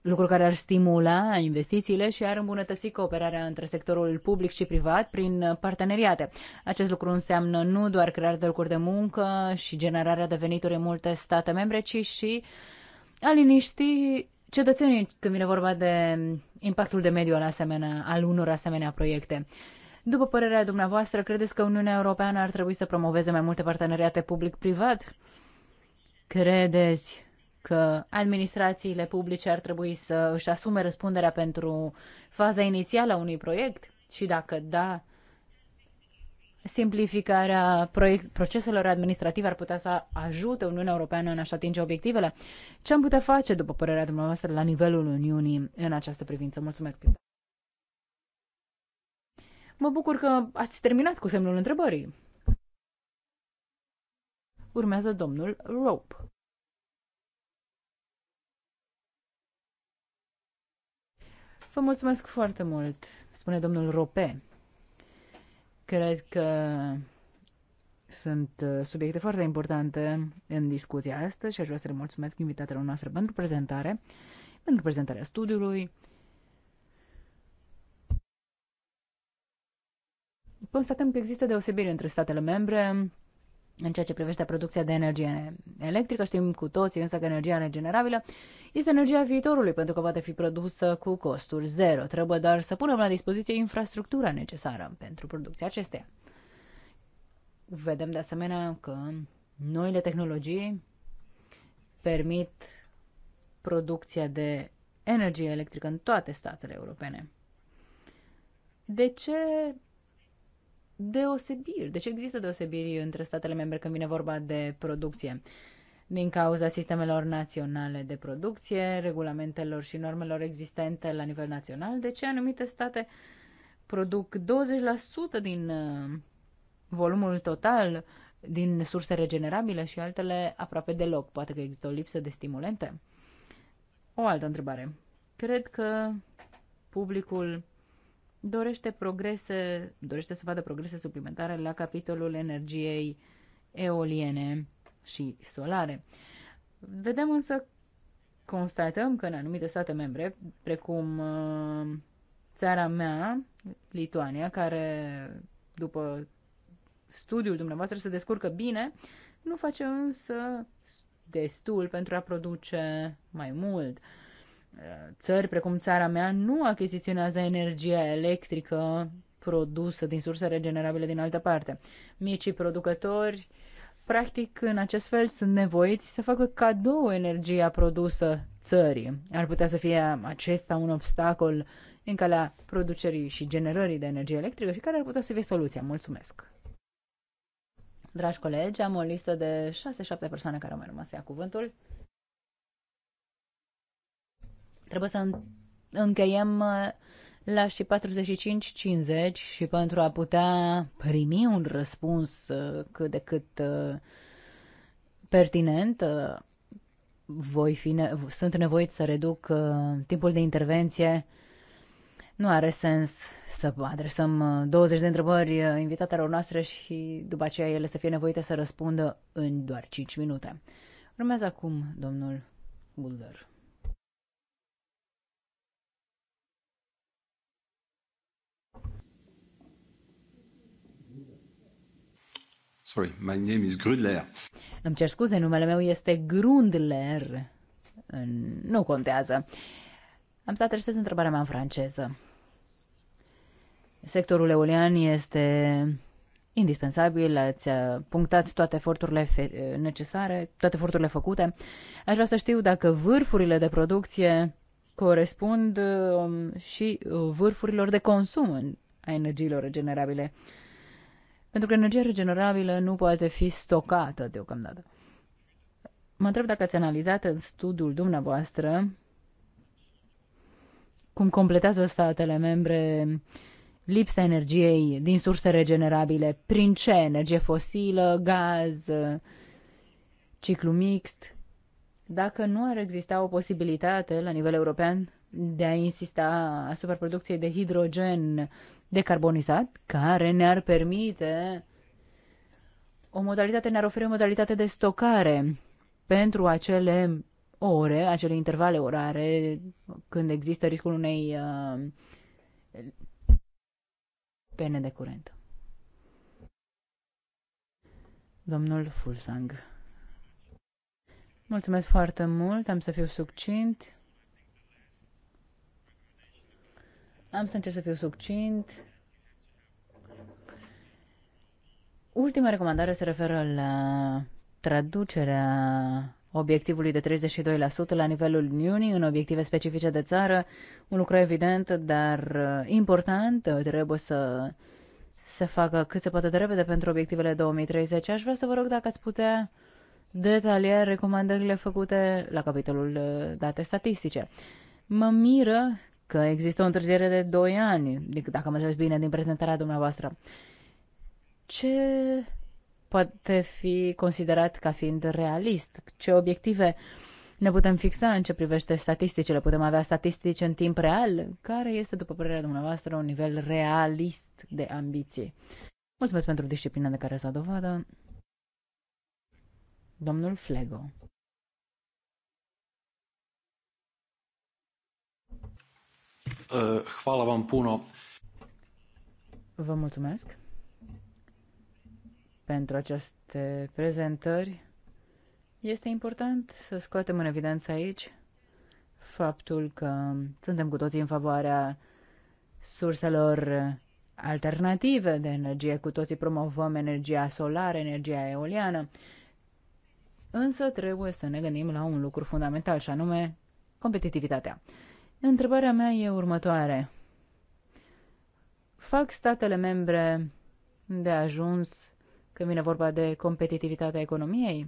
lucru care ar stimula investițiile și ar îmbunătăți cooperarea între sectorul public și privat prin parteneriate. Acest lucru înseamnă nu doar crearea de locuri de muncă și generarea de venituri în multe state membre, ci și a liniști cetățenii când vine vorba de impactul de mediu al, asemenea, al unor asemenea proiecte. După părerea dumneavoastră, credeți că Uniunea Europeană ar trebui să promoveze mai multe parteneriate public-privat? Credeți că administrațiile publice ar trebui să își asume răspunderea pentru faza inițială a unui proiect? Și dacă da, simplificarea proiect, proceselor administrative ar putea să ajute Uniunea Europeană în a-și atinge obiectivele? Ce am putea face, după părerea dumneavoastră, la nivelul Uniunii în această privință? Mulțumesc! Mă bucur că ați terminat cu semnul întrebării. Urmează domnul Rope. Vă mulțumesc foarte mult, spune domnul Rope. Cred că sunt uh, subiecte foarte importante în discuția asta și aș vrea să le mulțumesc invitatelor noastre pentru prezentare, pentru prezentarea studiului, constatăm că există deosebiri între statele membre în ceea ce privește producția de energie electrică. Știm cu toții însă că energia regenerabilă este energia viitorului pentru că poate fi produsă cu costuri zero. Trebuie doar să punem la dispoziție infrastructura necesară pentru producția acesteia. Vedem de asemenea că noile tehnologii permit producția de energie electrică în toate statele europene. De ce deosebiri. De deci ce există deosebiri între statele membre când vine vorba de producție? Din cauza sistemelor naționale de producție, regulamentelor și normelor existente la nivel național, de ce anumite state produc 20% din uh, volumul total din surse regenerabile și altele aproape deloc. Poate că există o lipsă de stimulente. O altă întrebare. Cred că publicul dorește progrese, dorește să vadă progrese suplimentare la capitolul energiei eoliene și solare. Vedem însă, constatăm că în anumite state membre, precum uh, țara mea, Lituania, care după studiul dumneavoastră se descurcă bine, nu face însă destul pentru a produce mai mult. Uh, țări precum țara mea nu achiziționează energia electrică produsă din surse regenerabile din altă parte. Micii producători, practic, în acest fel sunt nevoiți să facă cadou energia produsă țării. Ar putea să fie acesta un obstacol în calea producerii și generării de energie electrică și care ar putea să fie soluția. Mulțumesc! Dragi colegi, am o listă de 6-7 persoane care au mai rămas să ia cuvântul. Trebuie să încheiem uh, la și 45-50 și pentru a putea primi un răspuns uh, cât de cât uh, pertinent, voi fi ne- sunt nevoit să reduc timpul de intervenție. Nu are sens să adresăm 20 de întrebări invitatelor noastre și după aceea ele să fie nevoite să răspundă în doar 5 minute. Urmează acum domnul Mulder. Sorry, my name is Grundler. Îmi cer scuze, numele meu este Grundler. Nu contează. Am să adresez întrebarea mea în franceză. Sectorul eolian este indispensabil, ați uh, punctat toate eforturile necesare, toate eforturile făcute. Aș vrea să știu dacă vârfurile de producție corespund um, și uh, vârfurilor de consum a energiilor regenerabile pentru că energia regenerabilă nu poate fi stocată deocamdată. Mă întreb dacă ați analizat în studiul dumneavoastră cum completează statele membre lipsa energiei din surse regenerabile, prin ce energie fosilă, gaz, ciclu mixt, dacă nu ar exista o posibilitate la nivel european de a insista asupra producției de hidrogen decarbonizat, care ne-ar permite o modalitate, ne-ar oferi o modalitate de stocare pentru acele ore, acele intervale orare, când există riscul unei uh, pene de curent. Domnul Fulsang. Mulțumesc foarte mult, am să fiu succint. Am să încerc să fiu succint. Ultima recomandare se referă la traducerea obiectivului de 32% la nivelul Uniunii în obiective specifice de țară. Un lucru evident, dar uh, important, uh, trebuie să se facă cât se poate de repede pentru obiectivele 2030. Aș vrea să vă rog dacă ați putea detalia recomandările făcute la capitolul uh, date statistice. Mă miră că există o întârziere de 2 ani, dacă am înțeles bine din prezentarea dumneavoastră. Ce poate fi considerat ca fiind realist? Ce obiective ne putem fixa în ce privește statisticile? Putem avea statistici în timp real? Care este, după părerea dumneavoastră, un nivel realist de ambiție? Mulțumesc pentru disciplina de care s-a dovadă. Domnul Flego. Eh, hvala vam puno. Vă mulțumesc pentru aceste prezentări. Este important să scoatem în evidență aici faptul că suntem cu toții în favoarea surselor alternative de energie, cu toții promovăm energia solară, energia eoliană, însă trebuie să ne gândim la un lucru fundamental și anume competitivitatea. Întrebarea mea e următoare. Fac statele membre de ajuns când vine vorba de competitivitatea economiei?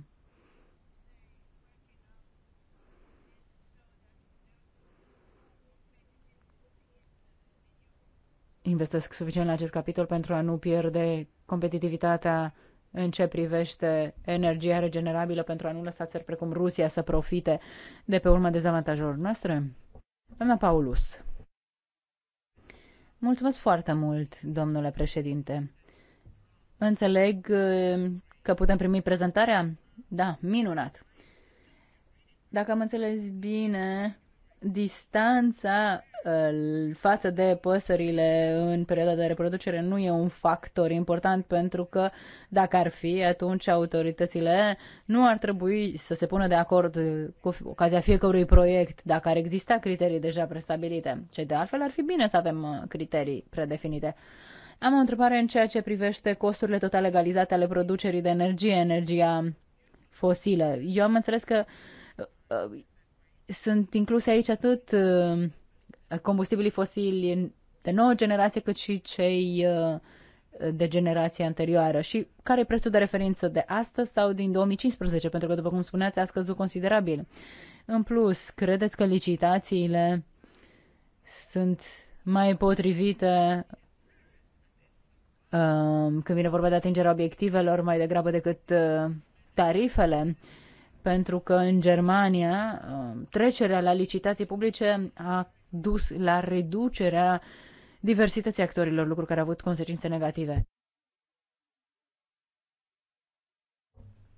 Investesc suficient la acest capitol pentru a nu pierde competitivitatea în ce privește energia regenerabilă pentru a nu lăsa țări precum Rusia să profite de pe urma dezavantajelor noastre? Doamna Paulus. Mulțumesc foarte mult, domnule președinte. Înțeleg eh, că putem primi prezentarea? Da, minunat. Dacă am înțeles bine, distanța față de păsările în perioada de reproducere nu e un factor important pentru că dacă ar fi, atunci autoritățile nu ar trebui să se pună de acord cu ocazia fiecărui proiect dacă ar exista criterii deja prestabilite. Ce de altfel ar fi bine să avem uh, criterii predefinite. Am o întrebare în ceea ce privește costurile total legalizate ale producerii de energie, energia fosilă. Eu am înțeles că uh, uh sunt incluse aici atât uh, combustibilii fosili de nouă generație, cât și cei uh, de generație anterioară și care e prețul de referință de astăzi sau din 2015, pentru că, după cum spuneați, a scăzut considerabil. În plus, credeți că licitațiile sunt mai potrivite um, când vine vorba de atingerea obiectivelor mai degrabă decât uh, tarifele, pentru că în Germania um, trecerea la licitații publice a dus la reducerea diversității actorilor, lucruri care au avut consecințe negative.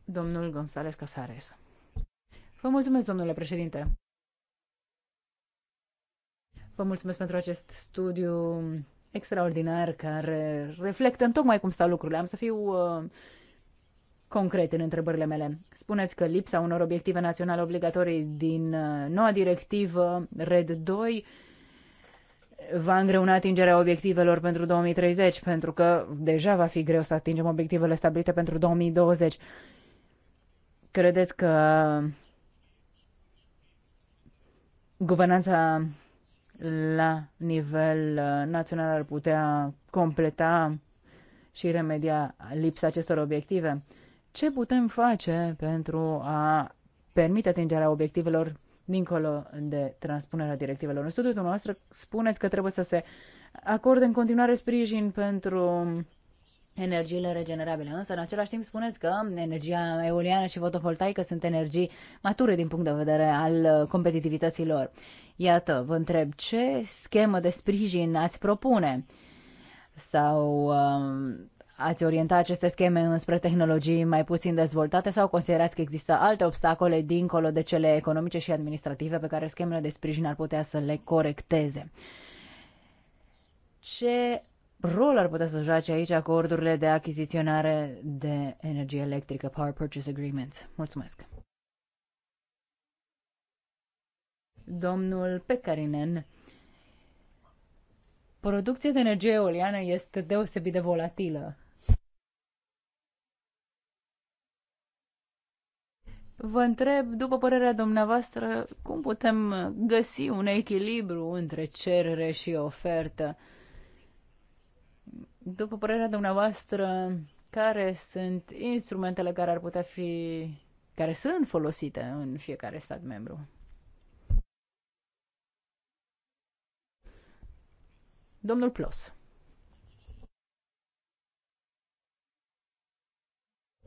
Domnul González Casares. Vă mulțumesc, domnule președinte. Vă mulțumesc pentru acest studiu extraordinar care reflectă în tocmai cum stau lucrurile. Am să fiu uh, concret în întrebările mele. Spuneți că lipsa unor obiective naționale obligatorii din uh, noua directivă RED 2 va îngreuna atingerea obiectivelor pentru 2030, pentru că deja va fi greu să atingem obiectivele stabilite pentru 2020. Credeți că guvernanța la nivel uh, național ar putea completa și remedia lipsa acestor obiective? Ce putem face pentru a permite atingerea obiectivelor dincolo de transpunerea directivelor? În studiul noastră spuneți că trebuie să se acorde în continuare sprijin pentru energiile regenerabile. Însă, în același timp, spuneți că energia eoliană și fotovoltaică sunt energii mature din punct de vedere al competitivității lor. Iată, vă întreb, ce schemă de sprijin ați propune? Sau um, Ați orienta aceste scheme înspre tehnologii mai puțin dezvoltate sau considerați că există alte obstacole dincolo de cele economice și administrative pe care schemele de sprijin ar putea să le corecteze? Ce rol ar putea să joace aici acordurile de achiziționare de energie electrică, Power Purchase Agreements? Mulțumesc! Domnul Pecarinen Producția de energie eoliană este deosebit de volatilă. Vă întreb, după părerea dumneavoastră, cum putem găsi un echilibru între cerere și ofertă? După părerea dumneavoastră, care sunt instrumentele care ar putea fi, care sunt folosite în fiecare stat membru? Domnul Plos.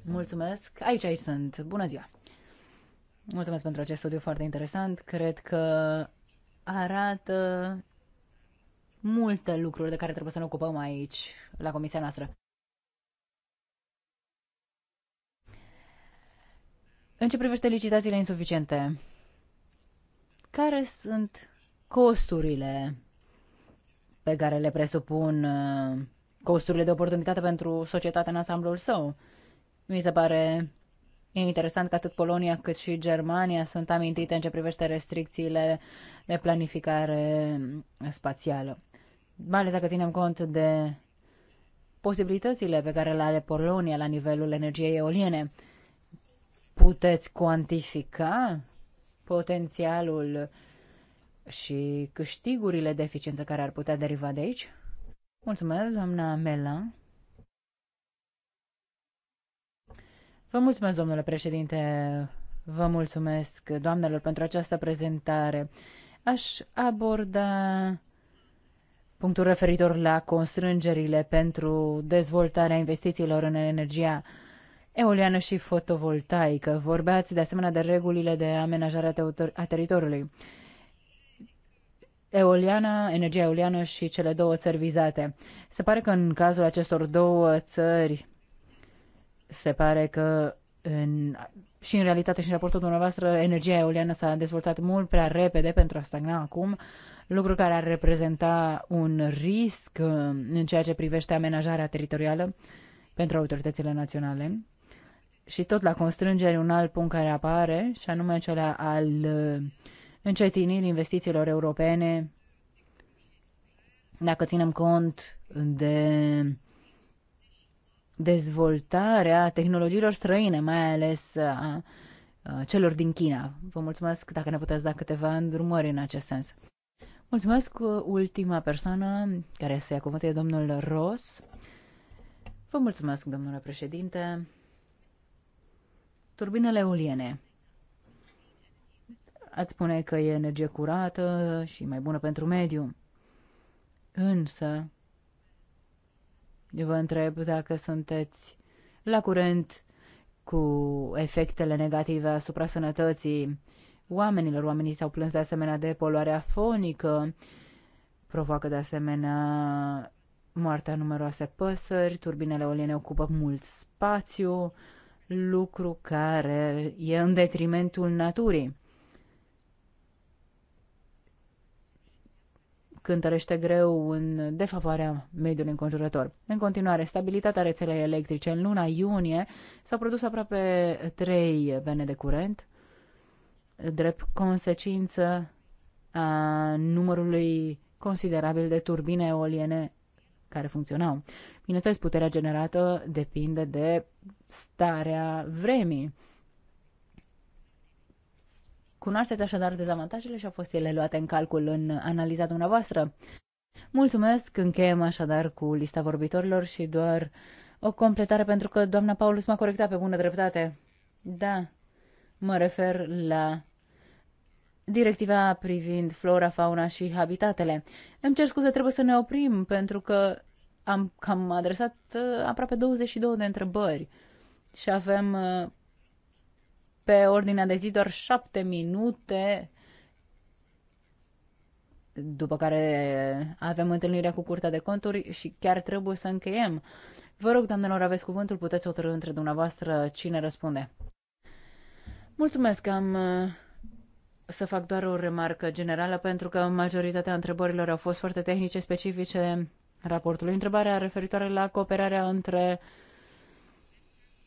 Mulțumesc. Aici, aici sunt. Bună ziua. Mulțumesc pentru acest studiu foarte interesant. Cred că arată multe lucruri de care trebuie să ne ocupăm aici, la comisia noastră. În ce privește licitațiile insuficiente, care sunt costurile pe care le presupun costurile de oportunitate pentru societatea în ansamblul său? Mi se pare E interesant că atât Polonia cât și Germania sunt amintite în ce privește restricțiile de planificare spațială. Mai ales dacă ținem cont de posibilitățile pe care le are Polonia la nivelul energiei eoliene. Puteți cuantifica potențialul și câștigurile de eficiență care ar putea deriva de aici? Mulțumesc, doamna Mela. Vă mulțumesc, domnule președinte. Vă mulțumesc, doamnelor, pentru această prezentare. Aș aborda punctul referitor la constrângerile pentru dezvoltarea investițiilor în energia eoliană și fotovoltaică. Vorbeați de asemenea de regulile de amenajare a teritoriului. Eoliana, energia eoliană și cele două țări vizate. Se pare că în cazul acestor două țări se pare că în, și în realitate și în raportul dumneavoastră energia eoliană s-a dezvoltat mult prea repede pentru a stagna acum, lucru care ar reprezenta un risc uh, în ceea ce privește amenajarea teritorială pentru autoritățile naționale. Și tot la constrângeri un alt punct care apare, și anume acela al uh, încetinirii investițiilor europene, dacă ținem cont de dezvoltarea tehnologiilor străine, mai ales uh, a celor din China. Vă mulțumesc dacă ne puteți da câteva îndrumări în acest sens. Mulțumesc. Uh, ultima persoană care se ia cuvântul e domnul Ros. Vă mulțumesc, domnule președinte. Turbinele eoliene. Ați spune că e energie curată și mai bună pentru mediu. Însă, Vă întreb dacă sunteți la curent cu efectele negative asupra sănătății oamenilor. Oamenii s-au plâns de asemenea de poluarea fonică, provoacă de asemenea moartea numeroase păsări, turbinele oliene ocupă mult spațiu, lucru care e în detrimentul naturii. cântărește greu în defavoarea mediului înconjurător. În continuare, stabilitatea rețelei electrice. În luna iunie s-au produs aproape 3 vene de curent, drept consecință a numărului considerabil de turbine eoliene care funcționau. Bineînțeles, puterea generată depinde de starea vremii Cunoașteți așadar dezavantajele și au fost ele luate în calcul în analiza dumneavoastră. Mulțumesc, încheiem așadar cu lista vorbitorilor și doar o completare pentru că doamna Paulus m-a corectat pe bună dreptate. Da, mă refer la directiva privind flora, fauna și habitatele. Îmi cer scuze, trebuie să ne oprim pentru că am cam adresat uh, aproape 22 de întrebări și avem uh, pe ordinea de zi doar șapte minute, după care avem întâlnirea cu Curtea de Conturi și chiar trebuie să încheiem. Vă rog, doamnelor, aveți cuvântul, puteți hotărâ între dumneavoastră cine răspunde. Mulțumesc, am uh, să fac doar o remarcă generală, pentru că majoritatea întrebărilor au fost foarte tehnice, specifice raportului. Întrebarea referitoare la cooperarea între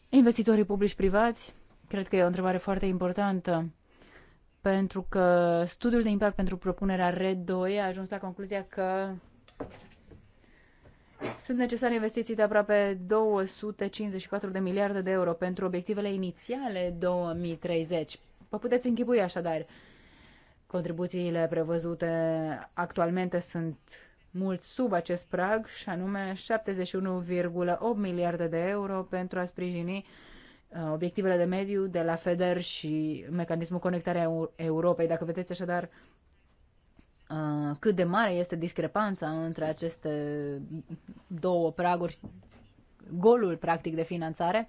investitorii publici-privați, Cred că e o întrebare foarte importantă pentru că studiul de impact pentru propunerea RED 2 a ajuns la concluzia că sunt necesare investiții de aproape 254 de miliarde de euro pentru obiectivele inițiale 2030. Vă puteți închipui așadar. Contribuțiile prevăzute actualmente sunt mult sub acest prag și anume 71,8 miliarde de euro pentru a sprijini Uh, obiectivele de mediu de la FEDER și mecanismul conectarea Europei. Dacă vedeți așadar uh, cât de mare este discrepanța între aceste două praguri, golul practic de finanțare,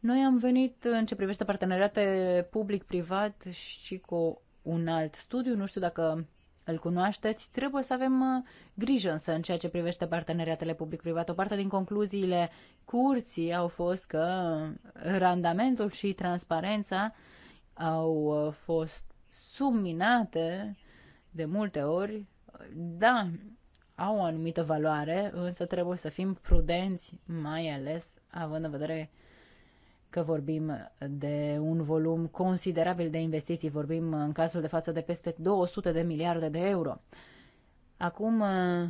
noi am venit în ce privește parteneriate public-privat și cu un alt studiu. Nu știu dacă îl cunoașteți, trebuie să avem uh, grijă însă în ceea ce privește parteneriatele public-privat. O parte din concluziile curții au fost că uh, randamentul și transparența au uh, fost subminate de multe ori. Da, au o anumită valoare, însă trebuie să fim prudenți, mai ales având în vedere că vorbim de un volum considerabil de investiții, vorbim în cazul de față de peste 200 de miliarde de euro. Acum eh,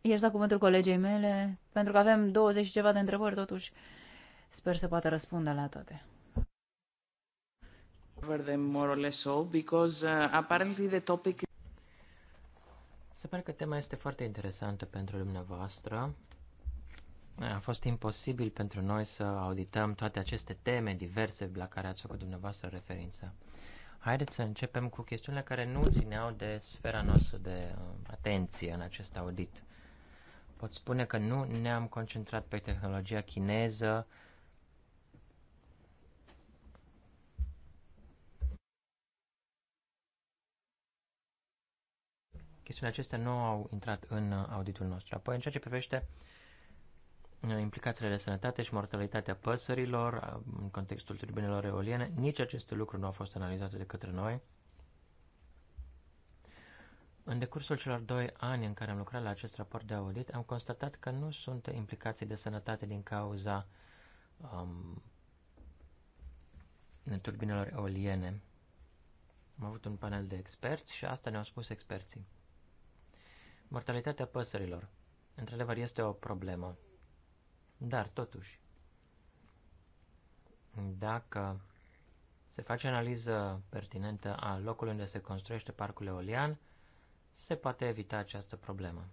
ești dat cuvântul colegei mele, pentru că avem 20 și ceva de întrebări, totuși sper să poată răspunde la toate. Eh, Se pare că tema este foarte interesantă pentru dumneavoastră. A fost imposibil pentru noi să audităm toate aceste teme diverse la care ați făcut dumneavoastră referință. Haideți să începem cu chestiunile care nu țineau de sfera noastră de uh, atenție în acest audit. Pot spune că nu ne-am concentrat pe tehnologia chineză, chestiunile acestea nu au intrat în uh, auditul nostru. Apoi, în ceea ce privește uh, implicațiile de sănătate și mortalitatea păsărilor în contextul turbinelor eoliene, nici aceste lucruri nu au fost analizate de către noi. În decursul celor doi ani în care am lucrat la acest raport de audit, am constatat că nu sunt implicații de sănătate din cauza um, turbinelor eoliene. Am avut un panel de experți și asta ne-au spus experții. Mortalitatea păsărilor. Într-adevăr, este o problemă dar, totuși, dacă se face analiză pertinentă a locului unde se construiește parcul eolian, se poate evita această problemă.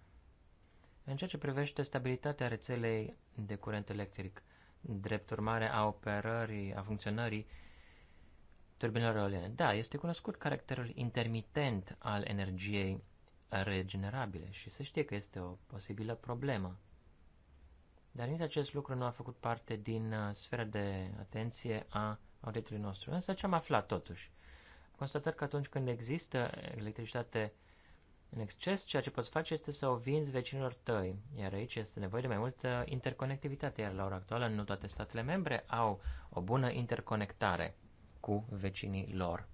În ceea ce privește stabilitatea rețelei de curent electric, drept urmare a operării, a funcționării turbinelor eoliene. Da, este cunoscut caracterul intermitent al energiei regenerabile și se știe că este o posibilă problemă. Dar nici acest lucru nu a făcut parte din uh, sfera de atenție a auditului nostru. Însă ce am aflat totuși? Constatăm că atunci când există electricitate în exces, ceea ce poți face este să o vinzi vecinilor tăi, iar aici este nevoie de mai multă interconectivitate, iar la ora actuală nu toate statele membre au o bună interconectare cu vecinii lor.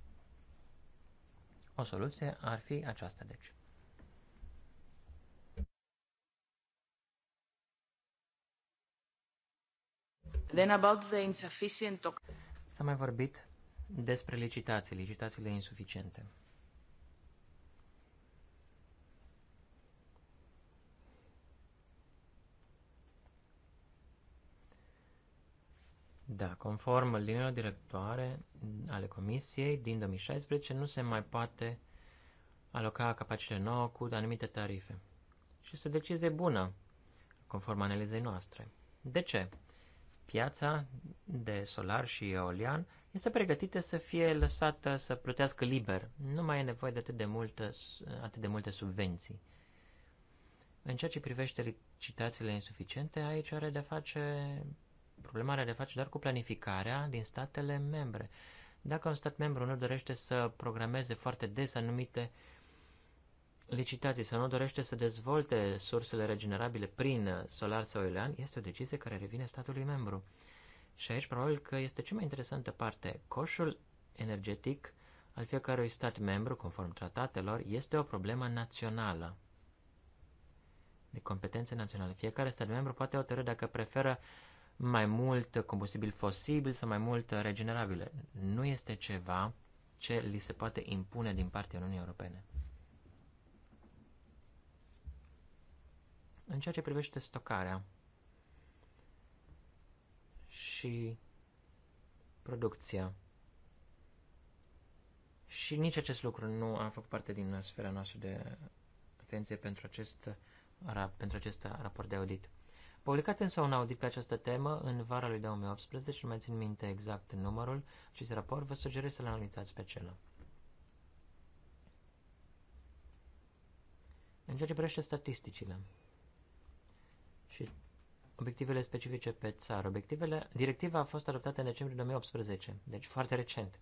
O soluție ar fi aceasta, deci. Then about the insufficient... S-a mai vorbit despre licitații, licitațiile insuficiente. Da, conform liniilor directoare ale Comisiei din 2016 nu se mai poate aloca capacitate nouă cu anumite tarife. Și este o decizie bună, conform analizei noastre. De ce? Piața de solar și eolian este pregătită să fie lăsată să plătească liber. Nu mai e nevoie de atât de, multă, atât de multe subvenții. În ceea ce privește licitațiile insuficiente, aici are de face, problema are de face doar cu planificarea din statele membre. Dacă un stat membru nu dorește să programeze foarte des anumite uh, licitații sau nu dorește să dezvolte sursele regenerabile prin solar sau elean, este o decizie care revine statului membru. Și aici probabil că este cea mai interesantă parte. Coșul energetic al fiecărui stat membru, conform tratatelor, este o problemă națională de competențe naționale. Fiecare stat membru poate hotărâ dacă preferă mai mult combustibil fosibil sau mai mult regenerabile. Nu este ceva ce li se poate impune din partea Uniunii Europene. În ceea ce privește stocarea și producția, și nici acest lucru nu a făcut parte din sfera noastră de atenție pentru acest, pentru acest raport de audit. Publicat însă un audit pe această temă în vara lui 2018, nu mai țin minte exact numărul acest raport, vă sugerez să-l analizați pe celă. În ceea ce privește statisticile, și obiectivele specifice pe țară. Obiectivele, directiva a fost adoptată în decembrie 2018, deci foarte recent.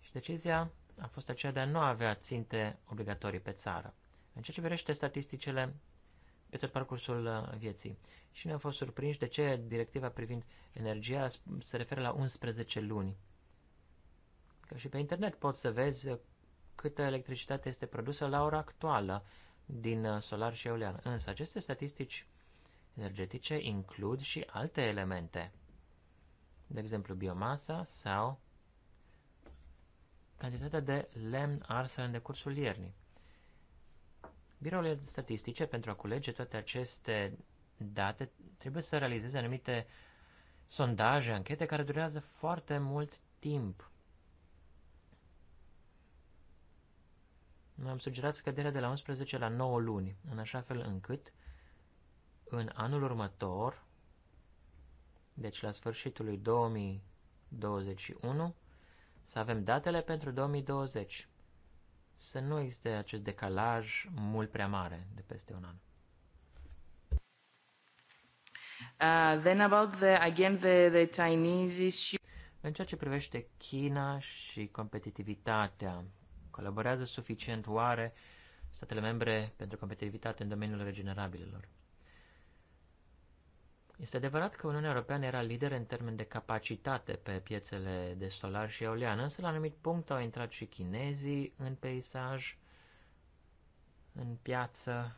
Și decizia a fost aceea de a nu avea ținte obligatorii pe țară. În ceea ce privește statisticele pe tot parcursul uh, vieții. Și ne-am fost surprinși de ce directiva privind energia se referă la 11 luni. Că și pe internet poți să vezi câtă electricitate este produsă la ora actuală din uh, solar și eolian. Însă aceste statistici energetice includ și alte elemente, de exemplu biomasa sau cantitatea de lemn arsă în decursul iernii. Biroul de statistice, pentru a culege toate aceste date, trebuie să realizeze anumite sondaje, anchete care durează foarte mult timp. am sugerat scăderea de la 11 la 9 luni, în așa fel încât în anul următor, deci la sfârșitul lui 2021, să avem datele pentru 2020. Să nu existe acest decalaj mult prea mare de peste un an. Uh, then about the, again, the, the Chinese issue. În ceea ce privește China și competitivitatea Colaborează suficient oare statele membre pentru competitivitate în domeniul regenerabililor. Este adevărat că Uniunea Europeană era lider în termen de capacitate pe piețele de solar și eolian, însă la anumit punct au intrat și chinezii în peisaj, în piață,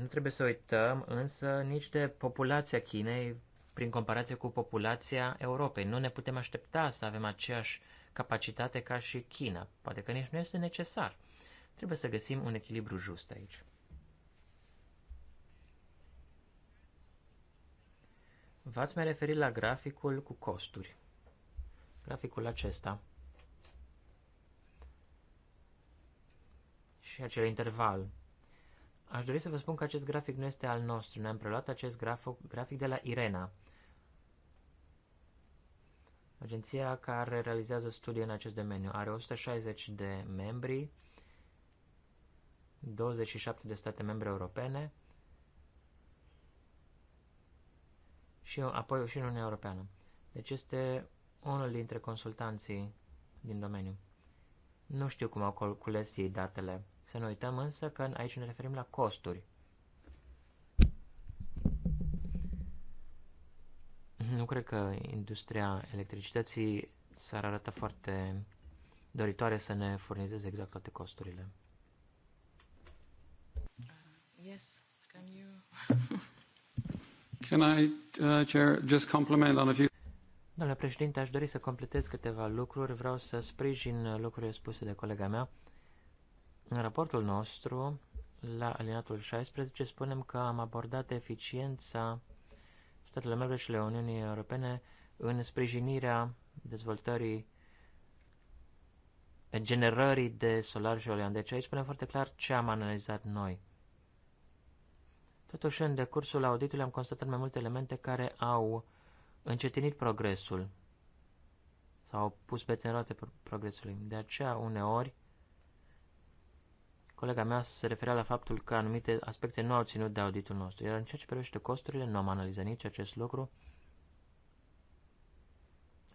Nu trebuie să uităm însă nici de populația Chinei prin comparație cu populația Europei. Nu ne putem aștepta să avem aceeași capacitate ca și China. Poate că nici nu este necesar. Trebuie să găsim un echilibru just aici. V-ați mai referit la graficul cu costuri. Graficul acesta. Și acel interval Aș dori să vă spun că acest grafic nu este al nostru. Ne-am preluat acest grafic de la IRENA, agenția care realizează studii în acest domeniu. Are 160 de membri, 27 de state membre europene și apoi și în Uniunea Europeană. Deci este unul dintre consultanții din domeniu. Nu știu cum au calculat ei datele. Să nu uităm însă că aici ne referim la costuri. Nu cred că industria electricității s-ar arăta foarte doritoare să ne furnizeze exact toate costurile. Yes, can you... can I, uh, Chair, just compliment on a few... Domnule președinte, aș dori să completez câteva lucruri. Vreau să sprijin lucrurile spuse de colega mea. În raportul nostru, la alinatul 16, spunem că am abordat eficiența statelor membre și ale Uniunii Europene în sprijinirea dezvoltării generării de solar și olean. Deci aici spunem foarte clar ce am analizat noi. Totuși, în decursul auditului am constatat mai multe elemente care au încetinit progresul sau pus pețe în roate progresului. De aceea, uneori, colega mea se referea la faptul că anumite aspecte nu au ținut de auditul nostru, iar în ceea ce privește costurile, nu am analizat nici acest lucru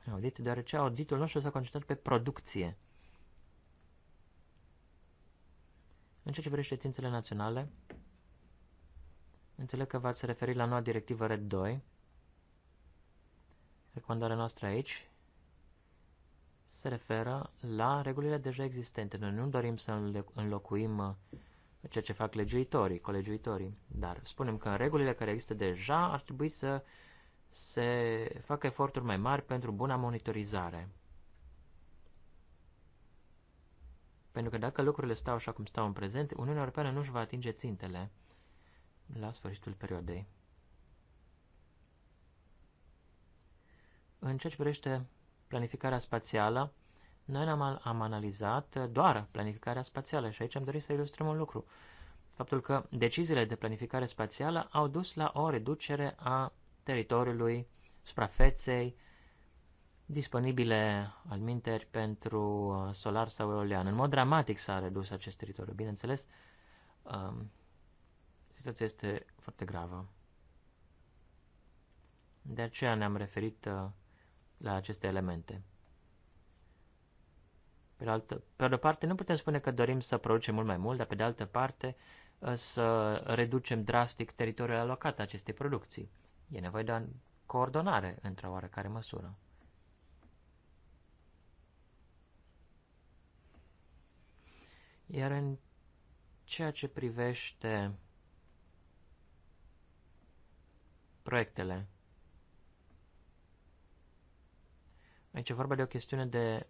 în audit, deoarece auditul nostru s-a concentrat pe producție. În ceea ce privește științele naționale, înțeleg că v-ați referit la noua directivă RED 2, Recomandarea noastră aici se referă la regulile deja existente. Noi nu dorim să înlocuim uh, ceea ce fac legiuitorii, colegiuitorii, dar spunem că în regulile care există deja ar trebui să se facă eforturi mai mari pentru buna monitorizare. Pentru că dacă lucrurile stau așa cum stau în prezent, Uniunea Europeană nu își va atinge țintele la sfârșitul perioadei. În ceea ce privește planificarea spațială, noi am, am analizat doar planificarea spațială și aici am dorit să ilustrăm un lucru. Faptul că deciziile de planificare spațială au dus la o reducere a teritoriului, suprafeței, disponibile alminteri pentru uh, solar sau eolian. În mod dramatic s-a redus acest teritoriu. Bineînțeles, um, situația este foarte gravă. De aceea ne-am referit uh, la aceste elemente. Pe, altă, pe de parte, nu putem spune că dorim să producem mult mai mult, dar pe de altă parte ă, să reducem drastic teritoriul alocat acestei producții. E nevoie de o coordonare într-o oarecare măsură. Iar în ceea ce privește proiectele Aici e vorba de o chestiune de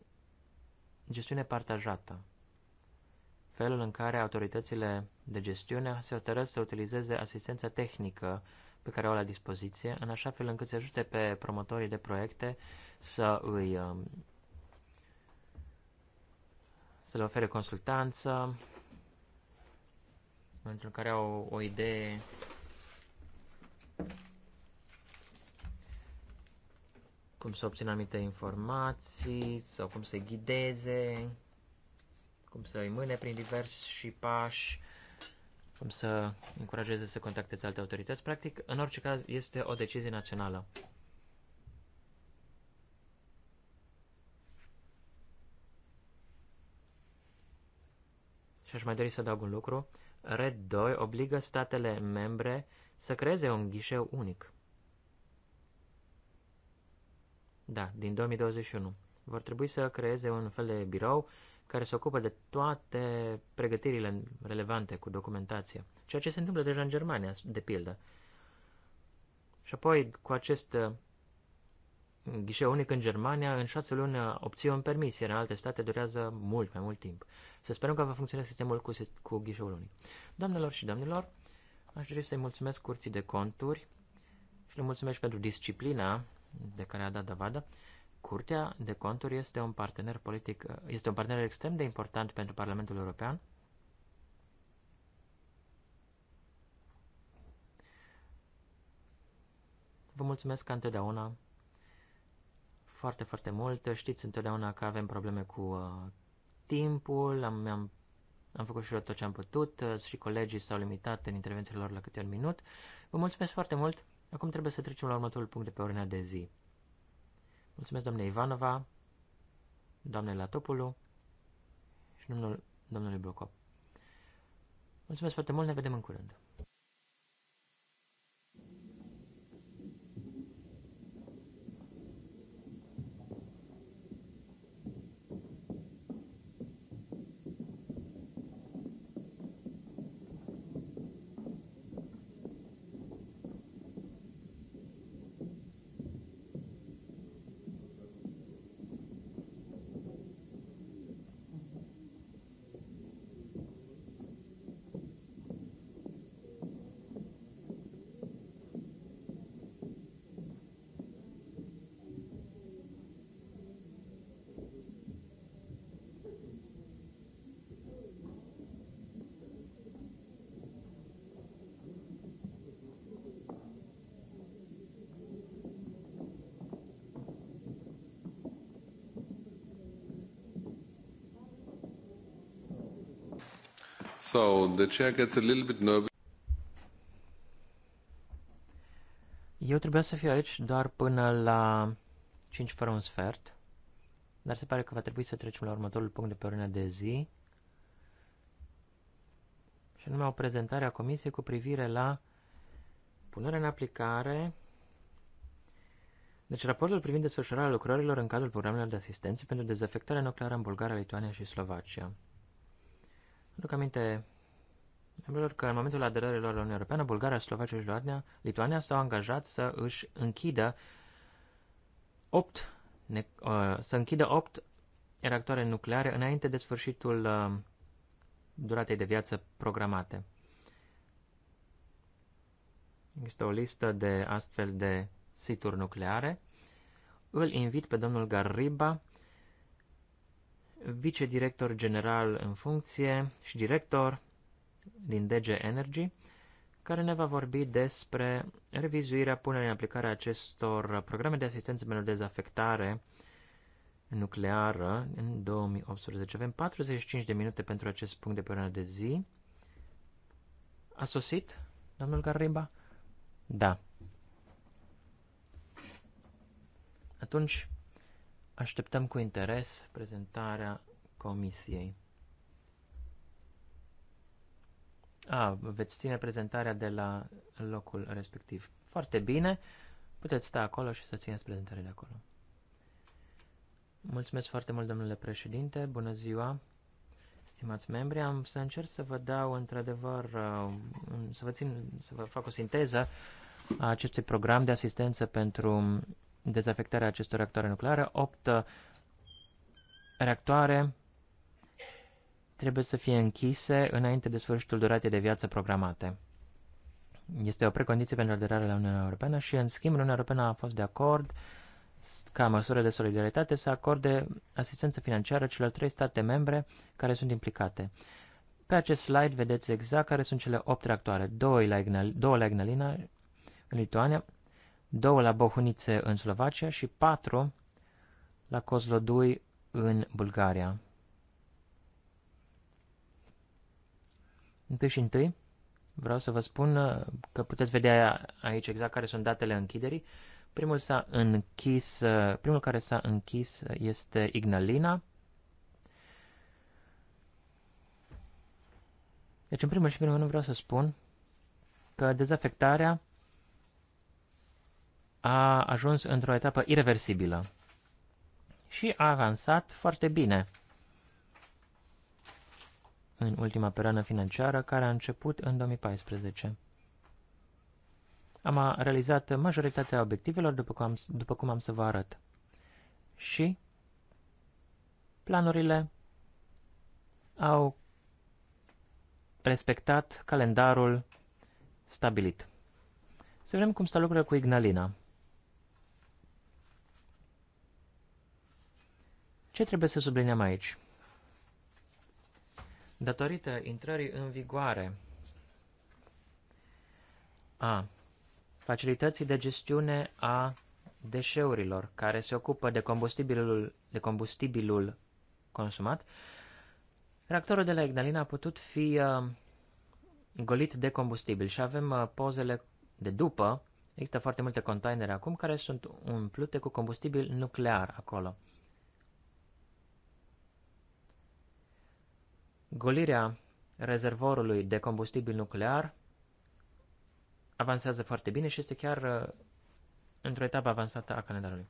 gestiune partajată. Felul în care autoritățile de gestiune se hotărăsc să utilizeze asistența tehnică pe care o au la dispoziție, în așa fel încât să ajute pe promotorii de proiecte să îi um, să le ofere consultanță, în momentul în care au o idee cum să obțină anumite informații sau cum să-i ghideze, cum să-i mâne prin și pași, cum să încurajeze să contacteze alte autorități. Practic, în orice caz, este o decizie națională. Și aș mai dori să adaug un lucru. Red 2 obligă statele membre să creeze un ghișeu unic. Da, din 2021. Vor trebui să creeze un fel de birou care se ocupă de toate pregătirile relevante cu documentația. Ceea ce se întâmplă deja în Germania, de pildă. Și apoi, cu acest uh, ghișeu unic în Germania, în șase luni uh, obții un permis, iar în alte state durează mult mai mult timp. Să sperăm că va funcționa sistemul cu, cu ghișeul unic. Doamnelor și domnilor, aș dori să-i mulțumesc curții de conturi și le mulțumesc pentru disciplina de care a dat dovadă, Curtea de Conturi este un partener politic, este un partener extrem de important pentru Parlamentul European. Vă mulțumesc ca întotdeauna foarte, foarte mult. Știți întotdeauna că avem probleme cu uh, timpul, am, am, am făcut și eu tot ce am putut uh, și colegii s-au limitat în intervențiile lor la câte un minut. Vă mulțumesc foarte mult! Acum trebuie să trecem la următorul punct de pe ordinea de zi. Mulțumesc doamne Ivanova, doamne Latopulu și domnul, domnului Blocop. Mulțumesc foarte mult, ne vedem în curând. So, the chair gets a little bit nervous. Eu trebuia să fiu aici doar până la 5 fără un sfert, dar se pare că va trebui să trecem la următorul punct de pe ordinea de zi, și anume o prezentare a Comisiei cu privire la punerea în aplicare deci raportul privind desfășurarea lucrărilor în cadrul programelor de asistență pentru dezafectarea nucleară în Bulgaria, Lituania și Slovacia. Aduc aminte membrilor că în momentul aderării lor la Uniunea Europeană, Bulgaria, Slovacia și Lituania, Lituania s-au angajat să își închidă 8, ne, uh, să închidă 8 reactoare nucleare înainte de sfârșitul uh, duratei de viață programate. Există o listă de astfel de situri nucleare. Îl invit pe domnul Gariba vicedirector general în funcție și director din DG Energy, care ne va vorbi despre revizuirea, punerii în aplicare a acestor programe de asistență pentru dezafectare nucleară în 2018. Avem 45 de minute pentru acest punct de pe de zi. A sosit, domnul Garriba? Da. Atunci, Așteptăm cu interes prezentarea comisiei. A, veți ține prezentarea de la locul respectiv. Foarte bine, puteți sta acolo și să țineți prezentarea de acolo. Mulțumesc foarte mult, domnule președinte, bună ziua, stimați membri. Am să încerc să vă dau, într-adevăr, uh, să vă, țin, să vă fac o sinteză a acestui program de asistență pentru dezafectarea acestor reactoare nucleare. 8 uh, reactoare trebuie să fie închise înainte de sfârșitul duratei de viață programate. Este o precondiție pentru aderarea la Uniunea Europeană și, în schimb, Uniunea Europeană a fost de acord ca măsură de solidaritate să acorde asistență financiară celor trei state membre care sunt implicate. Pe acest slide vedeți exact care sunt cele opt reactoare, Două la, Ignal, două la Ignalina în Lituania, două la Bohunice în Slovacia și patru la Kozlodui în Bulgaria. Întâi și întâi vreau să vă spun uh, că puteți vedea aici exact care sunt datele închiderii. Primul, s-a închis, uh, primul care s-a închis este Ignalina. Deci, în primul și primul rând, vreau să spun că dezafectarea a ajuns într-o etapă irreversibilă și a avansat foarte bine în ultima perioadă financiară care a început în 2014. Am realizat majoritatea obiectivelor, după cum am, după cum am să vă arăt. Și planurile au respectat calendarul stabilit. Să vedem cum stau lucrurile cu Ignalina. Ce trebuie să subliniem aici? Datorită intrării în vigoare a facilității de gestiune a deșeurilor care se ocupă de combustibilul, de combustibilul consumat, reactorul de la Ignalina a putut fi uh, golit de combustibil și avem uh, pozele de după. Există foarte multe containere acum care sunt umplute cu combustibil nuclear acolo. Golirea rezervorului de combustibil nuclear avansează foarte bine și este chiar uh, într-o etapă avansată a calendarului.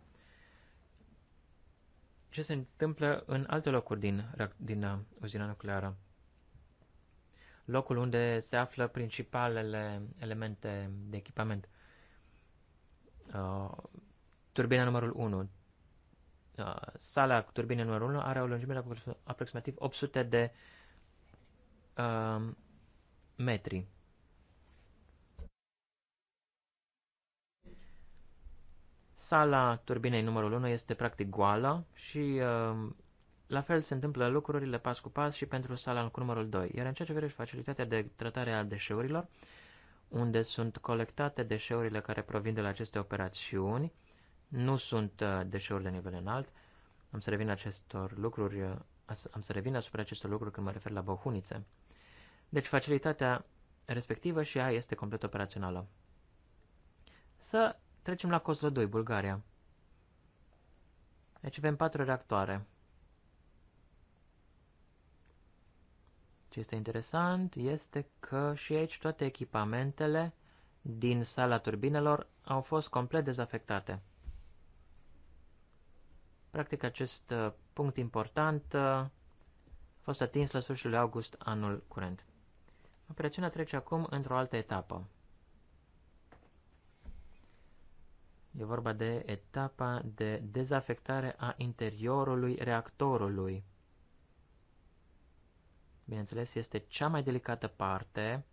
Ce se întâmplă în alte locuri din, din uh, uzina nucleară? Locul unde se află principalele elemente de echipament. Uh, turbina numărul 1. Uh, sala turbinei numărul 1 are o lungime de aproximativ 800 de uh, uh, metri. Sala turbinei numărul 1 este practic goală și uh, la fel se întâmplă lucrurile pas cu pas și pentru sala cu numărul 2. Iar în ceea ce privește facilitatea de tratare a deșeurilor, unde sunt colectate deșeurile care provin de la aceste operațiuni, nu sunt uh, deșeuri de nivel înalt. Am să revin acestor lucruri, uh, am să revin asupra acestor lucruri când mă refer la bohunițe. Deci facilitatea respectivă și ea este complet operațională. Să trecem la Kozlo 2, Bulgaria. Deci avem patru reactoare. Ce este interesant este că și aici toate echipamentele din sala turbinelor au fost complet dezafectate. Practic acest uh, punct important uh, a fost atins la sfârșitul august anul curent. Operațiunea trece acum într-o altă etapă. E vorba de etapa de dezafectare a interiorului reactorului. Bineînțeles, este cea mai delicată parte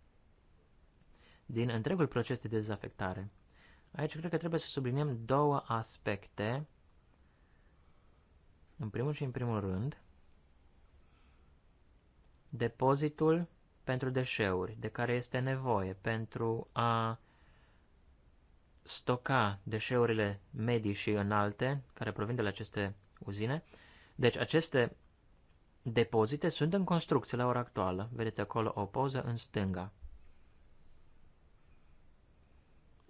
din întregul proces de dezafectare. Aici cred că trebuie să subliniem două aspecte. În primul și în primul rând, depozitul pentru deșeuri, de care este nevoie pentru a stoca deșeurile medii și înalte care provin de la aceste uzine. Deci aceste depozite sunt în construcție la ora actuală. Vedeți acolo o poză în stânga.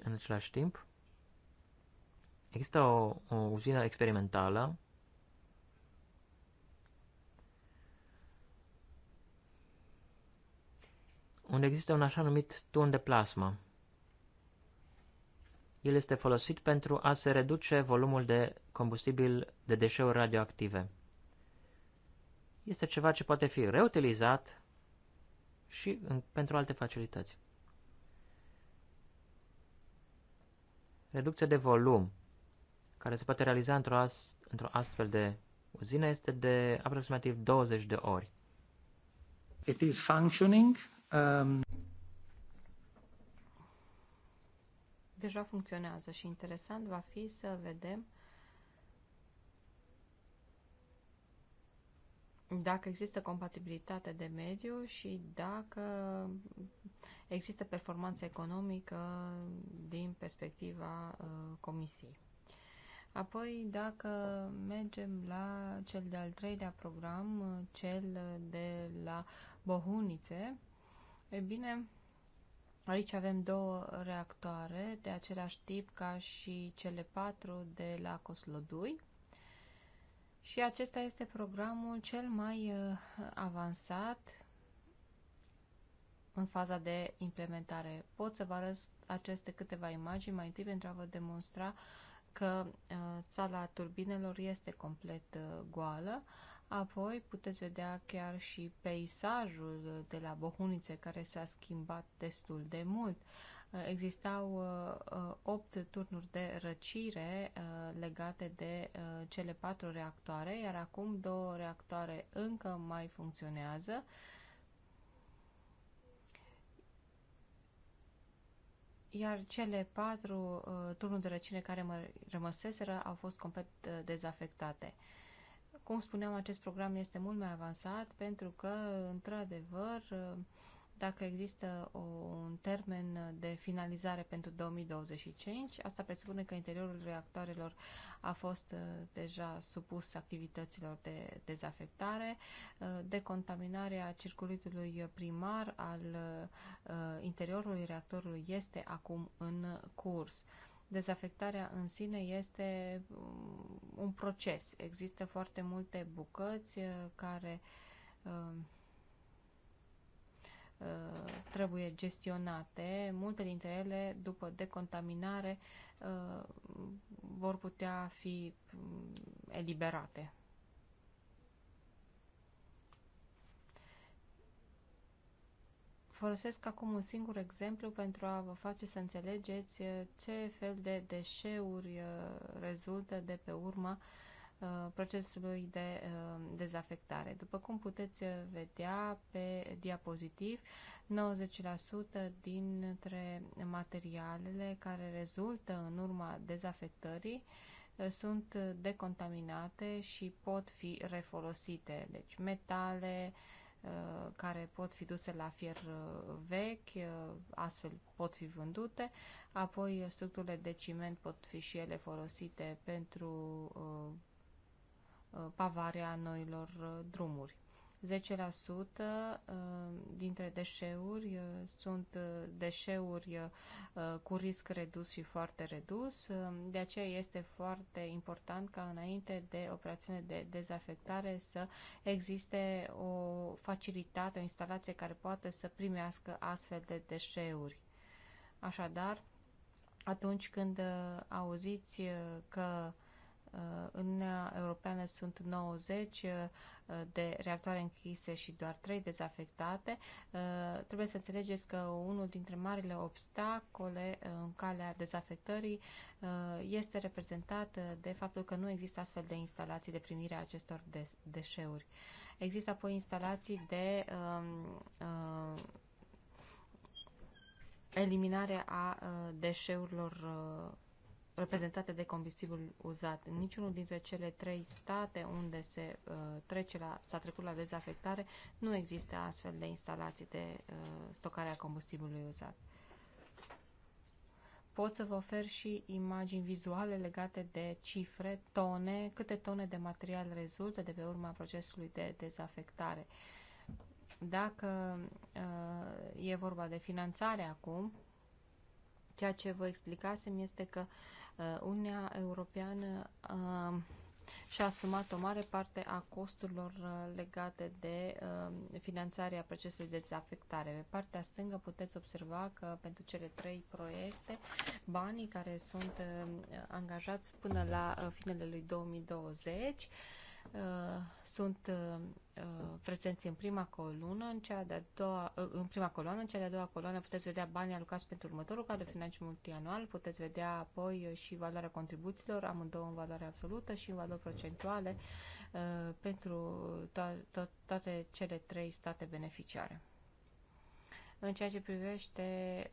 În același timp, există o, o uzină experimentală unde există un așa numit ton de plasmă. El este folosit pentru a se reduce volumul de combustibil de deșeuri radioactive. Este ceva ce poate fi reutilizat și în, pentru alte facilități. Reducția de volum care se poate realiza într-o as, într astfel de uzină este de aproximativ 20 de ori. It is functioning Um... Deja funcționează și interesant va fi să vedem dacă există compatibilitate de mediu și dacă există performanță economică din perspectiva uh, comisiei. Apoi, dacă mergem la cel de-al treilea program, uh, cel de la bohunice. E bine, aici avem două reactoare de același tip ca și cele patru de la Coslodui. Și acesta este programul cel mai uh, avansat în faza de implementare. Pot să vă arăt aceste câteva imagini mai întâi pentru a vă demonstra că uh, sala turbinelor este complet uh, goală. Apoi puteți vedea chiar și peisajul de la Bohunițe care s-a schimbat destul de mult. Existau uh, uh, opt turnuri de răcire uh, legate de cele patru reactoare, iar acum două reactoare încă mai funcționează. iar cele patru uh, turnuri de răcire care mă rămăseseră au fost complet uh, dezafectate. Uh, cum spuneam, acest program este mult mai avansat pentru că, într-adevăr, dacă există un termen de finalizare pentru 2025, asta presupune că interiorul reactoarelor a fost uh, deja supus activităților de dezafectare, uh, decontaminarea circuitului primar al uh, interiorului reactorului este acum în curs. Dezafectarea în sine este um, un proces. Există foarte multe bucăți uh, care um, uh, trebuie gestionate. Multe dintre ele, după decontaminare, uh, vor putea fi um, eliberate. Folosesc acum un singur exemplu pentru a vă face să înțelegeți uh, ce fel de deșeuri uh, rezultă de pe urma uh, procesului de dezafectare. După cum puteți vedea pe diapozitiv, 90% dintre materialele care rezultă în urma dezafectării sunt decontaminate și pot fi refolosite, deci metale, uh, Uh, care pot fi duse la fier uh, vechi, uh, astfel pot fi vândute, apoi structurile de ciment pot fi și ele folosite pentru pavarea noilor drumuri. 10% uh, dintre deșeuri uh, sunt uh, deșeuri cu risc redus și foarte redus. De aceea este foarte important ca înainte de operațiune de dezafectare să existe o facilitate, o instalație care poate să primească astfel de deșeuri. Așadar, atunci când auziți că uh, în Uniunea Europeană sunt 90 uh, de reactoare închise și doar 3 dezafectate. Uh, trebuie să înțelegeți că unul dintre marile obstacole uh, în calea dezafectării este reprezentat de faptul că nu există astfel de instalații de primire a acestor deșeuri. Există apoi instalații de um, eliminare a deșeurilor reprezentate de combustibil uzat. Niciunul dintre cele trei state unde se uh, trece la, s-a trecut la dezafectare nu există astfel de instalații de uh, stocare a combustibilului uzat. Pot să vă ofer și imagini vizuale legate de cifre, tone, câte tone de material rezultă de pe urma procesului de dezafectare. Dacă uh, e vorba de finanțare acum, ceea ce vă explicasem este că uh, Uh, Uniunea Europeană uh, și-a asumat o mare parte a costurilor uh, legate de finanțarea procesului de dezafectare. Pe partea stângă puteți observa că pentru cele trei proiecte, banii care sunt angajați până la finele lui 2020 Uh, sunt uh, uh, prezenți în prima coloană, în cea de-a doua, în prima coloană, în cea de-a doua coloană puteți vedea banii alocați pentru următorul cadru financiar multianual, puteți vedea apoi și valoarea contribuțiilor, amândouă în valoare absolută și în valori procentuale pentru to- to- toate cele trei state beneficiare. În ceea ce privește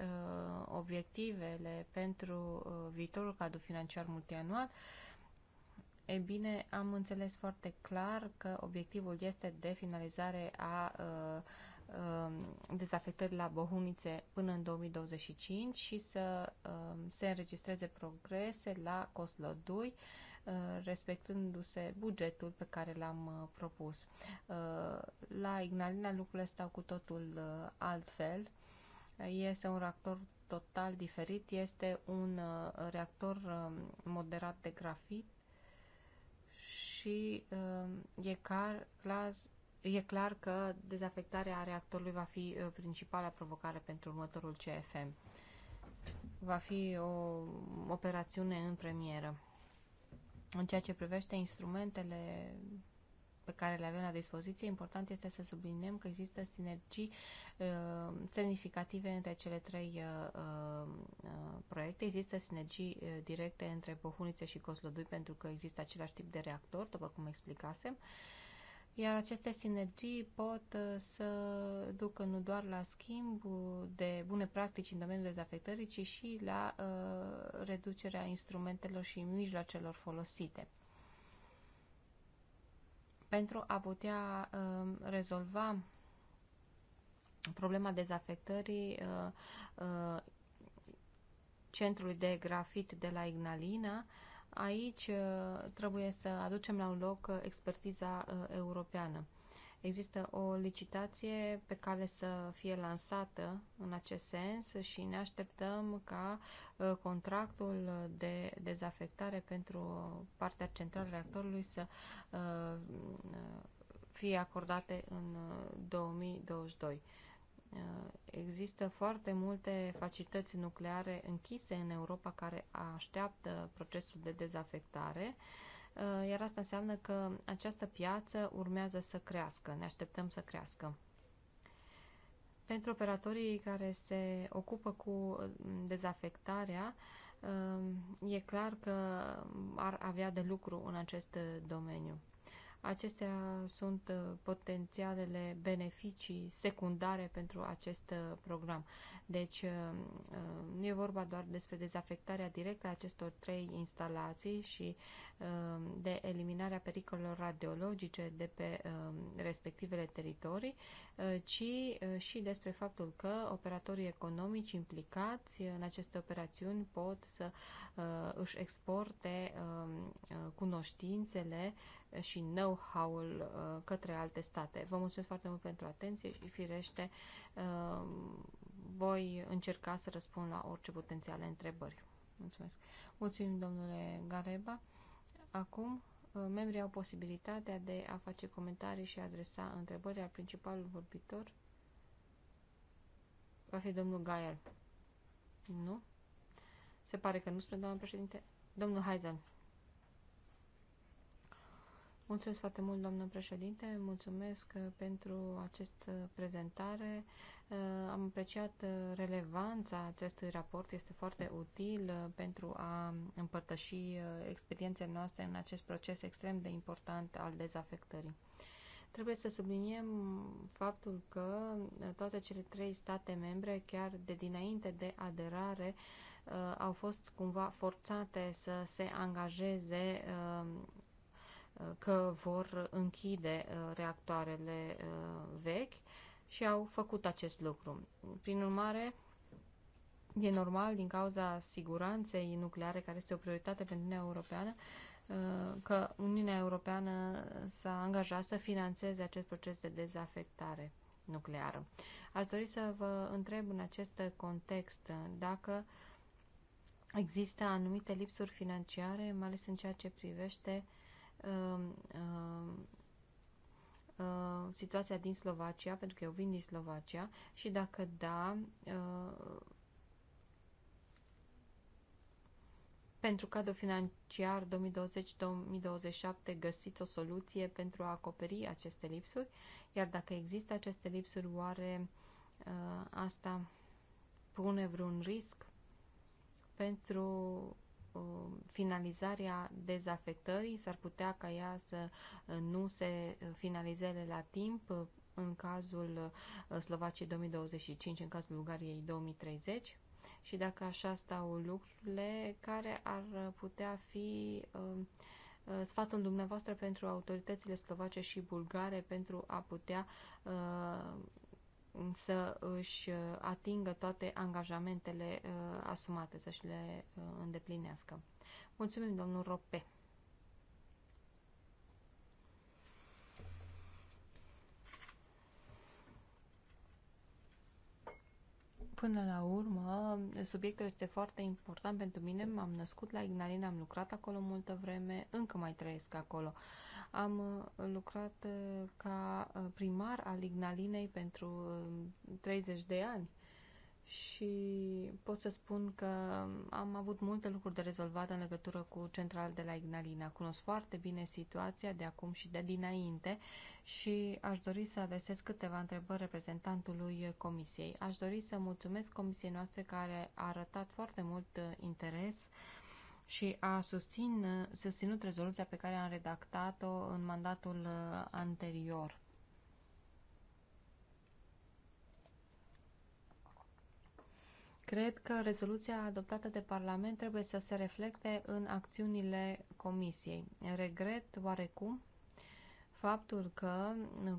uh, obiectivele pentru uh, viitorul cadru financiar multianual, uh, E bine, am înțeles foarte clar că obiectivul este de finalizare a uh, um, dezafectării la bohunice până în 2025 și să um, se înregistreze progrese la uh, respectându-se bugetul pe care l-am uh, propus. Uh, la Ignalina lucrurile stau cu totul uh, altfel. Este un reactor total diferit, este un reactor um, moderat de grafit și um, e clar, e clar că dezafectarea reactorului va fi uh, principala provocare pentru următorul CFM. Va fi o operațiune în premieră. În ceea ce privește instrumentele pe care le avem la dispoziție, important este să subliniem că există sinergii uh, semnificative între cele trei uh, uh, proiecte. Există sinergii uh, directe între Bohunice și Coslodui pentru că există același tip de reactor, după cum explicasem. Iar aceste sinergii pot uh, să ducă nu doar la schimb de bune practici în domeniul dezafectării, ci și la uh, reducerea instrumentelor și mijloacelor folosite pentru a putea um, rezolva problema dezafectării uh, uh, centrului de grafit de la Ignalina, aici uh, trebuie să aducem la un loc expertiza europeană. Există o licitație pe care să fie lansată în acest sens și ne așteptăm ca ă, contractul de dezafectare pentru partea centrală reactorului să ă, fie acordate în 2022. Ă, există foarte multe facilități nucleare închise în Europa care așteaptă procesul de dezafectare. Uh, Uh, iar asta înseamnă că această piață urmează să crească, ne așteptăm să crească. Pentru operatorii care se ocupă cu uh, dezafectarea, uh, e clar că ar avea de lucru în acest domeniu. Acestea sunt uh, potențialele beneficii secundare pentru acest uh, program. Deci nu uh, e vorba doar despre dezafectarea directă a acestor trei instalații și de eliminarea pericolelor radiologice de pe respectivele teritorii, ci și despre faptul că operatorii economici implicați în aceste operațiuni pot să își exporte cunoștințele și know know-how-ul uh, către alte state. Vă mulțumesc foarte mult pentru atenție și, firește, uh, voi încerca să răspund la orice potențiale întrebări. Mulțumesc. Mulțumim, domnule Gareba. Acum, uh, membrii au posibilitatea de a face comentarii și a adresa întrebări, al principalul vorbitor va fi domnul Gaier. Nu? Se pare că nu spre doamna președinte. Domnul Haizan. Mulțumesc foarte mult, doamnă președinte, mulțumesc uh, pentru această uh, prezentare. Uh, am apreciat relevanța acestui raport, este foarte util pentru a împărtăși experiențele noastre în acest proces extrem de important al dezafectării. Trebuie să subliniem faptul că toate cele trei state membre, chiar de dinainte de aderare, au fost cumva forțate să se angajeze că vor închide uh, reactoarele uh, vechi și au făcut acest lucru. Prin urmare, e normal, din cauza siguranței nucleare, care este o prioritate pentru Uniunea Europeană, uh, că Uniunea Europeană s-a angajat să financeze acest proces de dezafectare nucleară. Aș dori să vă întreb în acest context dacă există anumite lipsuri financiare, mai ales în ceea ce privește Um, um, uh, situația din Slovacia, pentru că eu vin din Slovacia, și dacă da, uh, pentru cadrul financiar 2020-2027 găsiți o soluție pentru a acoperi aceste lipsuri, iar dacă există aceste lipsuri, oare uh, asta pune vreun risc pentru Um, finalizarea dezafectării, s-ar putea ca ea să uh, nu se uh, finalizeze la timp uh, în cazul Slovaciei 2025, în cazul Bulgariei 2030 și dacă așa stau lucrurile, care ar putea fi um, sfatul dumneavoastră pentru autoritățile slovace și bulgare pentru a putea uh, să își uh, atingă toate angajamentele uh, asumate, să-și le uh, îndeplinească. Mulțumim, domnul Rope. Până la urmă, subiectul este foarte important pentru mine. M-am născut la Ignalina, am lucrat acolo multă vreme, încă mai trăiesc acolo. Uh, am uh, lucrat uh, ca uh, primar al Ignalinei pentru 30 de ani și pot să spun că am avut multe lucruri de rezolvat în legătură cu central de la Ignalina. Cunosc foarte bine situația de acum și de dinainte și aș dori să adresez câteva întrebări reprezentantului Comisiei. Aș dori să mulțumesc Comisiei noastre care a arătat foarte mult interes uh, și a susțin, susținut rezoluția pe care am redactat-o în mandatul uh, anterior. Cred că rezoluția adoptată de Parlament trebuie să se reflecte în acțiunile Comisiei. Regret oarecum faptul că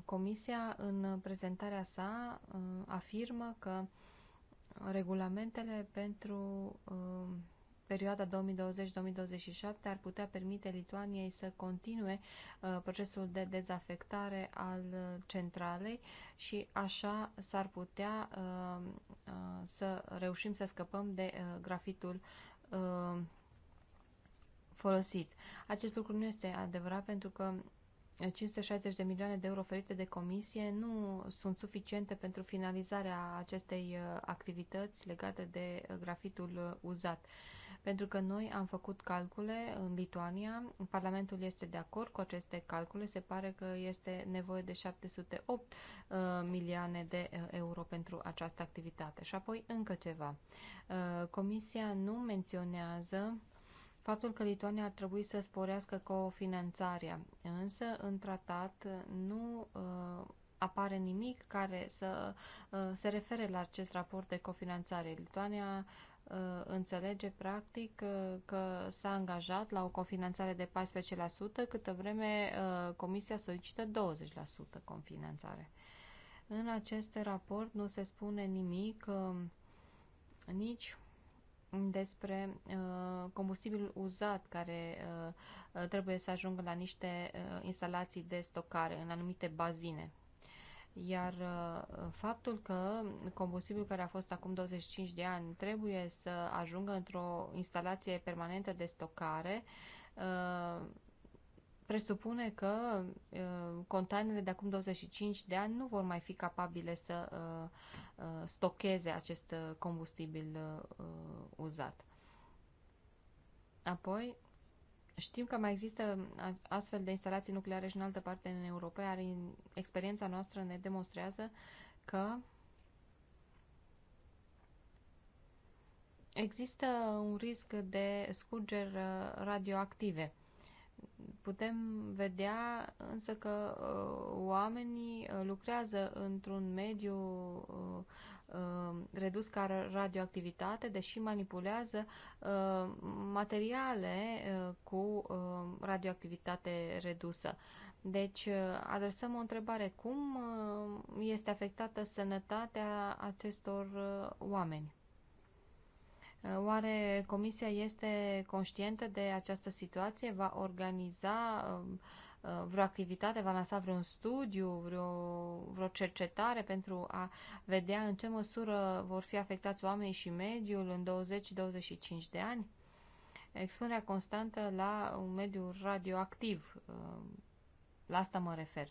Comisia în prezentarea sa uh, afirmă că regulamentele pentru uh, perioada 2020-2027 ar putea permite Lituaniei să continue uh, procesul de dezafectare al uh, centralei și așa s-ar putea uh, să reușim să scăpăm de grafitul folosit. Acest lucru nu este adevărat pentru că 560 de milioane de euro oferite de comisie nu sunt suficiente pentru finalizarea acestei activități legate de grafitul uzat. Pentru că noi am făcut calcule în Lituania, Parlamentul este de acord cu aceste calcule, se pare că este nevoie de 708 uh, milioane de uh, euro pentru această activitate. Și apoi încă ceva. Uh, Comisia nu menționează faptul că Lituania ar trebui să sporească cofinanțarea, însă în tratat nu uh, apare nimic care să uh, se refere la acest raport de cofinanțare. Lituania uh, Uh, înțelege practic uh, că s-a angajat la o cofinanțare de 14%, câtă vreme uh, Comisia solicită 20% cofinanțare. În acest raport nu se spune nimic nici despre combustibilul combustibil uzat care trebuie să ajungă la niște instalații de stocare în anumite bazine. Iar uh, faptul că combustibilul care a fost acum 25 de ani trebuie să ajungă într-o instalație permanentă de stocare uh, presupune că uh, containerele de acum 25 de ani nu vor mai fi capabile să stocheze acest combustibil uzat. Apoi, Știm că mai există astfel de instalații nucleare și în altă parte în Europa, iar experiența noastră ne demonstrează că există un risc de scurgeri uh, radioactive. Putem vedea însă că uh, oamenii uh, lucrează într-un mediu uh, redus ca radioactivitate, deși manipulează materiale cu radioactivitate redusă. Deci adresăm o întrebare. Cum este afectată sănătatea acestor oameni? Uh, oare Comisia este conștientă de această situație? Va organiza um, uh, vreo activitate, va lansa vreun studiu, vreo, vreo cercetare pentru a vedea în ce măsură vor fi afectați oamenii și mediul în 20-25 de ani? Expunerea constantă la un mediu radioactiv, uh, la asta mă refer.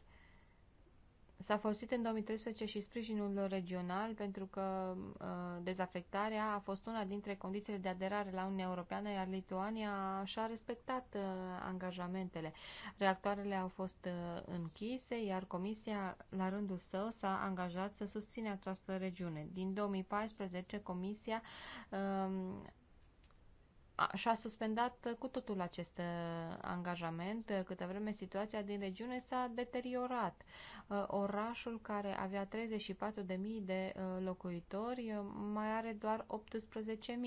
S-a folosit în 2013 și sprijinul regional pentru că uh, dezafectarea a fost una dintre condițiile de aderare la Uniunea Europeană, iar Lituania și-a respectat uh, angajamentele. Reactoarele au fost uh, închise, iar Comisia, la rândul său, s-a angajat să susține această regiune. Din 2014, Comisia uh, și-a suspendat uh, cu totul acest uh, angajament. Uh, Câte vreme situația din regiune s-a deteriorat. Orașul care avea 34.000 de locuitori mai are doar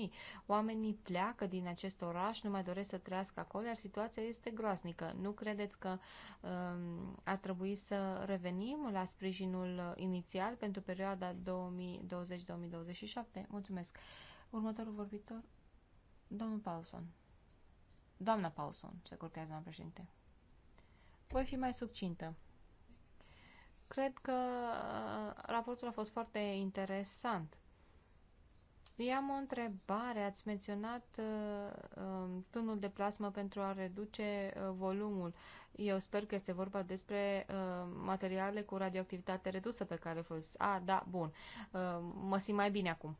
18.000. Oamenii pleacă din acest oraș, nu mai doresc să trăiască acolo, iar situația este groaznică. Nu credeți că um, ar trebui să revenim la sprijinul inițial pentru perioada 2020-2027? Mulțumesc! Următorul vorbitor, Domnul Paulson. Doamna Paulson, se curchează, doamna președinte. Voi fi mai subcintă. Cred că uh, raportul a fost foarte interesant. Eu am o întrebare. Ați menționat uh, um, tunul de plasmă pentru a reduce uh, volumul. Eu sper că este vorba despre uh, materiale cu radioactivitate redusă pe care le folosiți. A, ah, da, bun. Uh, mă simt mai bine acum.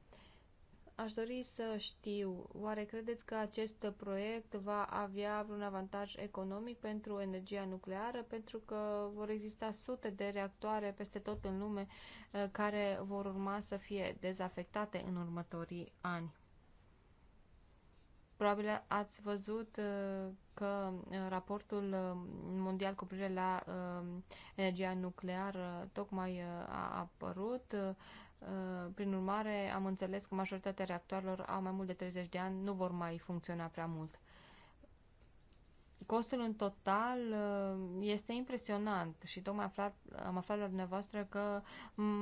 Aș dori să știu, oare credeți că acest proiect va avea un avantaj economic pentru energia nucleară? Pentru că vor exista sute de reactoare peste tot în lume uh, care vor urma să fie dezafectate în următorii ani. Probabil ați văzut uh, că uh, raportul mondial cu privire la energia nucleară tocmai a apărut Uh, prin urmare, am înțeles că majoritatea reactoarelor au mai mult de 30 de ani, nu vor mai funcționa prea mult. Costul în total uh, este impresionant și tocmai aflat, am aflat la dumneavoastră că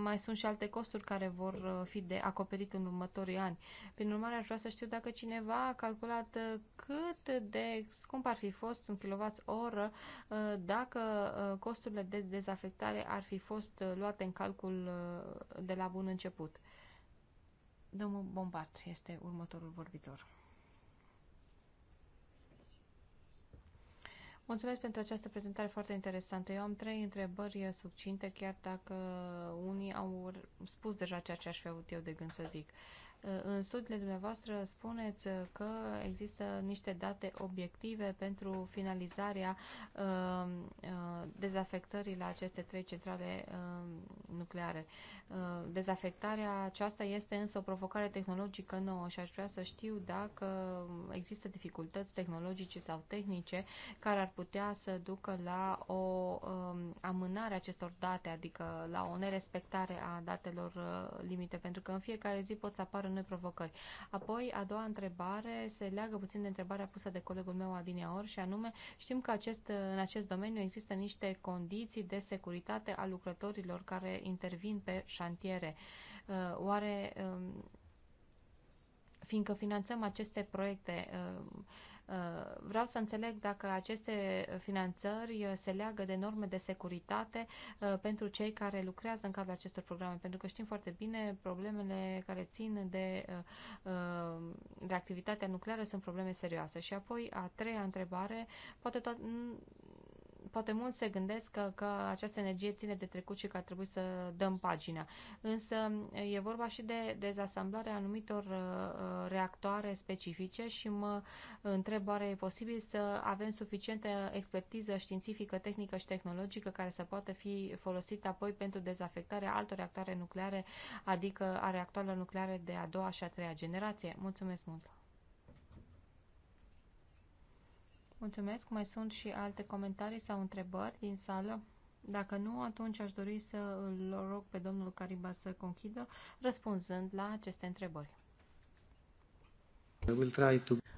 mai sunt și alte costuri care vor uh, fi de acoperit în următorii ani. Prin urmare, aș vrea să știu dacă cineva a calculat uh, cât de scump ar fi fost un oră dacă costurile de dezafectare ar fi fost luate în calcul de la bun început. Domnul Bombard este următorul vorbitor. Mulțumesc pentru această prezentare foarte interesantă. Eu am trei întrebări subcinte, chiar dacă unii au spus deja ceea ce aș fi avut eu de gând să zic. Uh, în studiile dumneavoastră spuneți că există niște date obiective pentru finalizarea um, uh, dezafectării la aceste trei centrale um, nucleare. Uh, dezafectarea aceasta este însă o provocare tehnologică nouă și aș vrea să știu dacă există dificultăți tehnologice sau tehnice care ar putea să ducă la o um, amânare a acestor date, adică la o nerespectare a datelor uh, limite, pentru că în fiecare zi pot să apară noi provocări. Apoi, a doua întrebare se leagă puțin de întrebarea pusă de colegul meu Or și anume, știm că acest, în acest domeniu există niște condiții de securitate a lucrătorilor care intervin pe șantiere. Uh, oare um, fiindcă finanțăm aceste proiecte, uh, Uh, vreau să înțeleg dacă aceste finanțări se leagă de norme de securitate uh, pentru cei care lucrează în cadrul acestor programe, pentru că știm foarte bine problemele care țin de, uh, de activitatea nucleară sunt probleme serioase. Și apoi, a treia întrebare, poate to- poate mulți se gândesc că, că această energie ține de trecut și că ar trebui să dăm pagina. Însă e vorba și de dezasamblarea anumitor uh, uh, reactoare specifice și mă întreb oare e posibil să avem suficientă expertiză științifică, tehnică și tehnologică care să poată fi folosită apoi pentru dezafectarea altor reactoare nucleare, adică a reactoarelor nucleare de a doua și a treia generație. Mulțumesc mult! Mulțumesc. Mai sunt și alte comentarii sau întrebări din sală? Dacă nu, atunci aș dori să îl rog pe domnul Cariba să conchidă răspunzând la aceste întrebări.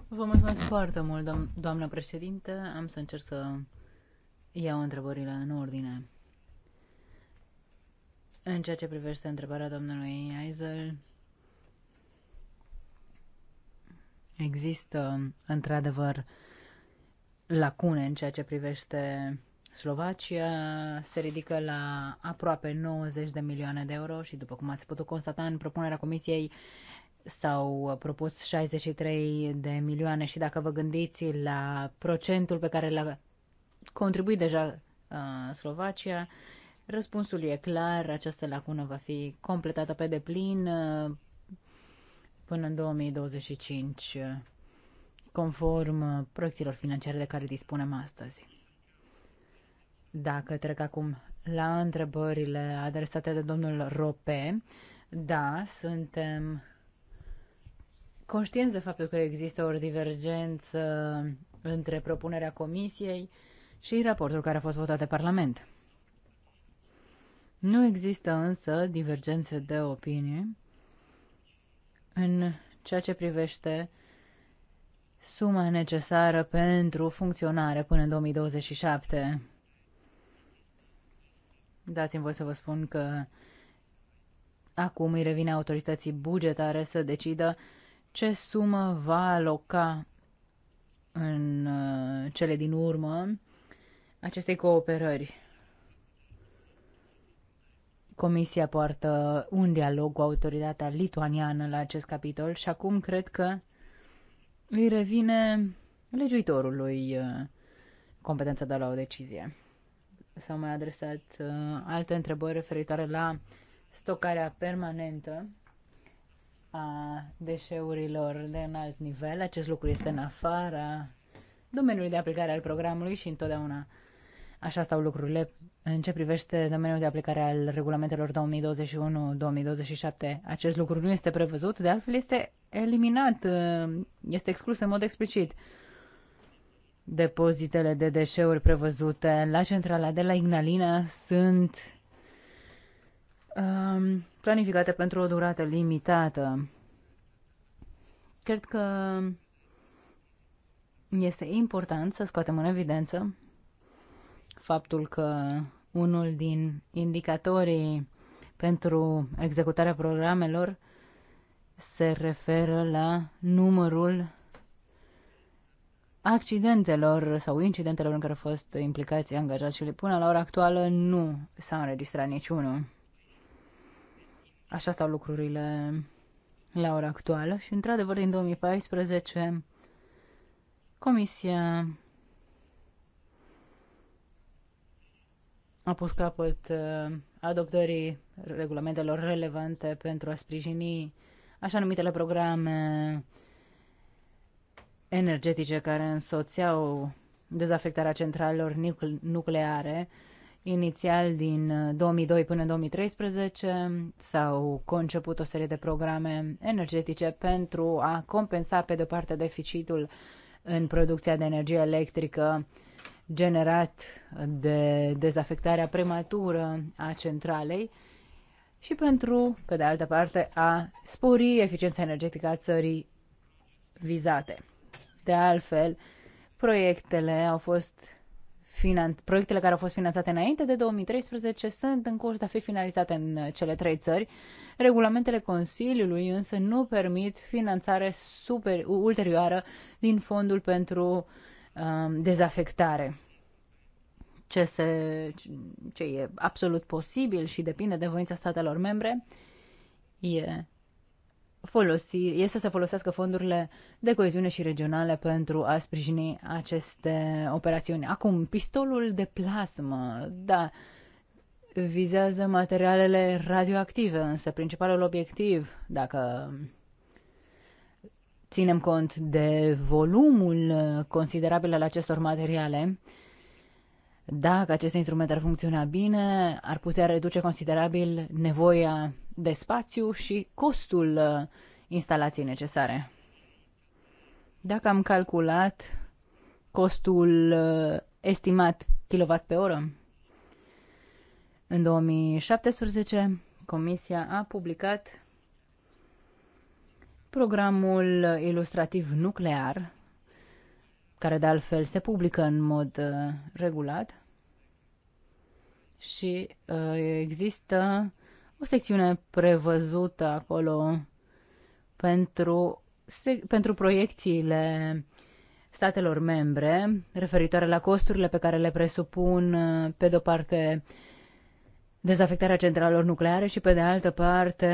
Vă mulțumesc foarte mult, do doamnă președinte. Am să încerc să iau întrebările în ordine. În ceea ce privește întrebarea domnului Eisel, există într-adevăr lacune în ceea ce privește Slovacia se ridică la aproape 90 de milioane de euro și, după cum ați putut constata în propunerea comisiei, s-au propus 63 de milioane și dacă vă gândiți la procentul pe care l-a contribuit deja uh, Slovacia, răspunsul e clar, această lacună va fi completată pe deplin uh, până în 2025 conform uh, proiecțiilor financiare de care dispunem astăzi. Dacă trec acum la întrebările adresate de domnul Rope, da, suntem conștienți de faptul că există o divergență între propunerea comisiei și raportul care a fost votat de Parlament. Nu există însă divergențe de opinie în ceea ce privește suma necesară pentru funcționare până în 2027. Dați-mi voi să vă spun că acum îi revine autorității bugetare să decidă ce sumă va aloca în uh, cele din urmă acestei cooperări. Comisia poartă un dialog cu autoritatea lituaniană la acest capitol și acum cred că îi revine legiuitorului uh, competența de a lua o decizie. S-au mai adresat uh, alte întrebări referitoare la stocarea permanentă a deșeurilor de înalt nivel. Acest lucru este în afara domeniului de aplicare al programului și întotdeauna Așa stau lucrurile în ce privește domeniul de aplicare al regulamentelor 2021-2027. Acest lucru nu este prevăzut, de altfel este eliminat, uh, este exclus în mod explicit. Depozitele de deșeuri prevăzute la centrala de la Ignalina sunt um, planificate pentru o durată limitată. Cred că este important să scoatem în evidență faptul că unul din indicatorii pentru executarea programelor se referă la numărul accidentelor sau incidentelor în care au fost implicați angajați și până la ora actuală nu s-a înregistrat niciunul. Așa stau lucrurile la ora actuală și, într-adevăr, din 2014 Comisia a pus capăt uh, adoptării regulamentelor relevante pentru a sprijini așa numitele programe energetice care însoțeau dezafectarea centralelor nucleare. Inițial din 2002 uh, până în 2013 s-au conceput o serie de programe energetice pentru a compensa pe de-o parte deficitul în producția de energie electrică generat de dezafectarea prematură a centralei și pentru, pe de altă parte, a spori eficiența energetică a țării vizate. De altfel, proiectele au fost finan- proiectele care au fost finanțate înainte de 2013 sunt în curs de a fi finalizate în cele trei țări. Regulamentele Consiliului însă nu permit finanțare super ulterioară din fondul pentru uh, Um, dezafectare. Ce, se, ce e absolut posibil și depinde de voința statelor membre e folosi, este să folosească fondurile de coeziune și regionale pentru a sprijini aceste operațiuni. Acum, pistolul de plasmă, da, vizează materialele radioactive, însă principalul obiectiv, dacă ținem cont de volumul uh, considerabil al acestor materiale, dacă acest instrument ar funcționa bine, ar putea reduce considerabil nevoia de spațiu și costul uh, instalației necesare. Dacă am calculat costul uh, estimat kilowatt pe oră, în 2017 Comisia a publicat Programul ilustrativ nuclear, care de altfel se publică în mod uh, regulat, și uh, există o secțiune prevăzută acolo pentru, se, pentru proiecțiile statelor membre referitoare la costurile pe care le presupun, uh, pe de-o parte, dezafectarea centralelor nucleare și, pe de altă parte,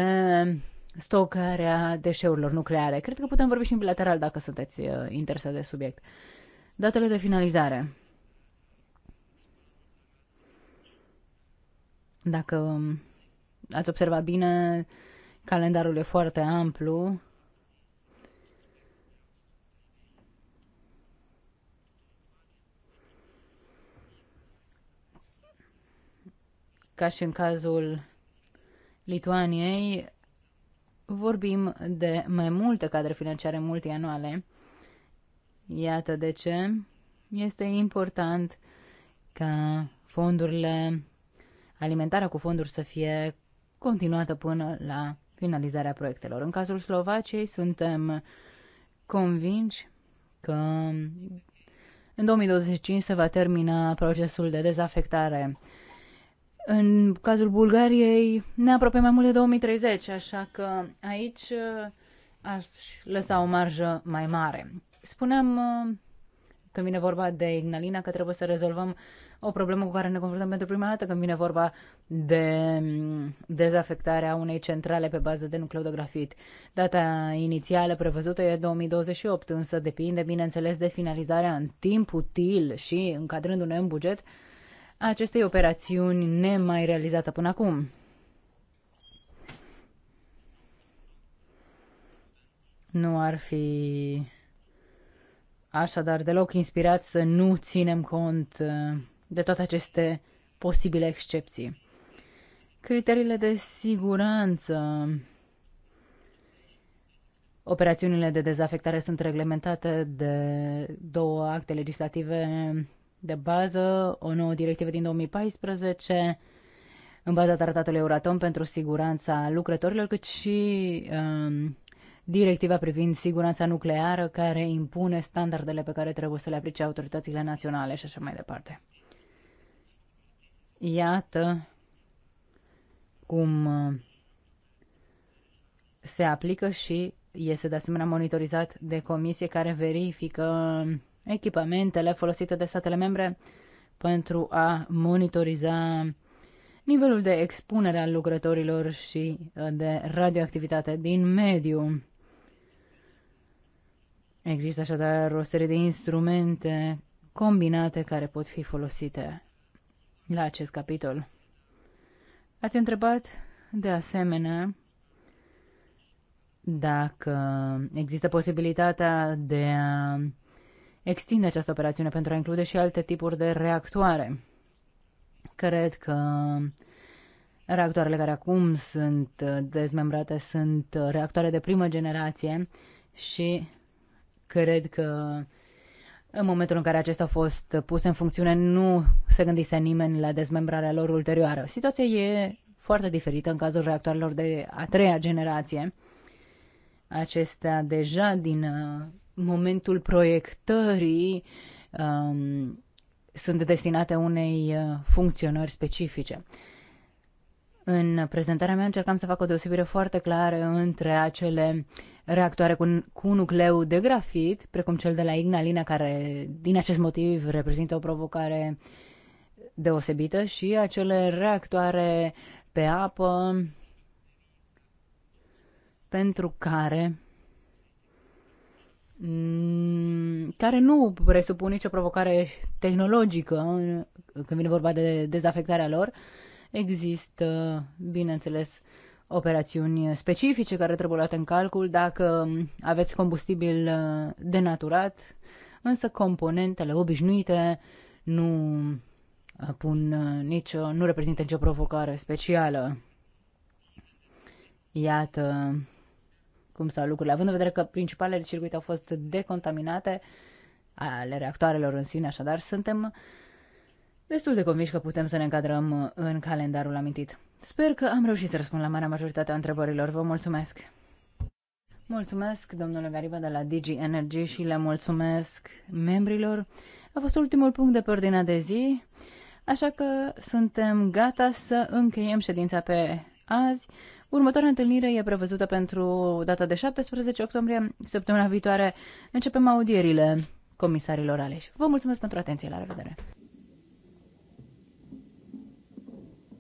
stocarea deșeurilor nucleare. Cred că putem vorbi și în bilateral dacă sunteți uh, interesat de subiect. Datele de finalizare. Dacă um, ați observat bine, calendarul e foarte amplu. Ca și în cazul Lituaniei, vorbim de mai multe cadre financiare multianuale. Iată de ce este important ca fondurile, alimentarea cu fonduri să fie continuată până la finalizarea proiectelor. În cazul Slovaciei suntem convinși că în 2025 se va termina procesul de dezafectare în cazul Bulgariei ne apropiem mai mult de 2030, așa că aici uh, aș lăsa o marjă mai mare. Spuneam uh, când vine vorba de Ignalina că trebuie să rezolvăm o problemă cu care ne confruntăm pentru prima dată când vine vorba de mm, dezafectarea unei centrale pe bază de nucleu de grafit. Data inițială prevăzută e 2028, însă depinde, bineînțeles, de finalizarea în timp util și încadrându-ne în buget acestei operațiuni nemai realizată până acum. Nu ar fi așadar deloc inspirat să nu ținem cont uh, de toate aceste posibile excepții. Criteriile de siguranță Operațiunile de dezafectare sunt reglementate de două acte legislative de bază, o nouă directivă din 2014, în baza tratatului Euratom pentru siguranța lucrătorilor, cât și um, directiva privind siguranța nucleară, care impune standardele pe care trebuie să le aplice autoritățile naționale și așa mai departe. Iată cum uh, se aplică și este de asemenea monitorizat de comisie care verifică um, echipamentele folosite de statele membre pentru a monitoriza nivelul de expunere al lucrătorilor și uh, de radioactivitate din mediu. Există așadar o serie de instrumente combinate care pot fi folosite la acest capitol. Ați întrebat de asemenea dacă există posibilitatea de a extinde această operațiune pentru a include și alte tipuri de reactoare. Cred că reactoarele care acum sunt uh, dezmembrate sunt uh, reactoare de primă generație și cred că în momentul în care acestea au fost puse în funcțiune, nu se gândise nimeni la dezmembrarea lor ulterioară. Situația e foarte diferită în cazul reactoarelor de a treia generație. Acestea deja din uh, momentul proiectării um, sunt destinate unei uh, funcționări specifice. În prezentarea mea încercam să fac o deosebire foarte clară între acele reactoare cu, cu nucleu de grafit, precum cel de la Ignalina, care din acest motiv reprezintă o provocare deosebită, și acele reactoare pe apă pentru care Mm, care nu presupun nicio provocare tehnologică uh, când vine vorba de dezafectarea lor. Există, bineînțeles, operațiuni specifice care trebuie luate în calcul dacă um, aveți combustibil uh, denaturat, însă componentele obișnuite nu uh, pun nicio, nu reprezintă nicio provocare specială. Iată cum stau lucrurile, având în vedere că principalele circuite au fost decontaminate ale reactoarelor în sine, așadar suntem destul de convinși că putem să ne încadrăm în calendarul amintit. Sper că am reușit să răspund la marea majoritate a întrebărilor. Vă mulțumesc! Mulțumesc, domnule Gariba de la Digi Energy și le mulțumesc membrilor. A fost ultimul punct de pe ordinea de zi, așa că suntem gata să încheiem ședința pe azi. Următoarea întâlnire e prevăzută pentru data de 17 octombrie. Săptămâna viitoare începem audierile comisarilor aleși. Vă mulțumesc pentru atenție. La revedere!